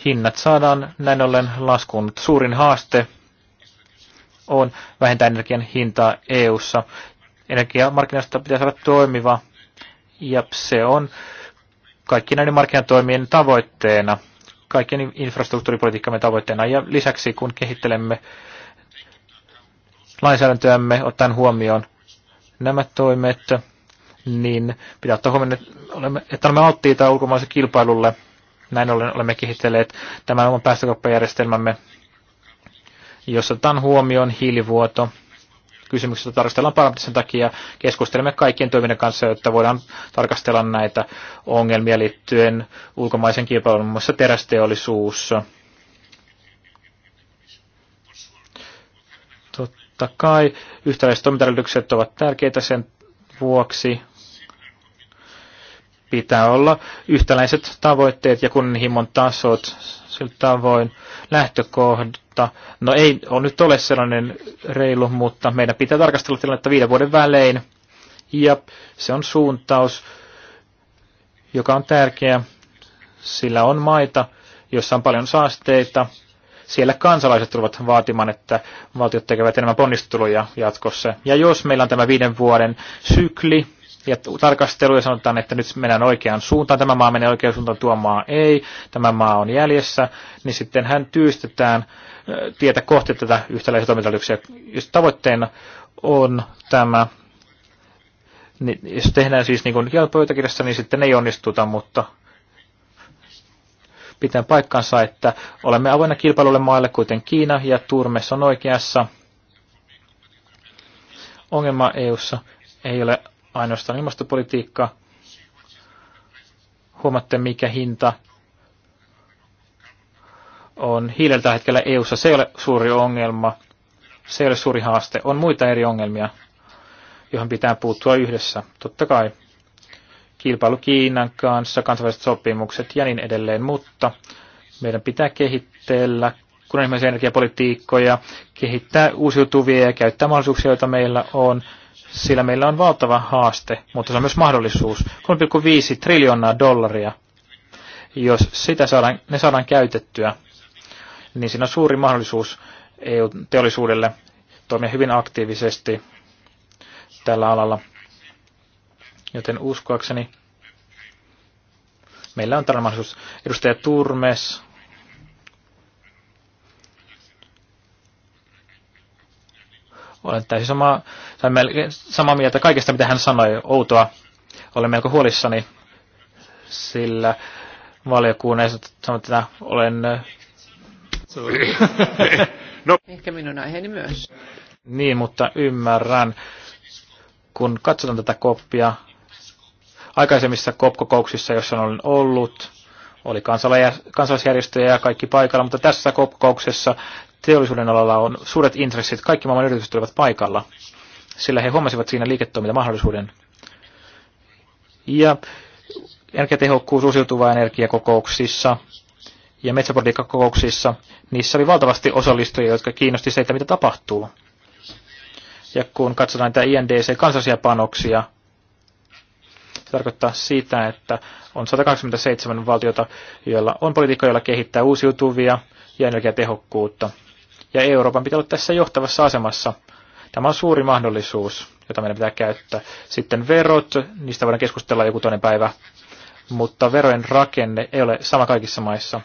Hinnat saadaan näin ollen laskuun. Suurin haaste on vähentää energian hintaa EU-ssa. Energiamarkkinoista pitää saada toimiva, ja se on kaikki näiden markkinatoimien tavoitteena, kaikkien infrastruktuuripolitiikkamme tavoitteena. Ja lisäksi kun kehittelemme lainsäädäntöämme ottaen huomioon nämä toimet, niin pitää ottaa huomioon, että olemme, että olemme alttiita ulkomaisen kilpailulle. Näin ollen olemme kehitelleet tämän oman päästökauppajärjestelmämme, jossa otetaan huomioon hiilivuoto. Kysymykset tarkastellaan parantamisen sen takia. Keskustelemme kaikkien toiminnan kanssa, jotta voidaan tarkastella näitä ongelmia liittyen ulkomaisen kilpailun, muun muassa terästeollisuus. Totta Totta kai yhtäläiset toimintaedellytykset ovat tärkeitä sen vuoksi. Pitää olla yhtäläiset tavoitteet ja kunnianhimon tasot sillä tavoin lähtökohta. No ei on nyt ole sellainen reilu, mutta meidän pitää tarkastella tilannetta viiden vuoden välein. Ja se on suuntaus, joka on tärkeä, sillä on maita, jossa on paljon saasteita, siellä kansalaiset tulevat vaatimaan, että valtiot tekevät enemmän ponnisteluja jatkossa. Ja jos meillä on tämä viiden vuoden sykli, ja tarkastelu ja sanotaan, että nyt mennään oikeaan suuntaan, tämä maa menee oikeaan suuntaan, tuo maa ei, tämä maa on jäljessä, niin sitten hän tyystetään tietä kohti tätä yhtäläisiä toimintalyksiä. Jos tavoitteena on tämä, niin jos tehdään siis niin kuin niin sitten ei onnistuta, mutta pitää paikkansa, että olemme avoinna kilpailulle maille, kuten Kiina ja Turmes on oikeassa. Ongelma EU:ssa ei ole ainoastaan ilmastopolitiikka. Huomatte, mikä hinta on hiileltä hetkellä EU:ssa. Se ei ole suuri ongelma. Se ei ole suuri haaste. On muita eri ongelmia, johon pitää puuttua yhdessä, totta kai kilpailu Kiinan kanssa, kansainväliset sopimukset ja niin edelleen, mutta meidän pitää kehitellä kunnianhimoisia energiapolitiikkoja, kehittää uusiutuvia ja käyttää mahdollisuuksia, joita meillä on, sillä meillä on valtava haaste, mutta se on myös mahdollisuus. 3,5 triljoonaa dollaria, jos sitä saadaan, ne saadaan käytettyä, niin siinä on suuri mahdollisuus EU-teollisuudelle toimia hyvin aktiivisesti tällä alalla joten uskoakseni meillä on tällainen mahdollisuus. Edustaja Turmes. Olen täysin sama, tai samaa mieltä kaikesta, mitä hän sanoi. Outoa. Olen melko huolissani, sillä valiokunnassa sanotaan, että olen... Äh, no. Ehkä minun aiheeni myös. Niin, mutta ymmärrän. Kun katsotaan tätä koppia, aikaisemmissa kopkokouksissa, joissa olen ollut, oli kansalaisjärjestöjä ja kaikki paikalla, mutta tässä kopkouksessa teollisuuden alalla on suuret intressit. Kaikki maailman yritykset olivat paikalla, sillä he huomasivat siinä liiketoimintamahdollisuuden. Ja energiatehokkuus uusiutuvaa energiakokouksissa ja metsäpolitiikkakokouksissa, niissä oli valtavasti osallistujia, jotka kiinnosti se, että mitä tapahtuu. Ja kun katsotaan tätä INDC-kansallisia panoksia, tarkoittaa sitä, että on 187 valtiota, joilla on politiikka, jolla kehittää uusiutuvia ja energiatehokkuutta. Ja Euroopan pitää olla tässä johtavassa asemassa. Tämä on suuri mahdollisuus, jota meidän pitää käyttää. Sitten verot, niistä voidaan keskustella joku toinen päivä, mutta verojen rakenne ei ole sama kaikissa maissa.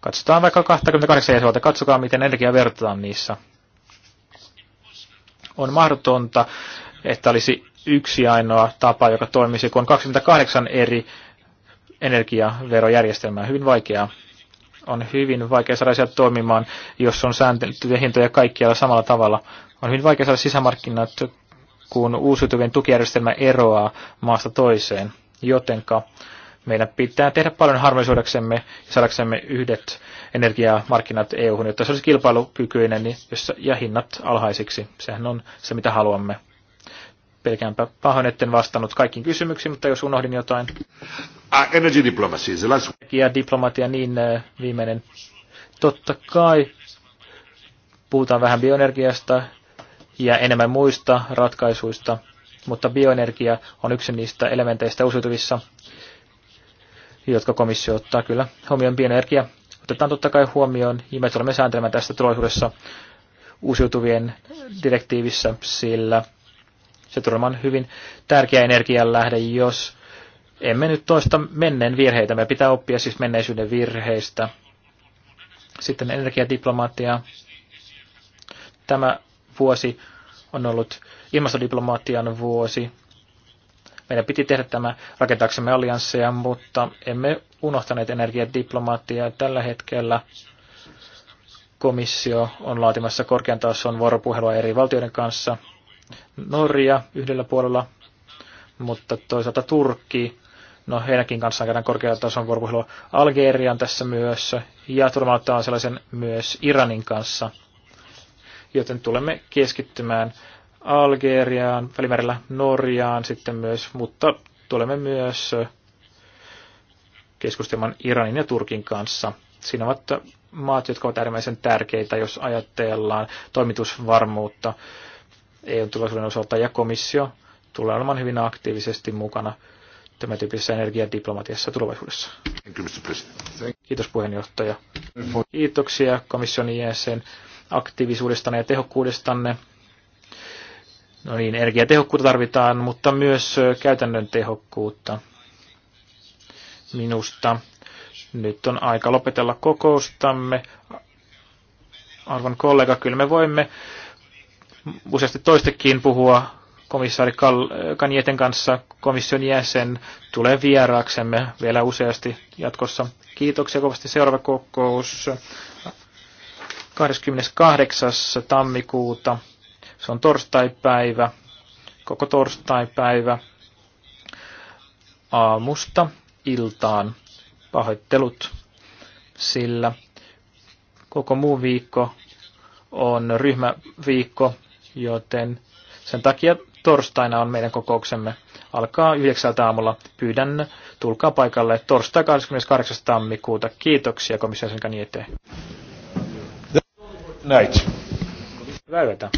Katsotaan vaikka 28 jäsenvaltiota, katsokaa miten energiaa verotetaan niissä. On mahdotonta, että olisi yksi ainoa tapa, joka toimisi, kun on 28 eri energiaverojärjestelmää. Hyvin vaikeaa. On hyvin vaikea saada sieltä toimimaan, jos on säänteltyjä hintoja kaikkialla samalla tavalla. On hyvin vaikea saada sisämarkkinat, kun uusiutuvien tukijärjestelmä eroaa maasta toiseen. Jotenka meidän pitää tehdä paljon harmonisoidaksemme ja saadaksemme yhdet energiamarkkinat EU-hun, jotta se olisi kilpailukykyinen niin ja hinnat alhaisiksi. Sehän on se, mitä haluamme. Pelkäänpä pahoin, etten vastannut kaikkiin kysymyksiin, mutta jos unohdin jotain. Uh, energy diplomacy, the last... Ja diplomatia, niin äh, viimeinen. Totta kai puhutaan vähän bioenergiasta ja enemmän muista ratkaisuista, mutta bioenergia on yksi niistä elementeistä uusiutuvissa, jotka komissio ottaa kyllä huomioon bioenergia. Otetaan totta kai huomioon, ja me tulemme sääntelemään tästä tulevaisuudessa uusiutuvien direktiivissä, sillä se tulee olemaan hyvin tärkeä energianlähde, jos emme nyt toista menneen virheitä. Me pitää oppia siis menneisyyden virheistä. Sitten energiadiplomaattia. Tämä vuosi on ollut ilmastodiplomaattian vuosi. Meidän piti tehdä tämä rakentaaksemme alliansseja, mutta emme unohtaneet energiadiplomaattia. Tällä hetkellä komissio on laatimassa korkean tason vuoropuhelua eri valtioiden kanssa – Norja yhdellä puolella, mutta toisaalta Turkki. No heidänkin kanssaan käydään korkean tason vuoropuhelua. Algerian tässä myös, ja tulemme ottaa sellaisen myös Iranin kanssa. Joten tulemme keskittymään Algeriaan, välimerellä Norjaan sitten myös, mutta tulemme myös keskustelemaan Iranin ja Turkin kanssa. Siinä ovat maat, jotka ovat äärimmäisen tärkeitä, jos ajatellaan toimitusvarmuutta EU-tulosuuden osalta ja komissio tulee olemaan hyvin aktiivisesti mukana tämän tyyppisessä energiadiplomatiassa tulevaisuudessa. Kiitos puheenjohtaja. Kiitoksia komission jäsen aktiivisuudestanne ja tehokkuudestanne. No niin, energiatehokkuutta tarvitaan, mutta myös käytännön tehokkuutta. Minusta nyt on aika lopetella kokoustamme. Arvon kollega, kyllä me voimme useasti toistekin puhua komissaari Kanieten kanssa. Komission jäsen tulee vieraaksemme vielä useasti jatkossa. Kiitoksia kovasti. Seuraava kokous 28. tammikuuta. Se on torstaipäivä, koko torstaipäivä aamusta iltaan. Pahoittelut, sillä koko muu viikko on ryhmäviikko joten sen takia torstaina on meidän kokouksemme. Alkaa yhdeksältä aamulla. Pyydän, tulkaa paikalle torstai 28. tammikuuta. Kiitoksia komission sen Näitä. Näit. Hyvää yötä.